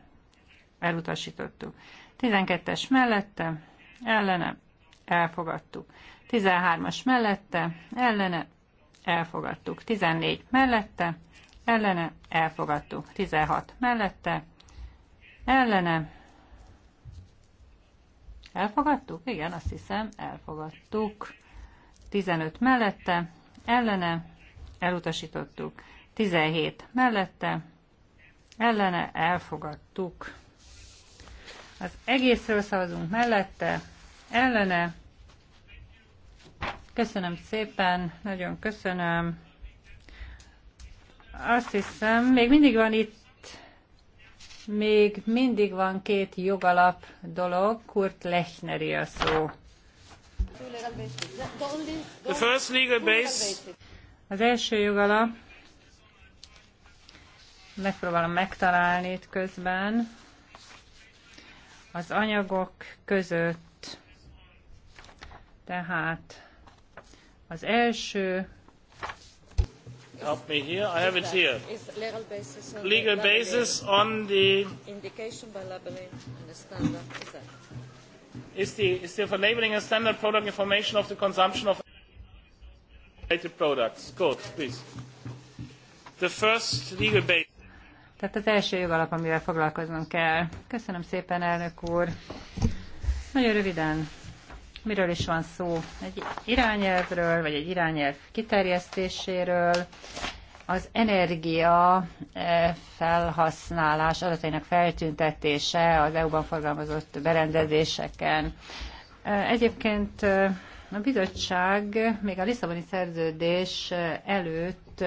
elutasítottuk. 12-es mellette, ellene, elfogadtuk. 13-as mellette, ellene, elfogadtuk. 14 mellette, ellene, elfogadtuk. 16 mellette, ellene, elfogadtuk? Igen, azt hiszem, elfogadtuk. 15 mellette, ellene, elutasítottuk. 17 mellette, ellene, elfogadtuk. Az egészről szavazunk mellette, ellene. Köszönöm szépen, nagyon köszönöm. Azt hiszem, még mindig van itt még mindig van két jogalap dolog, Kurt Lechneri a szó. The first legal base. Az első jogalap, megpróbálom megtalálni itt közben, az anyagok között. Tehát az első help me here. I have it here. Legal basis, legal basis on the indication by labeling and the standard. Is that? Is the is the for labeling and standard product information of the consumption of related products. Good, please. The first legal basis. Tehát az első jogalap, amivel foglalkoznunk kell. Köszönöm szépen, elnök úr. Nagyon röviden, miről is van szó? Egy irányelvről, vagy egy irányelv kiterjesztéséről, az energia eh, felhasználás adatainak feltüntetése az EU-ban forgalmazott berendezéseken. Eh, egyébként eh, a bizottság még a Lisszaboni szerződés előtt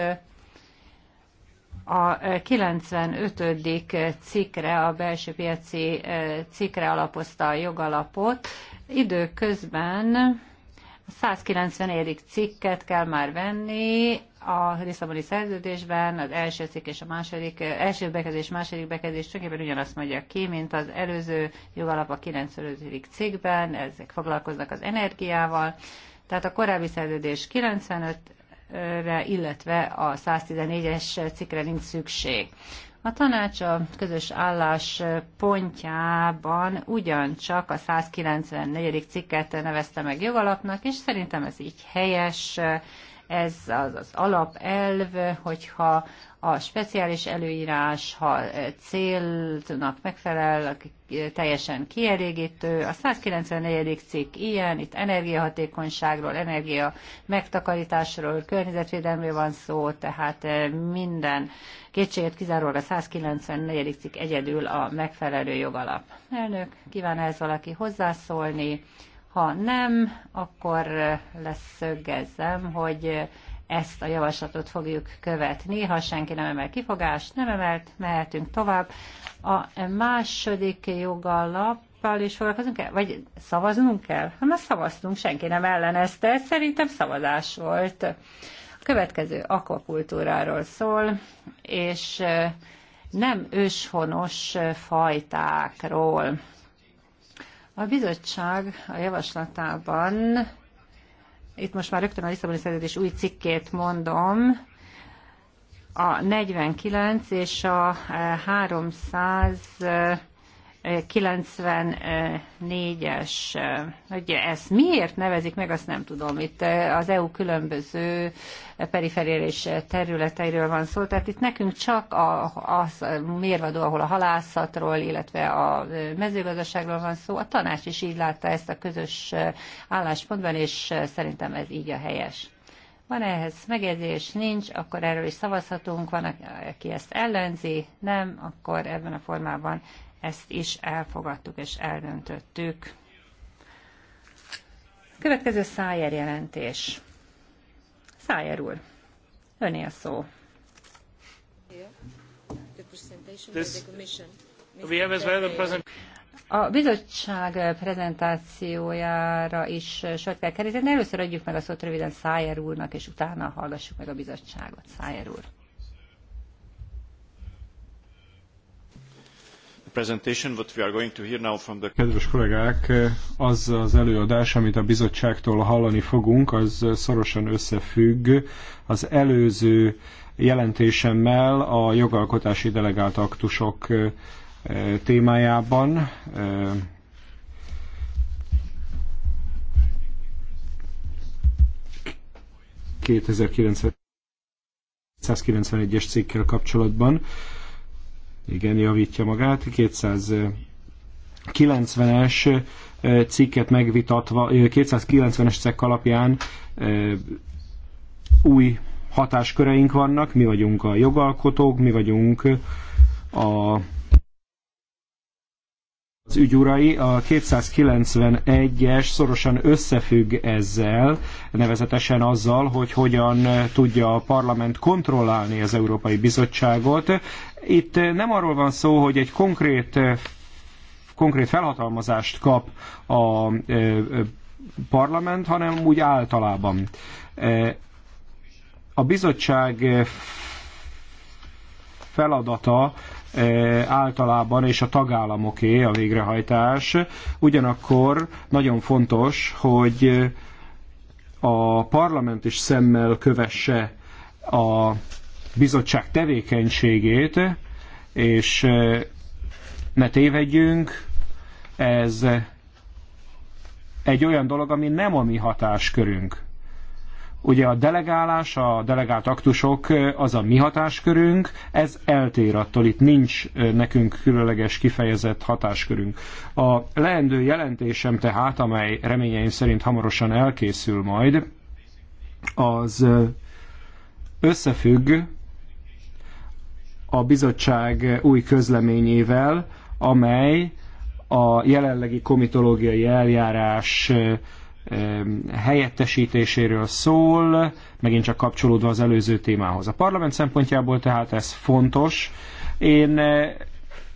a 95. cikre, a belső piaci eh, cikre alapozta a jogalapot. Időközben a 194. cikket kell már venni a Lisszaboni szerződésben, az első cikk és a második, eh, első bekezdés, második bekezdés tulajdonképpen ugyanazt mondja ki, mint az előző jogalap a 95. cikkben, ezek foglalkoznak az energiával. Tehát a korábbi szerződés 95, illetve a 114-es cikkre nincs szükség. A tanács a közös állás pontjában ugyancsak a 194. cikket nevezte meg jogalapnak, és szerintem ez így helyes, ez az, az alapelv, hogyha a speciális előírás, ha e, célnak megfelel, e, teljesen kielégítő. A 194. cikk ilyen, itt energiahatékonyságról, energia megtakarításról, környezetvédelmről van szó, tehát e, minden kétséget kizárólag a 194. cikk egyedül a megfelelő jogalap. Elnök, kíván ez valaki hozzászólni? Ha nem, akkor leszögezzem, hogy ezt a javaslatot fogjuk követni. Ha senki nem emel kifogást, nem emelt, mehetünk tovább. A második jogalap is foglalkozunk el, Vagy szavaznunk kell? Hát már szavaztunk, senki nem ellenezte, szerintem szavazás volt. A következő akvakultúráról szól, és nem őshonos fajtákról. A bizottság a javaslatában itt most már rögtön a Lisszaboni szerződés új cikkét mondom, a 49 és a 300 eh, 94-es, hogy ezt miért nevezik meg, azt nem tudom. Itt az EU különböző periferiális területeiről van szó, tehát itt nekünk csak a, az mérvadó, ahol a halászatról, illetve a mezőgazdaságról van szó. A tanács is így látta ezt a közös álláspontban, és szerintem ez így a helyes. Van ehhez megjegyzés? Nincs, akkor erről is szavazhatunk. Van, aki ezt ellenzi? Nem, akkor ebben a formában ezt is elfogadtuk és eldöntöttük. Következő Szájer jelentés. Szájer úr, öné a szó. A bizottság prezentációjára is sor kell kerülni. Először adjuk meg a szót röviden Szájer úrnak, és utána hallgassuk meg a bizottságot. Szájer úr. Kedves kollégák, az az előadás, amit a bizottságtól hallani fogunk, az szorosan összefügg az előző jelentésemmel a jogalkotási delegált aktusok eh, témájában. ...2091-es eh, cikkel kapcsolatban. Igen, javítja magát. 290-es eh, cikket megvitatva, 290-es eh, cikk alapján eh, új hatásköreink vannak, mi vagyunk a jogalkotók, mi vagyunk a az ügyurai a 291-es szorosan összefügg ezzel, nevezetesen azzal, hogy hogyan tudja a parlament kontrollálni az Európai Bizottságot. Itt nem arról van szó, hogy egy konkrét, konkrét felhatalmazást kap a parlament, hanem úgy általában. A bizottság feladata E, általában és a tagállamoké a végrehajtás. Ugyanakkor nagyon fontos, hogy a parlament is szemmel kövesse a bizottság tevékenységét, és e, ne tévedjünk, ez egy olyan dolog, ami nem a mi hatáskörünk. Ugye a delegálás, a delegált aktusok az a mi hatáskörünk, ez eltér attól, itt nincs nekünk különleges kifejezett hatáskörünk. A leendő jelentésem tehát, amely reményeim szerint hamarosan elkészül majd, az összefügg a bizottság új közleményével, amely a jelenlegi komitológiai eljárás helyettesítéséről szól, megint csak kapcsolódva az előző témához. A parlament szempontjából tehát ez fontos. Én eh,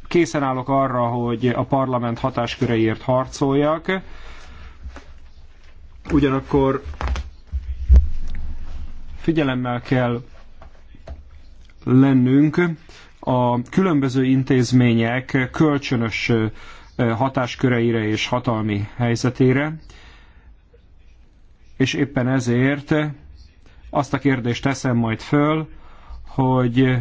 készen állok arra, hogy a parlament hatásköreiért harcoljak, ugyanakkor figyelemmel kell lennünk a különböző intézmények kölcsönös eh, hatásköreire és hatalmi helyzetére és éppen ezért azt a kérdést teszem majd föl, hogy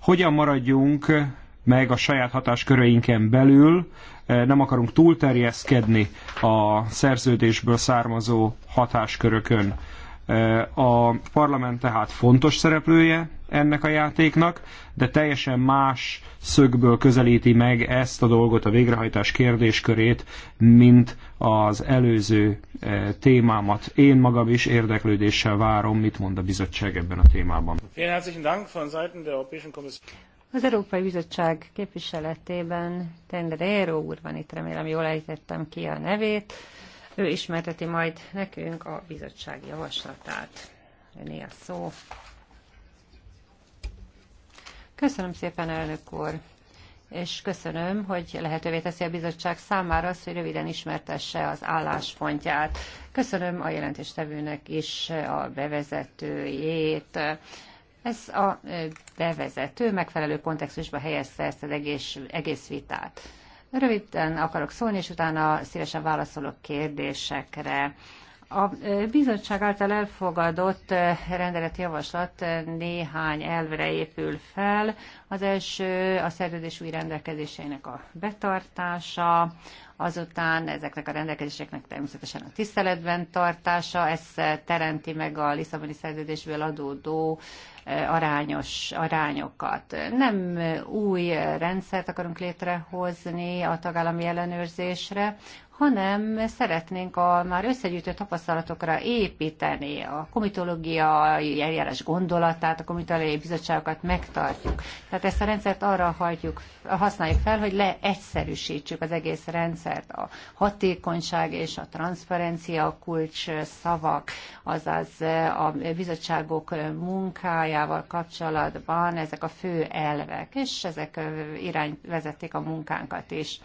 hogyan maradjunk meg a saját hatásköreinken belül, nem akarunk túlterjeszkedni a szerződésből származó hatáskörökön. A parlament tehát fontos szereplője ennek a játéknak, de teljesen más szögből közelíti meg ezt a dolgot, a végrehajtás kérdéskörét, mint az előző eh, témámat. Én magam is érdeklődéssel várom, mit mond a bizottság ebben a témában. Az Európai Bizottság képviseletében Eero úr van itt, remélem jól ejtettem ki a nevét. Ő ismerteti majd nekünk a bizottság javaslatát. Öné a szó. Köszönöm szépen, elnök úr! és köszönöm, hogy lehetővé teszi a bizottság számára azt, hogy röviden ismertesse az álláspontját. Köszönöm a jelentéstevőnek is a bevezetőjét. Ez a bevezető megfelelő kontextusba helyezte ezt az egész, egész vitát. Röviden akarok szólni, és utána szívesen válaszolok kérdésekre. A bizottság által elfogadott rendeletjavaslat néhány elvre épül fel. Az első a szerződés új rendelkezéseinek a betartása, azután ezeknek a rendelkezéseknek természetesen a tiszteletben tartása, ez teremti meg a Lisszaboni szerződésből adódó arányos arányokat. Nem új rendszert akarunk létrehozni a tagállami ellenőrzésre, hanem szeretnénk a már összegyűjtött tapasztalatokra építeni a komitológiai eljárás gondolatát, a komitológiai bizottságokat megtartjuk. Tehát ezt a rendszert arra hagyjuk, használjuk fel, hogy leegyszerűsítsük az egész rendszert. A hatékonyság és a transzparencia a kulcs szavak, azaz a bizottságok munkájával kapcsolatban ezek a fő elvek, és ezek irány vezették a munkánkat is.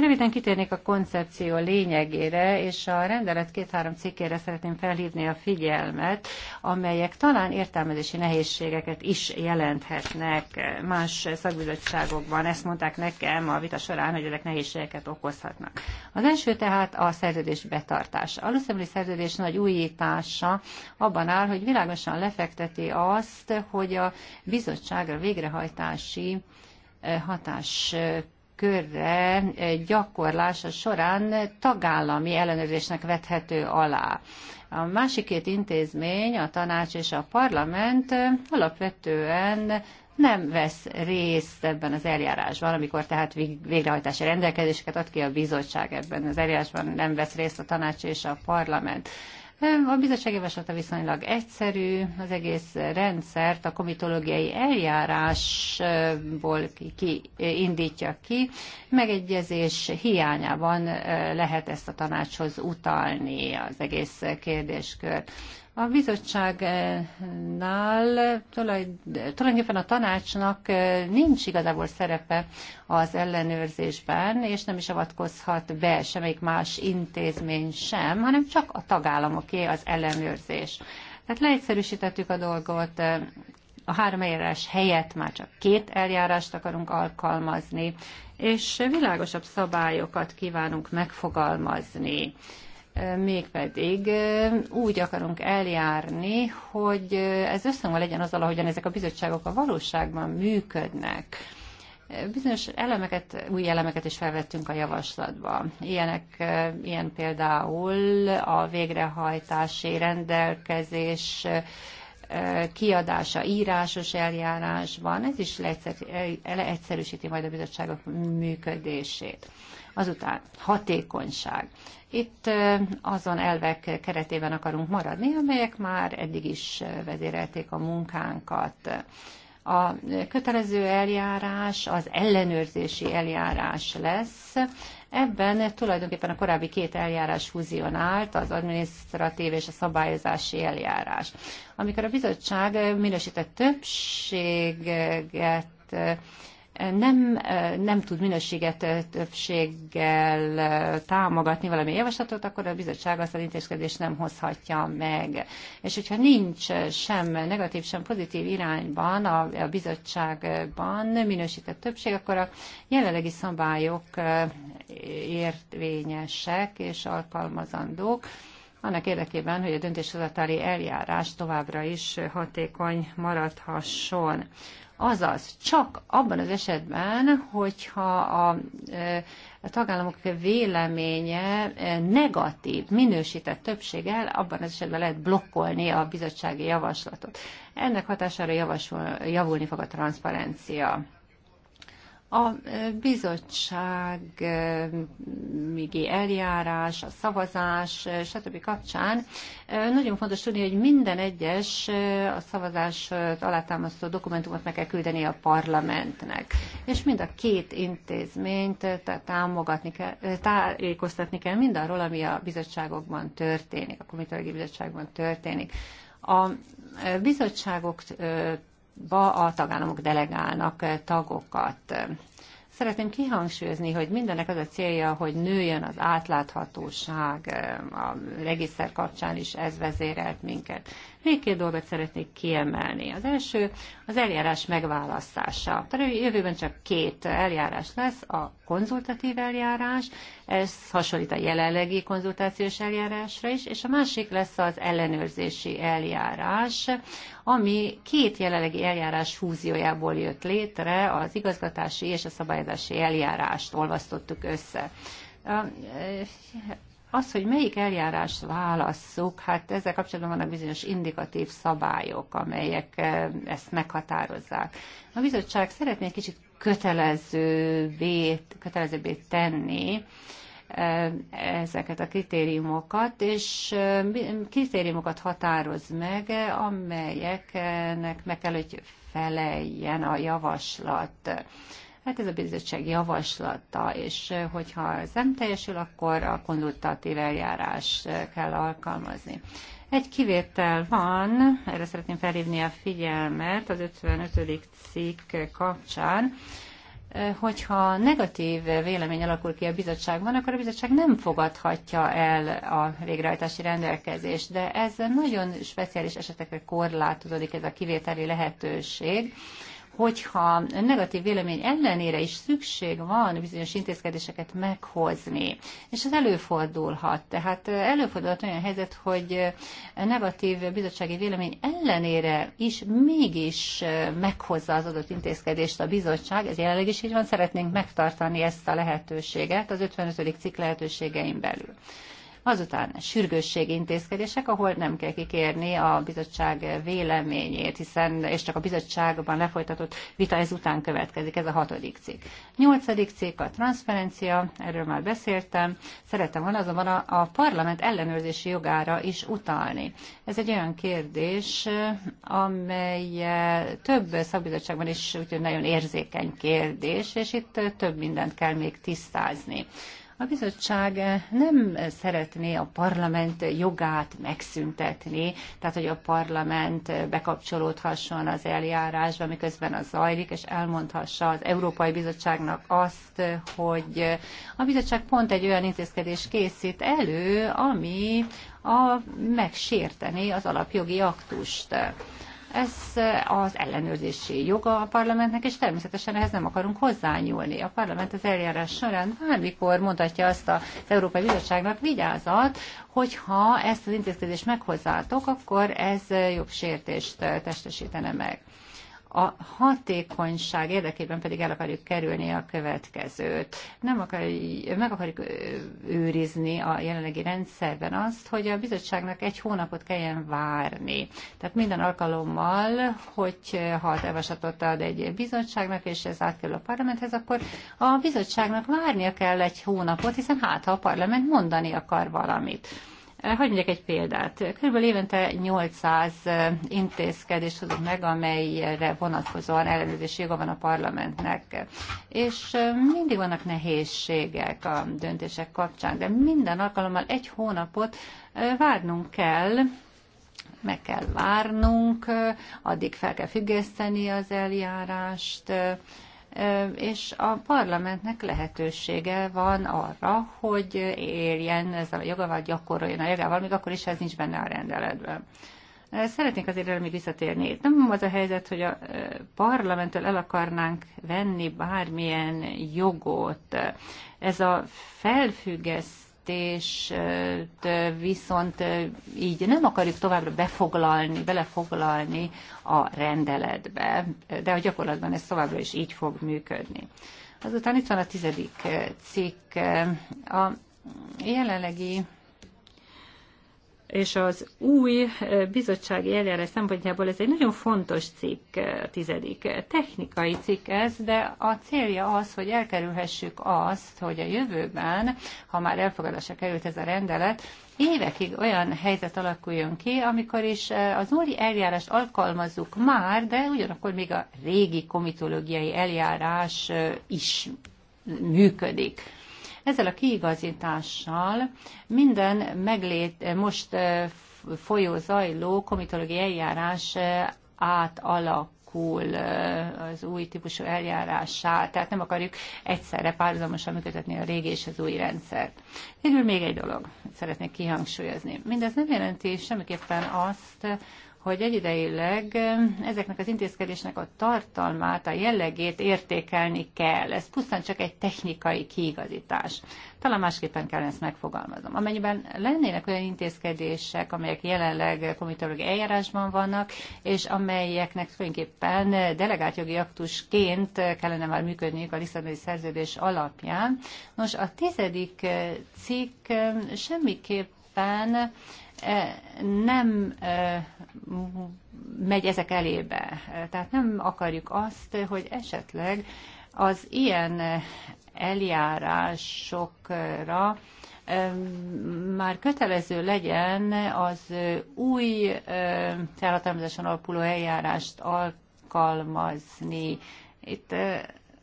Röviden kitérnék a koncepció lényegére, és a rendelet két-három cikkére szeretném felhívni a figyelmet, amelyek talán értelmezési nehézségeket is jelenthetnek más szakbizottságokban. Ezt mondták nekem a vita során, hogy ezek nehézségeket okozhatnak. Az első tehát a szerződés betartása. A Luszembli szerződés nagy újítása abban áll, hogy világosan lefekteti azt, hogy a bizottságra végrehajtási eh, hatás körre gyakorlása során tagállami ellenőrzésnek vethető alá. A másik két intézmény, a tanács és a parlament alapvetően nem vesz részt ebben az eljárásban, amikor tehát végrehajtási rendelkezéseket ad ki a bizottság ebben az eljárásban, nem vesz részt a tanács és a parlament. A bizottság javaslata viszonylag egyszerű, az egész rendszert a komitológiai eljárásból ki, indítja ki, megegyezés hiányában eh, lehet ezt a tanácshoz utalni az egész kérdéskört. A bizottságnál tulajdonképpen a tanácsnak nincs igazából szerepe az ellenőrzésben, és nem is avatkozhat be semmelyik más intézmény sem, hanem csak a tagállamoké az ellenőrzés. Tehát leegyszerűsítettük a dolgot, a három eljárás helyett már csak két eljárást akarunk alkalmazni, és világosabb szabályokat kívánunk megfogalmazni mégpedig úgy akarunk eljárni, hogy ez összhangban legyen azzal, ahogyan ezek a bizottságok a valóságban működnek. Bizonyos elemeket, új elemeket is felvettünk a javaslatba. Ilyenek, ilyen például a végrehajtási rendelkezés kiadása írásos eljárásban, ez is leegyszerűsíti majd a bizottságok működését. Azután hatékonyság. Itt azon elvek keretében akarunk maradni, amelyek már eddig is vezérelték a munkánkat. A kötelező eljárás az ellenőrzési eljárás lesz. Ebben tulajdonképpen a korábbi két eljárás fúzionált, az adminisztratív és a szabályozási eljárás. Amikor a bizottság minősített többséget nem, nem tud minőséget többséggel támogatni valami javaslatot, akkor a bizottság azt az intézkedést nem hozhatja meg. És hogyha nincs sem negatív, sem pozitív irányban a, a bizottságban minősített többség, akkor a jelenlegi szabályok értvényesek és alkalmazandók annak érdekében, hogy a döntéshozatali eljárás továbbra is hatékony maradhasson. Azaz, csak abban az esetben, hogyha a, e, a tagállamok véleménye e, negatív, minősített többséggel, abban az esetben lehet blokkolni a bizottsági javaslatot. Ennek hatására javasol, javulni fog a transzparencia. A bizottság migi eljárás, a szavazás, stb. kapcsán nagyon fontos tudni, hogy minden egyes a szavazás alátámasztó dokumentumot meg kell küldeni a parlamentnek. És mind a két intézményt támogatni kell, tájékoztatni kell mindarról, ami a bizottságokban történik, a komitológiai bizottságban történik. A bizottságok ba a tagállamok delegálnak eh, tagokat. Szeretném kihangsúlyozni, hogy mindennek az a célja, hogy nőjön az átláthatóság, eh, a regiszter kapcsán is ez vezérelt minket. Még két dolgot szeretnék kiemelni. Az első az eljárás megválasztása. Tehát jövőben csak két eljárás lesz, a konzultatív eljárás, ez hasonlít a jelenlegi konzultációs eljárásra is, és a másik lesz az ellenőrzési eljárás, ami két jelenlegi eljárás fúziójából jött létre, az igazgatási és a szabályozási eljárást olvasztottuk össze. Az, hogy melyik eljárás válasszuk, hát ezzel kapcsolatban vannak bizonyos indikatív szabályok, amelyek eh, ezt meghatározzák. A bizottság szeretné egy kicsit kötelezővé, kötelezővé tenni eh, ezeket a kritériumokat, és eh, kritériumokat határoz meg, amelyeknek meg kell, hogy feleljen a javaslat. Hát ez a bizottság javaslata, és hogyha ez nem teljesül, akkor a konzultatív eljárás kell alkalmazni. Egy kivétel van, erre szeretném felhívni a figyelmet az 55. cikk kapcsán, hogyha negatív vélemény alakul ki a bizottságban, akkor a bizottság nem fogadhatja el a végrehajtási rendelkezést, de ez nagyon speciális esetekre korlátozódik ez a kivételi lehetőség, hogyha negatív vélemény ellenére is szükség van bizonyos intézkedéseket meghozni. És ez előfordulhat. Tehát előfordulhat olyan helyzet, hogy negatív bizottsági vélemény ellenére is mégis meghozza az adott intézkedést a bizottság. Ez jelenleg is így van, szeretnénk megtartani ezt a lehetőséget az 55. cikk lehetőségeim belül. Azután sürgősségi intézkedések, ahol nem kell kikérni a bizottság véleményét, hiszen és csak a bizottságban lefolytatott vita ezután következik, ez a hatodik cikk. Nyolcadik cikk a transzferencia, erről már beszéltem. Szerettem volna azonban a, a parlament ellenőrzési jogára is utalni. Ez egy olyan kérdés, amely több szakbizottságban is úgyhogy nagyon érzékeny kérdés, és itt több mindent kell még tisztázni. A bizottság nem szeretné a parlament jogát megszüntetni, tehát hogy a parlament bekapcsolódhasson az eljárásba, miközben az zajlik, és elmondhassa az Európai Bizottságnak azt, hogy a bizottság pont egy olyan intézkedés készít elő, ami a, megsérteni az alapjogi aktust. Ez az ellenőrzési joga a parlamentnek, és természetesen ehhez nem akarunk hozzányúlni. A parlament az eljárás során bármikor mondhatja azt az Európai Bizottságnak, vigyázat, hogyha ezt az intézkedést meghozzátok, akkor ez jobb sértést testesítene meg a hatékonyság érdekében pedig el akarjuk kerülni a következőt. Nem akarjuk, meg akarjuk őrizni a jelenlegi rendszerben azt, hogy a bizottságnak egy hónapot kelljen várni. Tehát minden alkalommal, hogy ha a javaslatot ad egy bizottságnak, és ez átkerül a parlamenthez, akkor a bizottságnak várnia kell egy hónapot, hiszen hát ha a parlament mondani akar valamit. Eh, hogy mondjak egy példát. Körülbelül évente 800 eh, intézkedés hozunk meg, amelyre vonatkozóan ellenőrzési joga van a parlamentnek. És eh, mindig vannak nehézségek a döntések kapcsán, de minden alkalommal egy hónapot várnunk kell, meg kell várnunk, addig fel kell függeszteni az eljárást, és a parlamentnek lehetősége van arra, hogy érjen ez a vagy gyakoroljon a jogával, még akkor is ez nincs benne a rendeletben. Szeretnék azért erre még visszatérni. nem az a helyzet, hogy a parlamenttől el akarnánk venni bármilyen jogot. Ez a felfüggesztés, költségvetést viszont így nem akarjuk továbbra befoglalni, belefoglalni a rendeletbe, de a gyakorlatban ez továbbra is így fog működni. Azután itt van a tizedik cikk. A jelenlegi és az új bizottsági eljárás szempontjából ez egy nagyon fontos cikk, a tizedik. Technikai cikk ez, de a célja az, hogy elkerülhessük azt, hogy a jövőben, ha már elfogadásra került ez a rendelet, évekig olyan helyzet alakuljon ki, amikor is az új eljárást alkalmazzuk már, de ugyanakkor még a régi komitológiai eljárás is működik. Ezzel a kiigazítással minden meglét, most eh, folyó zajló komitológiai eljárás eh, átalak alakul eh, az új típusú eljárássá, tehát nem akarjuk egyszerre párhuzamosan működtetni a régi és az új rendszert. Végül még egy dolog szeretnék kihangsúlyozni. Mindez nem jelenti semmiképpen azt, hogy egyidejileg ezeknek az intézkedésnek a tartalmát, a jellegét értékelni kell. Ez pusztán csak egy technikai kiigazítás. Talán másképpen kell ezt megfogalmazom. Amennyiben lennének olyan intézkedések, amelyek jelenleg komitológiai eljárásban vannak, és amelyeknek tulajdonképpen delegált jogi aktusként kellene már működniük a Lisszaboni szerződés alapján. Nos, a tizedik cikk semmiképpen nem megy ezek elébe. Tehát nem akarjuk azt, hogy esetleg az ilyen eljárásokra már kötelező legyen az új felhatalmazáson alapuló eljárást alkalmazni. Itt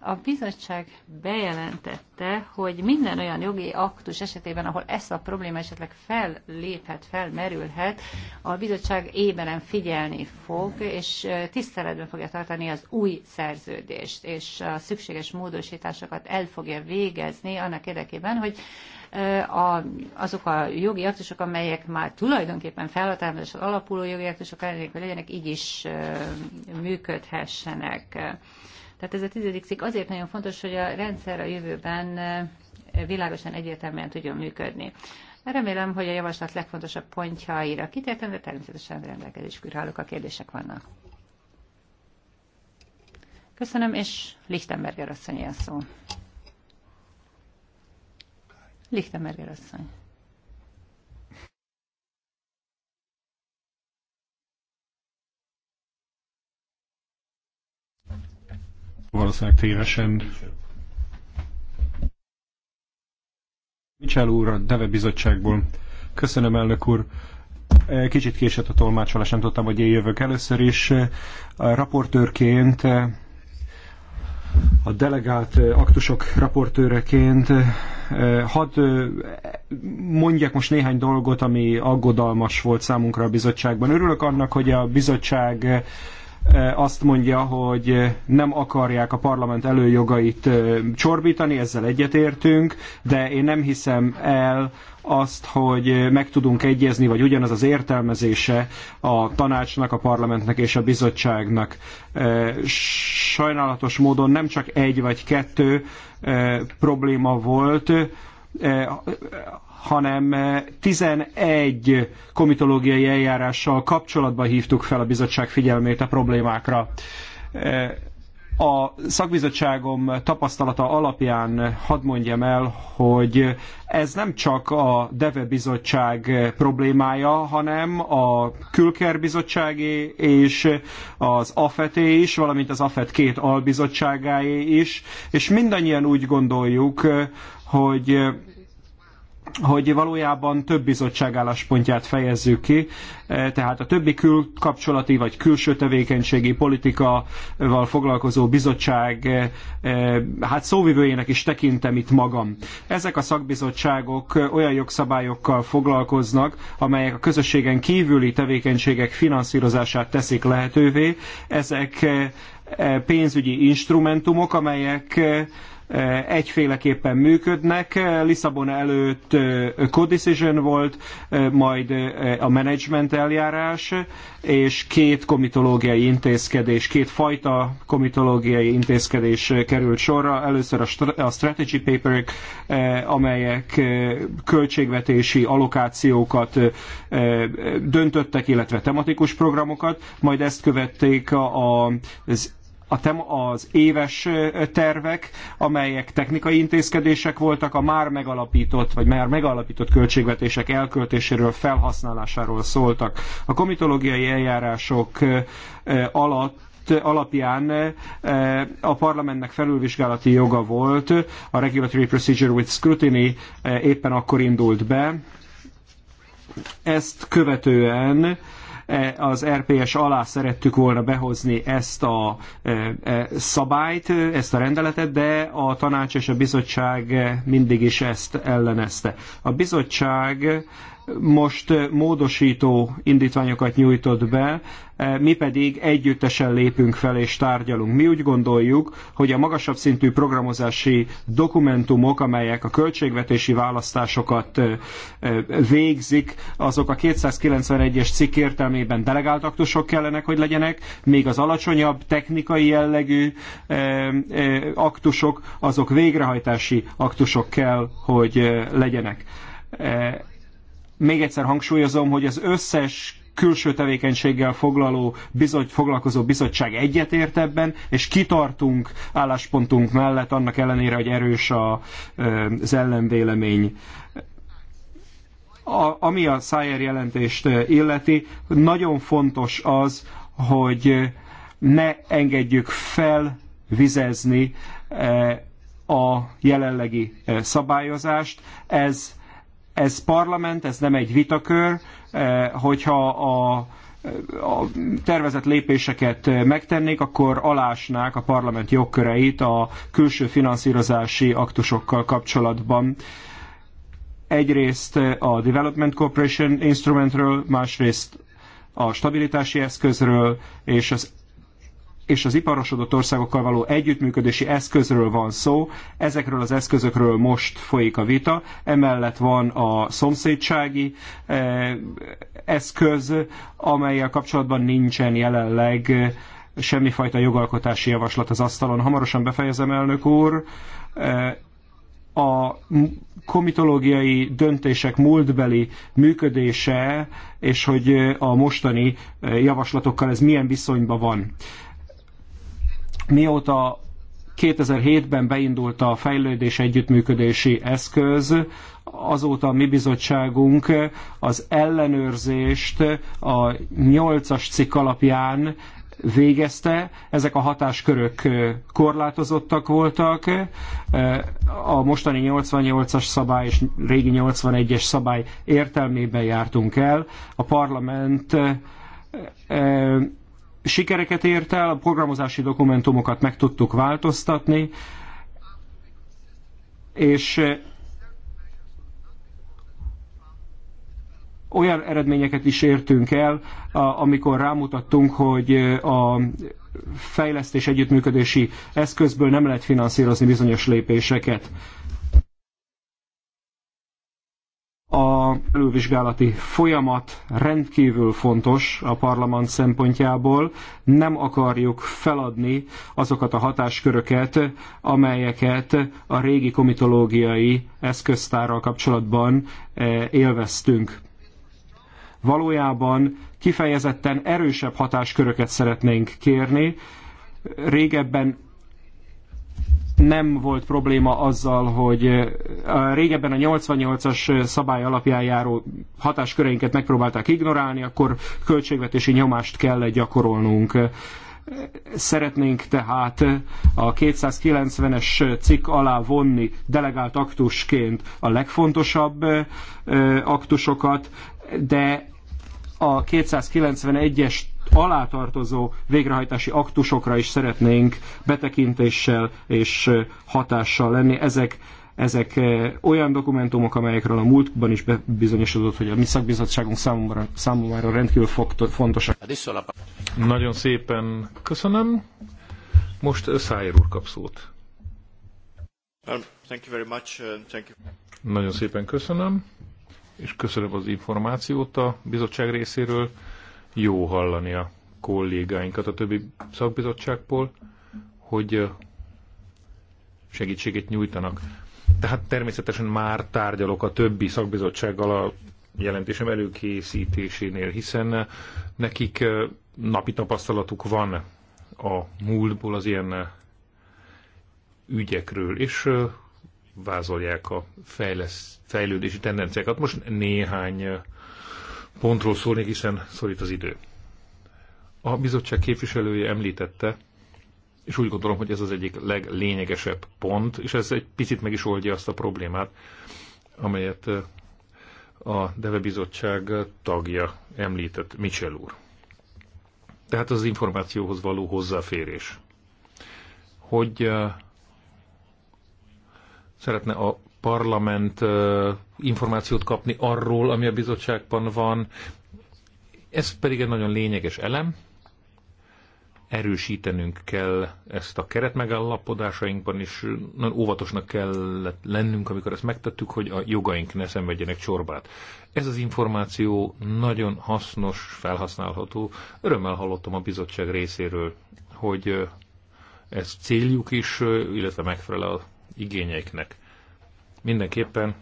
a bizottság bejelentette, hogy minden olyan jogi aktus esetében, ahol ez a probléma esetleg felléphet, felmerülhet, a bizottság éberen figyelni fog, és tiszteletben fogja tartani az új szerződést, és a szükséges módosításokat el fogja végezni annak érdekében, hogy a, azok a jogi aktusok, amelyek már tulajdonképpen felhatalmazáson alapuló jogi aktusok, legyenek, így is működhessenek. Tehát ez a tizedik cikk azért nagyon fontos, hogy a rendszer a jövőben világosan egyértelműen tudjon működni. Remélem, hogy a javaslat legfontosabb pontjaira kitértem, de természetesen rendelkezésükre állok, a kérdések vannak. Köszönöm, és Lichtenberger asszony a szó. Lichtenberger asszony. valószínűleg tévesen. Michel úr, a Deve Bizottságból. Köszönöm, elnök úr. Kicsit késett a tolmácsolás, nem tudtam, hogy én jövök először is. A raportőrként, a delegált aktusok raportőreként hadd mondjak most néhány dolgot, ami aggodalmas volt számunkra a bizottságban. Örülök annak, hogy a bizottság azt mondja, hogy nem akarják a parlament előjogait csorbítani, ezzel egyetértünk, de én nem hiszem el azt, hogy meg tudunk egyezni, vagy ugyanaz az értelmezése a tanácsnak, a parlamentnek és a bizottságnak. Sajnálatos módon nem csak egy vagy kettő probléma volt, hanem 11 eh, komitológiai eljárással kapcsolatban hívtuk fel a bizottság figyelmét a problémákra. Eh, a szakbizottságom tapasztalata alapján hadd mondjam el, hogy ez nem csak a DEVE bizottság problémája, hanem a Külker bizottságé és az AFETé is, valamint az AFET két albizottságáé is, és mindannyian úgy gondoljuk, hogy hogy valójában több bizottság álláspontját fejezzük ki, e, tehát a többi külkapcsolati vagy külső tevékenységi politikaval foglalkozó bizottság, e, e, hát szóvivőjének is tekintem itt magam. Ezek a szakbizottságok olyan jogszabályokkal foglalkoznak, amelyek a közösségen kívüli tevékenységek finanszírozását teszik lehetővé. Ezek pénzügyi instrumentumok, amelyek egyféleképpen működnek. Lisszabon előtt co-decision volt, majd a management eljárás, és két komitológiai intézkedés, két fajta komitológiai intézkedés került sorra. Először a strategy paper amelyek költségvetési allokációkat döntöttek, illetve tematikus programokat, majd ezt követték az a tem- az éves tervek, amelyek technikai intézkedések voltak, a már megalapított, vagy már megalapított költségvetések elköltéséről, felhasználásáról szóltak. A komitológiai eljárások alatt alapján a parlamentnek felülvizsgálati joga volt, a Regulatory Procedure with Scrutiny éppen akkor indult be. Ezt követően E, az RPS alá szerettük volna behozni ezt a e, e, szabályt, ezt a rendeletet, de a tanács és a bizottság mindig is ezt ellenezte. A bizottság most eh, módosító indítványokat nyújtott be, eh, mi pedig együttesen lépünk fel és tárgyalunk. Mi úgy gondoljuk, hogy a magasabb szintű programozási dokumentumok, amelyek a költségvetési választásokat eh, végzik, azok a 291-es cikk értelmében delegált aktusok kellenek, hogy legyenek, még az alacsonyabb technikai jellegű aktusok, azok végrehajtási aktusok kell, hogy legyenek még egyszer hangsúlyozom, hogy az összes külső tevékenységgel foglaló, bizony foglalkozó bizottság egyetért ebben, és kitartunk álláspontunk mellett, annak ellenére, hogy erős a, az ellenvélemény. A, ami a Szájer jelentést illeti, nagyon fontos az, hogy ne engedjük felvizezni a jelenlegi szabályozást. Ez ez parlament, ez nem egy vitakör, eh, hogyha a a tervezett lépéseket megtennék, akkor alásnák a parlament jogköreit a külső finanszírozási aktusokkal kapcsolatban. Egyrészt a Development Cooperation Instrumentről, másrészt a stabilitási eszközről és az és az iparosodott országokkal való együttműködési eszközről van szó. Ezekről az eszközökről most folyik a vita. Emellett van a szomszédsági eh, eszköz, amelyel kapcsolatban nincsen jelenleg eh, semmifajta jogalkotási javaslat az asztalon. Hamarosan befejezem, elnök úr. Eh, a komitológiai döntések múltbeli működése, és hogy a mostani javaslatokkal ez milyen viszonyban van. Mióta 2007-ben beindult a fejlődés együttműködési eszköz, azóta a mi bizottságunk az ellenőrzést a 8-as cikk alapján végezte, ezek a hatáskörök korlátozottak voltak, a mostani 88-as szabály és régi 81-es szabály értelmében jártunk el. A parlament sikereket ért el, a programozási dokumentumokat meg tudtuk változtatni, és eh, olyan eredményeket is értünk el, amikor rámutattunk, hogy eh, a fejlesztés együttműködési eszközből nem lehet finanszírozni bizonyos lépéseket. a felülvizsgálati folyamat rendkívül fontos a parlament szempontjából. Nem akarjuk feladni azokat a hatásköröket, amelyeket a régi komitológiai eszköztárral kapcsolatban eh, élveztünk. Valójában kifejezetten erősebb hatásköröket szeretnénk kérni, régebben nem volt probléma azzal, hogy a régebben a 88-as szabály alapján járó hatásköreinket megpróbálták ignorálni, akkor költségvetési nyomást kell gyakorolnunk. Szeretnénk tehát a 290-es cikk alá vonni delegált aktusként a legfontosabb aktusokat, de a 291-es alá tartozó végrehajtási aktusokra is szeretnénk betekintéssel és hatással lenni. Ezek ezek olyan dokumentumok, amelyekről a múltban is bebizonyosodott, hogy a mi szakbizottságunk számomra, számomra rendkívül fontosak. Nagyon szépen köszönöm. Most Szájer úr kap szót. Um, uh, Nagyon szépen köszönöm, és köszönöm az információt a bizottság részéről jó hallani a kollégáinkat a többi szakbizottságból, hogy segítséget nyújtanak. Tehát természetesen már tárgyalok a többi szakbizottsággal a jelentésem előkészítésénél, hiszen nekik napi tapasztalatuk van a múltból az ilyen ügyekről, és vázolják a fejlesz, fejlődési tendenciákat. Most néhány pontról szólni hiszen szorít az idő. A bizottság képviselője említette, és úgy gondolom, hogy ez az egyik leglényegesebb pont, és ez egy picit meg is oldja azt a problémát, amelyet eh, a Deve Bizottság tagja említett, Michel úr. Tehát az információhoz való hozzáférés. Hogy eh, szeretne a parlament információt kapni arról, ami a bizottságban van. Ez pedig egy nagyon lényeges elem. Erősítenünk kell ezt a keretmegállapodásainkban, és nagyon óvatosnak kell lennünk, amikor ezt megtettük, hogy a jogaink ne szenvedjenek csorbát. Ez az információ nagyon hasznos, felhasználható. Örömmel hallottam a bizottság részéről, hogy ez céljuk is, illetve megfelel az igényeiknek. Mindenképpen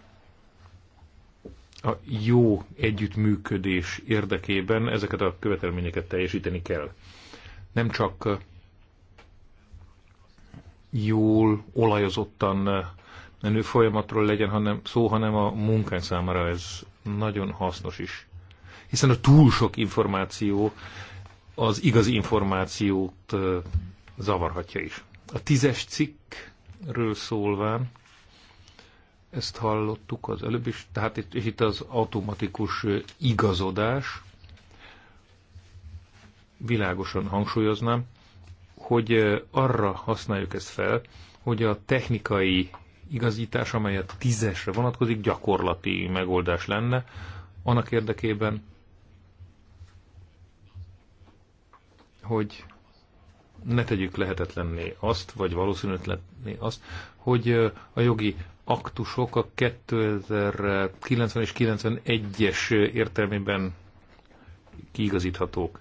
a jó együttműködés érdekében ezeket a követelményeket teljesíteni kell. Nem csak jól, olajozottan menő folyamatról legyen hanem szó, hanem a munkánk számára ez nagyon hasznos is. Hiszen a túl sok információ az igazi információt zavarhatja is. A tízes cikkről szólván ezt hallottuk az előbb is, tehát itt, és itt az automatikus igazodás, világosan hangsúlyoznám, hogy arra használjuk ezt fel, hogy a technikai igazítás, amely a tízesre vonatkozik, gyakorlati megoldás lenne, annak érdekében, hogy ne tegyük lehetetlenné azt, vagy valószínűtlenné azt, hogy a jogi aktusok a 2090 és 91-es értelmében kiigazíthatók.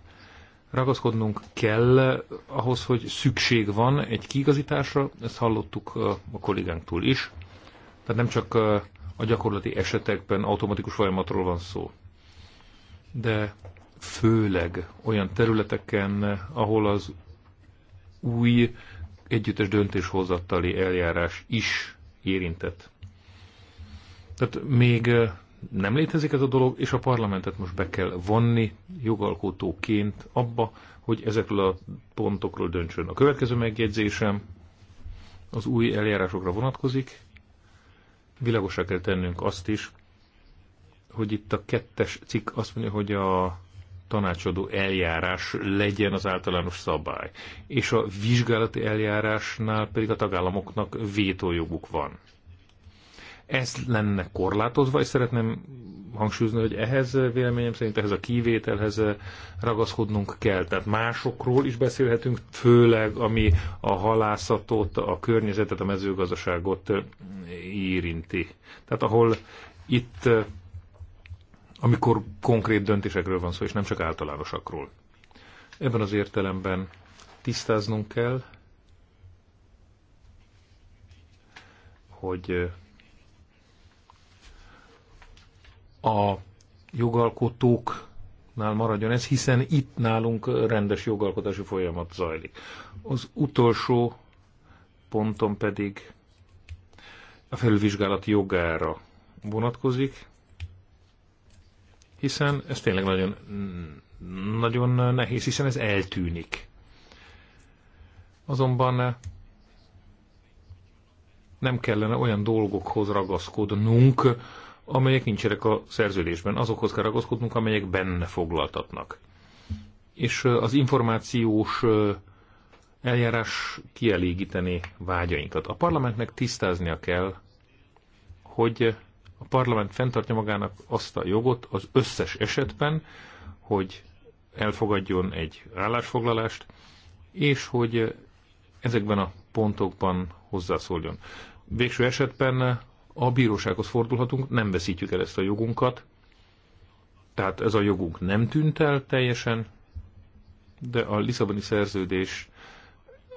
Ragaszkodnunk kell ahhoz, hogy szükség van egy kiigazításra, ezt hallottuk a kollégánktól is. Tehát nem csak a gyakorlati esetekben automatikus folyamatról van szó, de főleg olyan területeken, ahol az új együttes döntéshozatali eljárás is érintett. Tehát még nem létezik ez a dolog, és a parlamentet most be kell vonni jogalkotóként abba, hogy ezekről a pontokról döntsön. A következő megjegyzésem az új eljárásokra vonatkozik. Világosra kell tennünk azt is, hogy itt a kettes cikk azt mondja, hogy a tanácsadó eljárás legyen az általános szabály, és a vizsgálati eljárásnál pedig a tagállamoknak vétójoguk van. Ez lenne korlátozva, és szeretném hangsúlyozni, hogy ehhez véleményem szerint ehhez a kivételhez ragaszkodnunk kell. Tehát másokról is beszélhetünk, főleg ami a halászatot, a környezetet, a mezőgazdaságot érinti. Tehát ahol itt amikor konkrét döntésekről van szó, és nem csak általánosakról. Ebben az értelemben tisztáznunk kell, hogy eh, a jogalkotóknál maradjon ez, hiszen itt nálunk rendes jogalkotási folyamat zajlik. Az utolsó ponton pedig a felülvizsgálat jogára vonatkozik, hiszen ez tényleg nagyon, nagyon nehéz, hiszen ez eltűnik. Azonban eh, nem kellene olyan dolgokhoz ragaszkodnunk, amelyek nincsenek a szerződésben. Azokhoz kell ragaszkodnunk, amelyek benne foglaltatnak. És eh, az információs eh, eljárás kielégíteni vágyainkat. A parlamentnek tisztáznia kell, hogy a parlament fenntartja magának azt a jogot az összes esetben, hogy elfogadjon egy állásfoglalást, és hogy ezekben a pontokban hozzászóljon. Végső esetben a bírósághoz fordulhatunk, nem veszítjük el ezt a jogunkat, tehát ez a jogunk nem tűnt el teljesen, de a Lisszaboni szerződés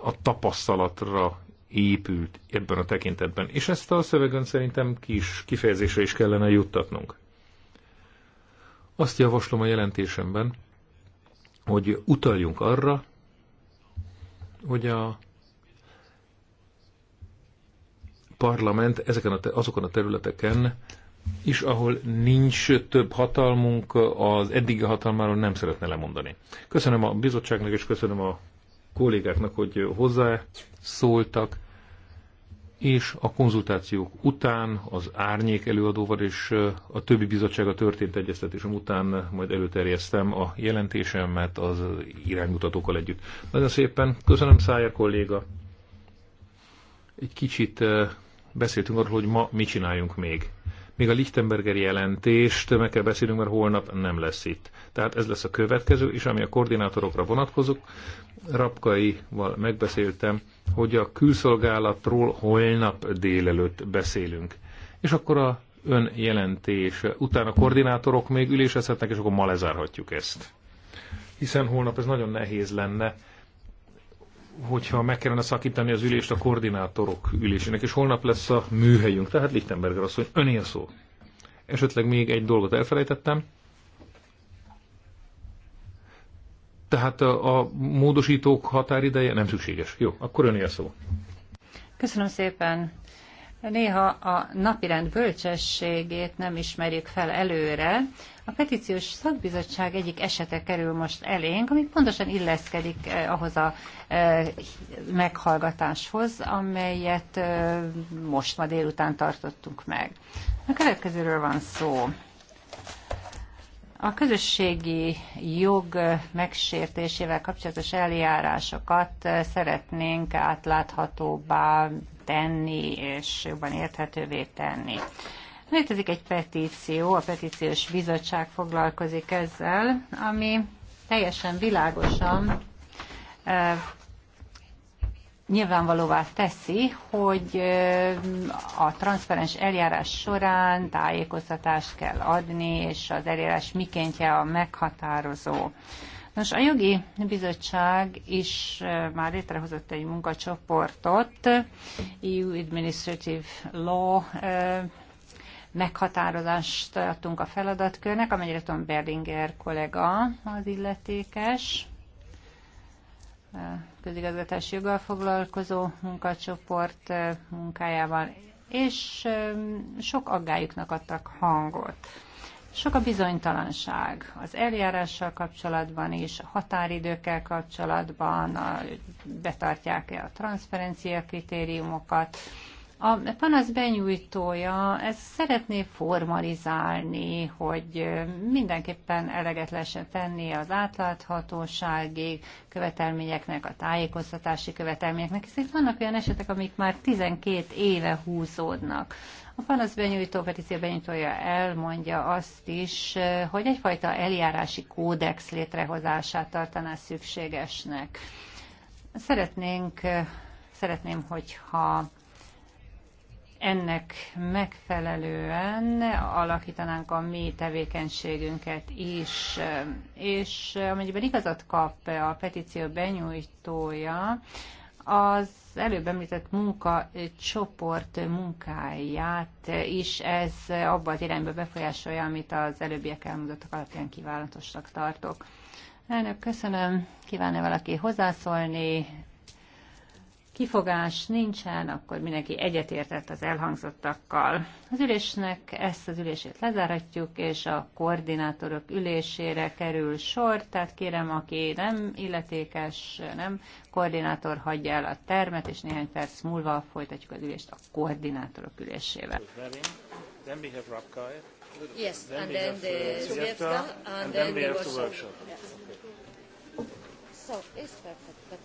a tapasztalatra épült ebben a tekintetben. És ezt a szövegön szerintem kis kifejezésre is kellene juttatnunk. Azt javaslom a jelentésemben, hogy utaljunk arra, hogy a parlament ezeken a, azokon a területeken is, ahol nincs több hatalmunk, az eddigi hatalmáról nem szeretne lemondani. Köszönöm a bizottságnak, és köszönöm a kollégáknak, hogy hozzá szóltak és a konzultációk után az árnyék előadóval és a többi bizottsága történt egyeztetésem után majd előterjesztem a jelentésemet az iránymutatókkal együtt. Nagyon szépen köszönöm Szájer kolléga. Egy kicsit beszéltünk arról, hogy ma mit csináljunk még. Még a Lichtenbergeri jelentést meg kell beszélnünk, mert holnap nem lesz itt. Tehát ez lesz a következő, és ami a koordinátorokra vonatkozik, Rapkaival megbeszéltem, hogy a külszolgálatról holnap délelőtt beszélünk. És akkor a önjelentés. után a koordinátorok még ülésezhetnek, és akkor ma lezárhatjuk ezt. Hiszen holnap ez nagyon nehéz lenne, hogyha meg kellene szakítani az ülést a koordinátorok ülésének, és holnap lesz a műhelyünk, tehát Lichtenberger asszony, önél szó. Esetleg még egy dolgot elfelejtettem. Tehát a, a módosítók határideje nem szükséges. Jó, akkor önél szó. Köszönöm szépen néha a napirend bölcsességét nem ismerjük fel előre. A petíciós szakbizottság egyik esete kerül most elénk, ami pontosan illeszkedik eh, ahhoz a eh, meghallgatáshoz, amelyet eh, most ma délután tartottunk meg. A következőről van szó. A közösségi jog megsértésével kapcsolatos eljárásokat szeretnénk átláthatóbbá, tenni, és jobban érthetővé tenni. Létezik egy petíció, a petíciós bizottság foglalkozik ezzel, ami teljesen világosan nyilvánvalóvá teszi, hogy a transzparens eljárás során tájékoztatást kell adni, és az eljárás mikéntje a meghatározó. Nos, a jogi bizottság is eh, már létrehozott egy munkacsoportot, EU Administrative Law eh, meghatározást adtunk a feladatkörnek, amelyre Tom Berlinger kollega az illetékes eh, közigazgatási joggal foglalkozó munkacsoport munkájával, és sok aggályuknak adtak hangot. Sok a bizonytalanság az eljárással kapcsolatban is, a határidőkkel kapcsolatban, a, betartják-e a transferencia kritériumokat. A panasz benyújtója ez szeretné formalizálni, hogy mindenképpen eleget lehessen tenni az átláthatósági követelményeknek, a tájékoztatási követelményeknek, hiszen vannak olyan esetek, amik már 12 éve húzódnak. A benyújtó, petíció benyújtója elmondja azt is, eh, hogy egyfajta eljárási kódex létrehozását tartaná szükségesnek. Szeretnénk, eh, szeretném, hogyha ennek megfelelően alakítanánk a mi tevékenységünket is, eh, és amennyiben igazat kap a petíció benyújtója, az az előbb említett munkacsoport munkáját is ez abba az irányba befolyásolja, amit az előbbiek elmondottak alapján kívánatosnak tartok. Elnök, köszönöm. Kívánne valaki hozzászólni? kifogás nincsen, akkor mindenki egyetértett az elhangzottakkal. Az ülésnek ezt az ülését lezárhatjuk, és a koordinátorok ülésére kerül sor, tehát kérem, aki nem illetékes, nem koordinátor, hagyja el a termet, és néhány perc múlva folytatjuk az ülést a koordinátorok ülésével. Yes, and then the and then workshop. So it's perfect, but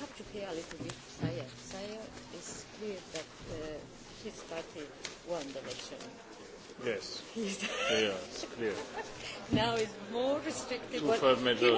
have to pay a little bit. Sayed. Sayed is clear that uh, his party won the election. Yes. He's yeah, it's clear. now it's more restricted. Two-third majority.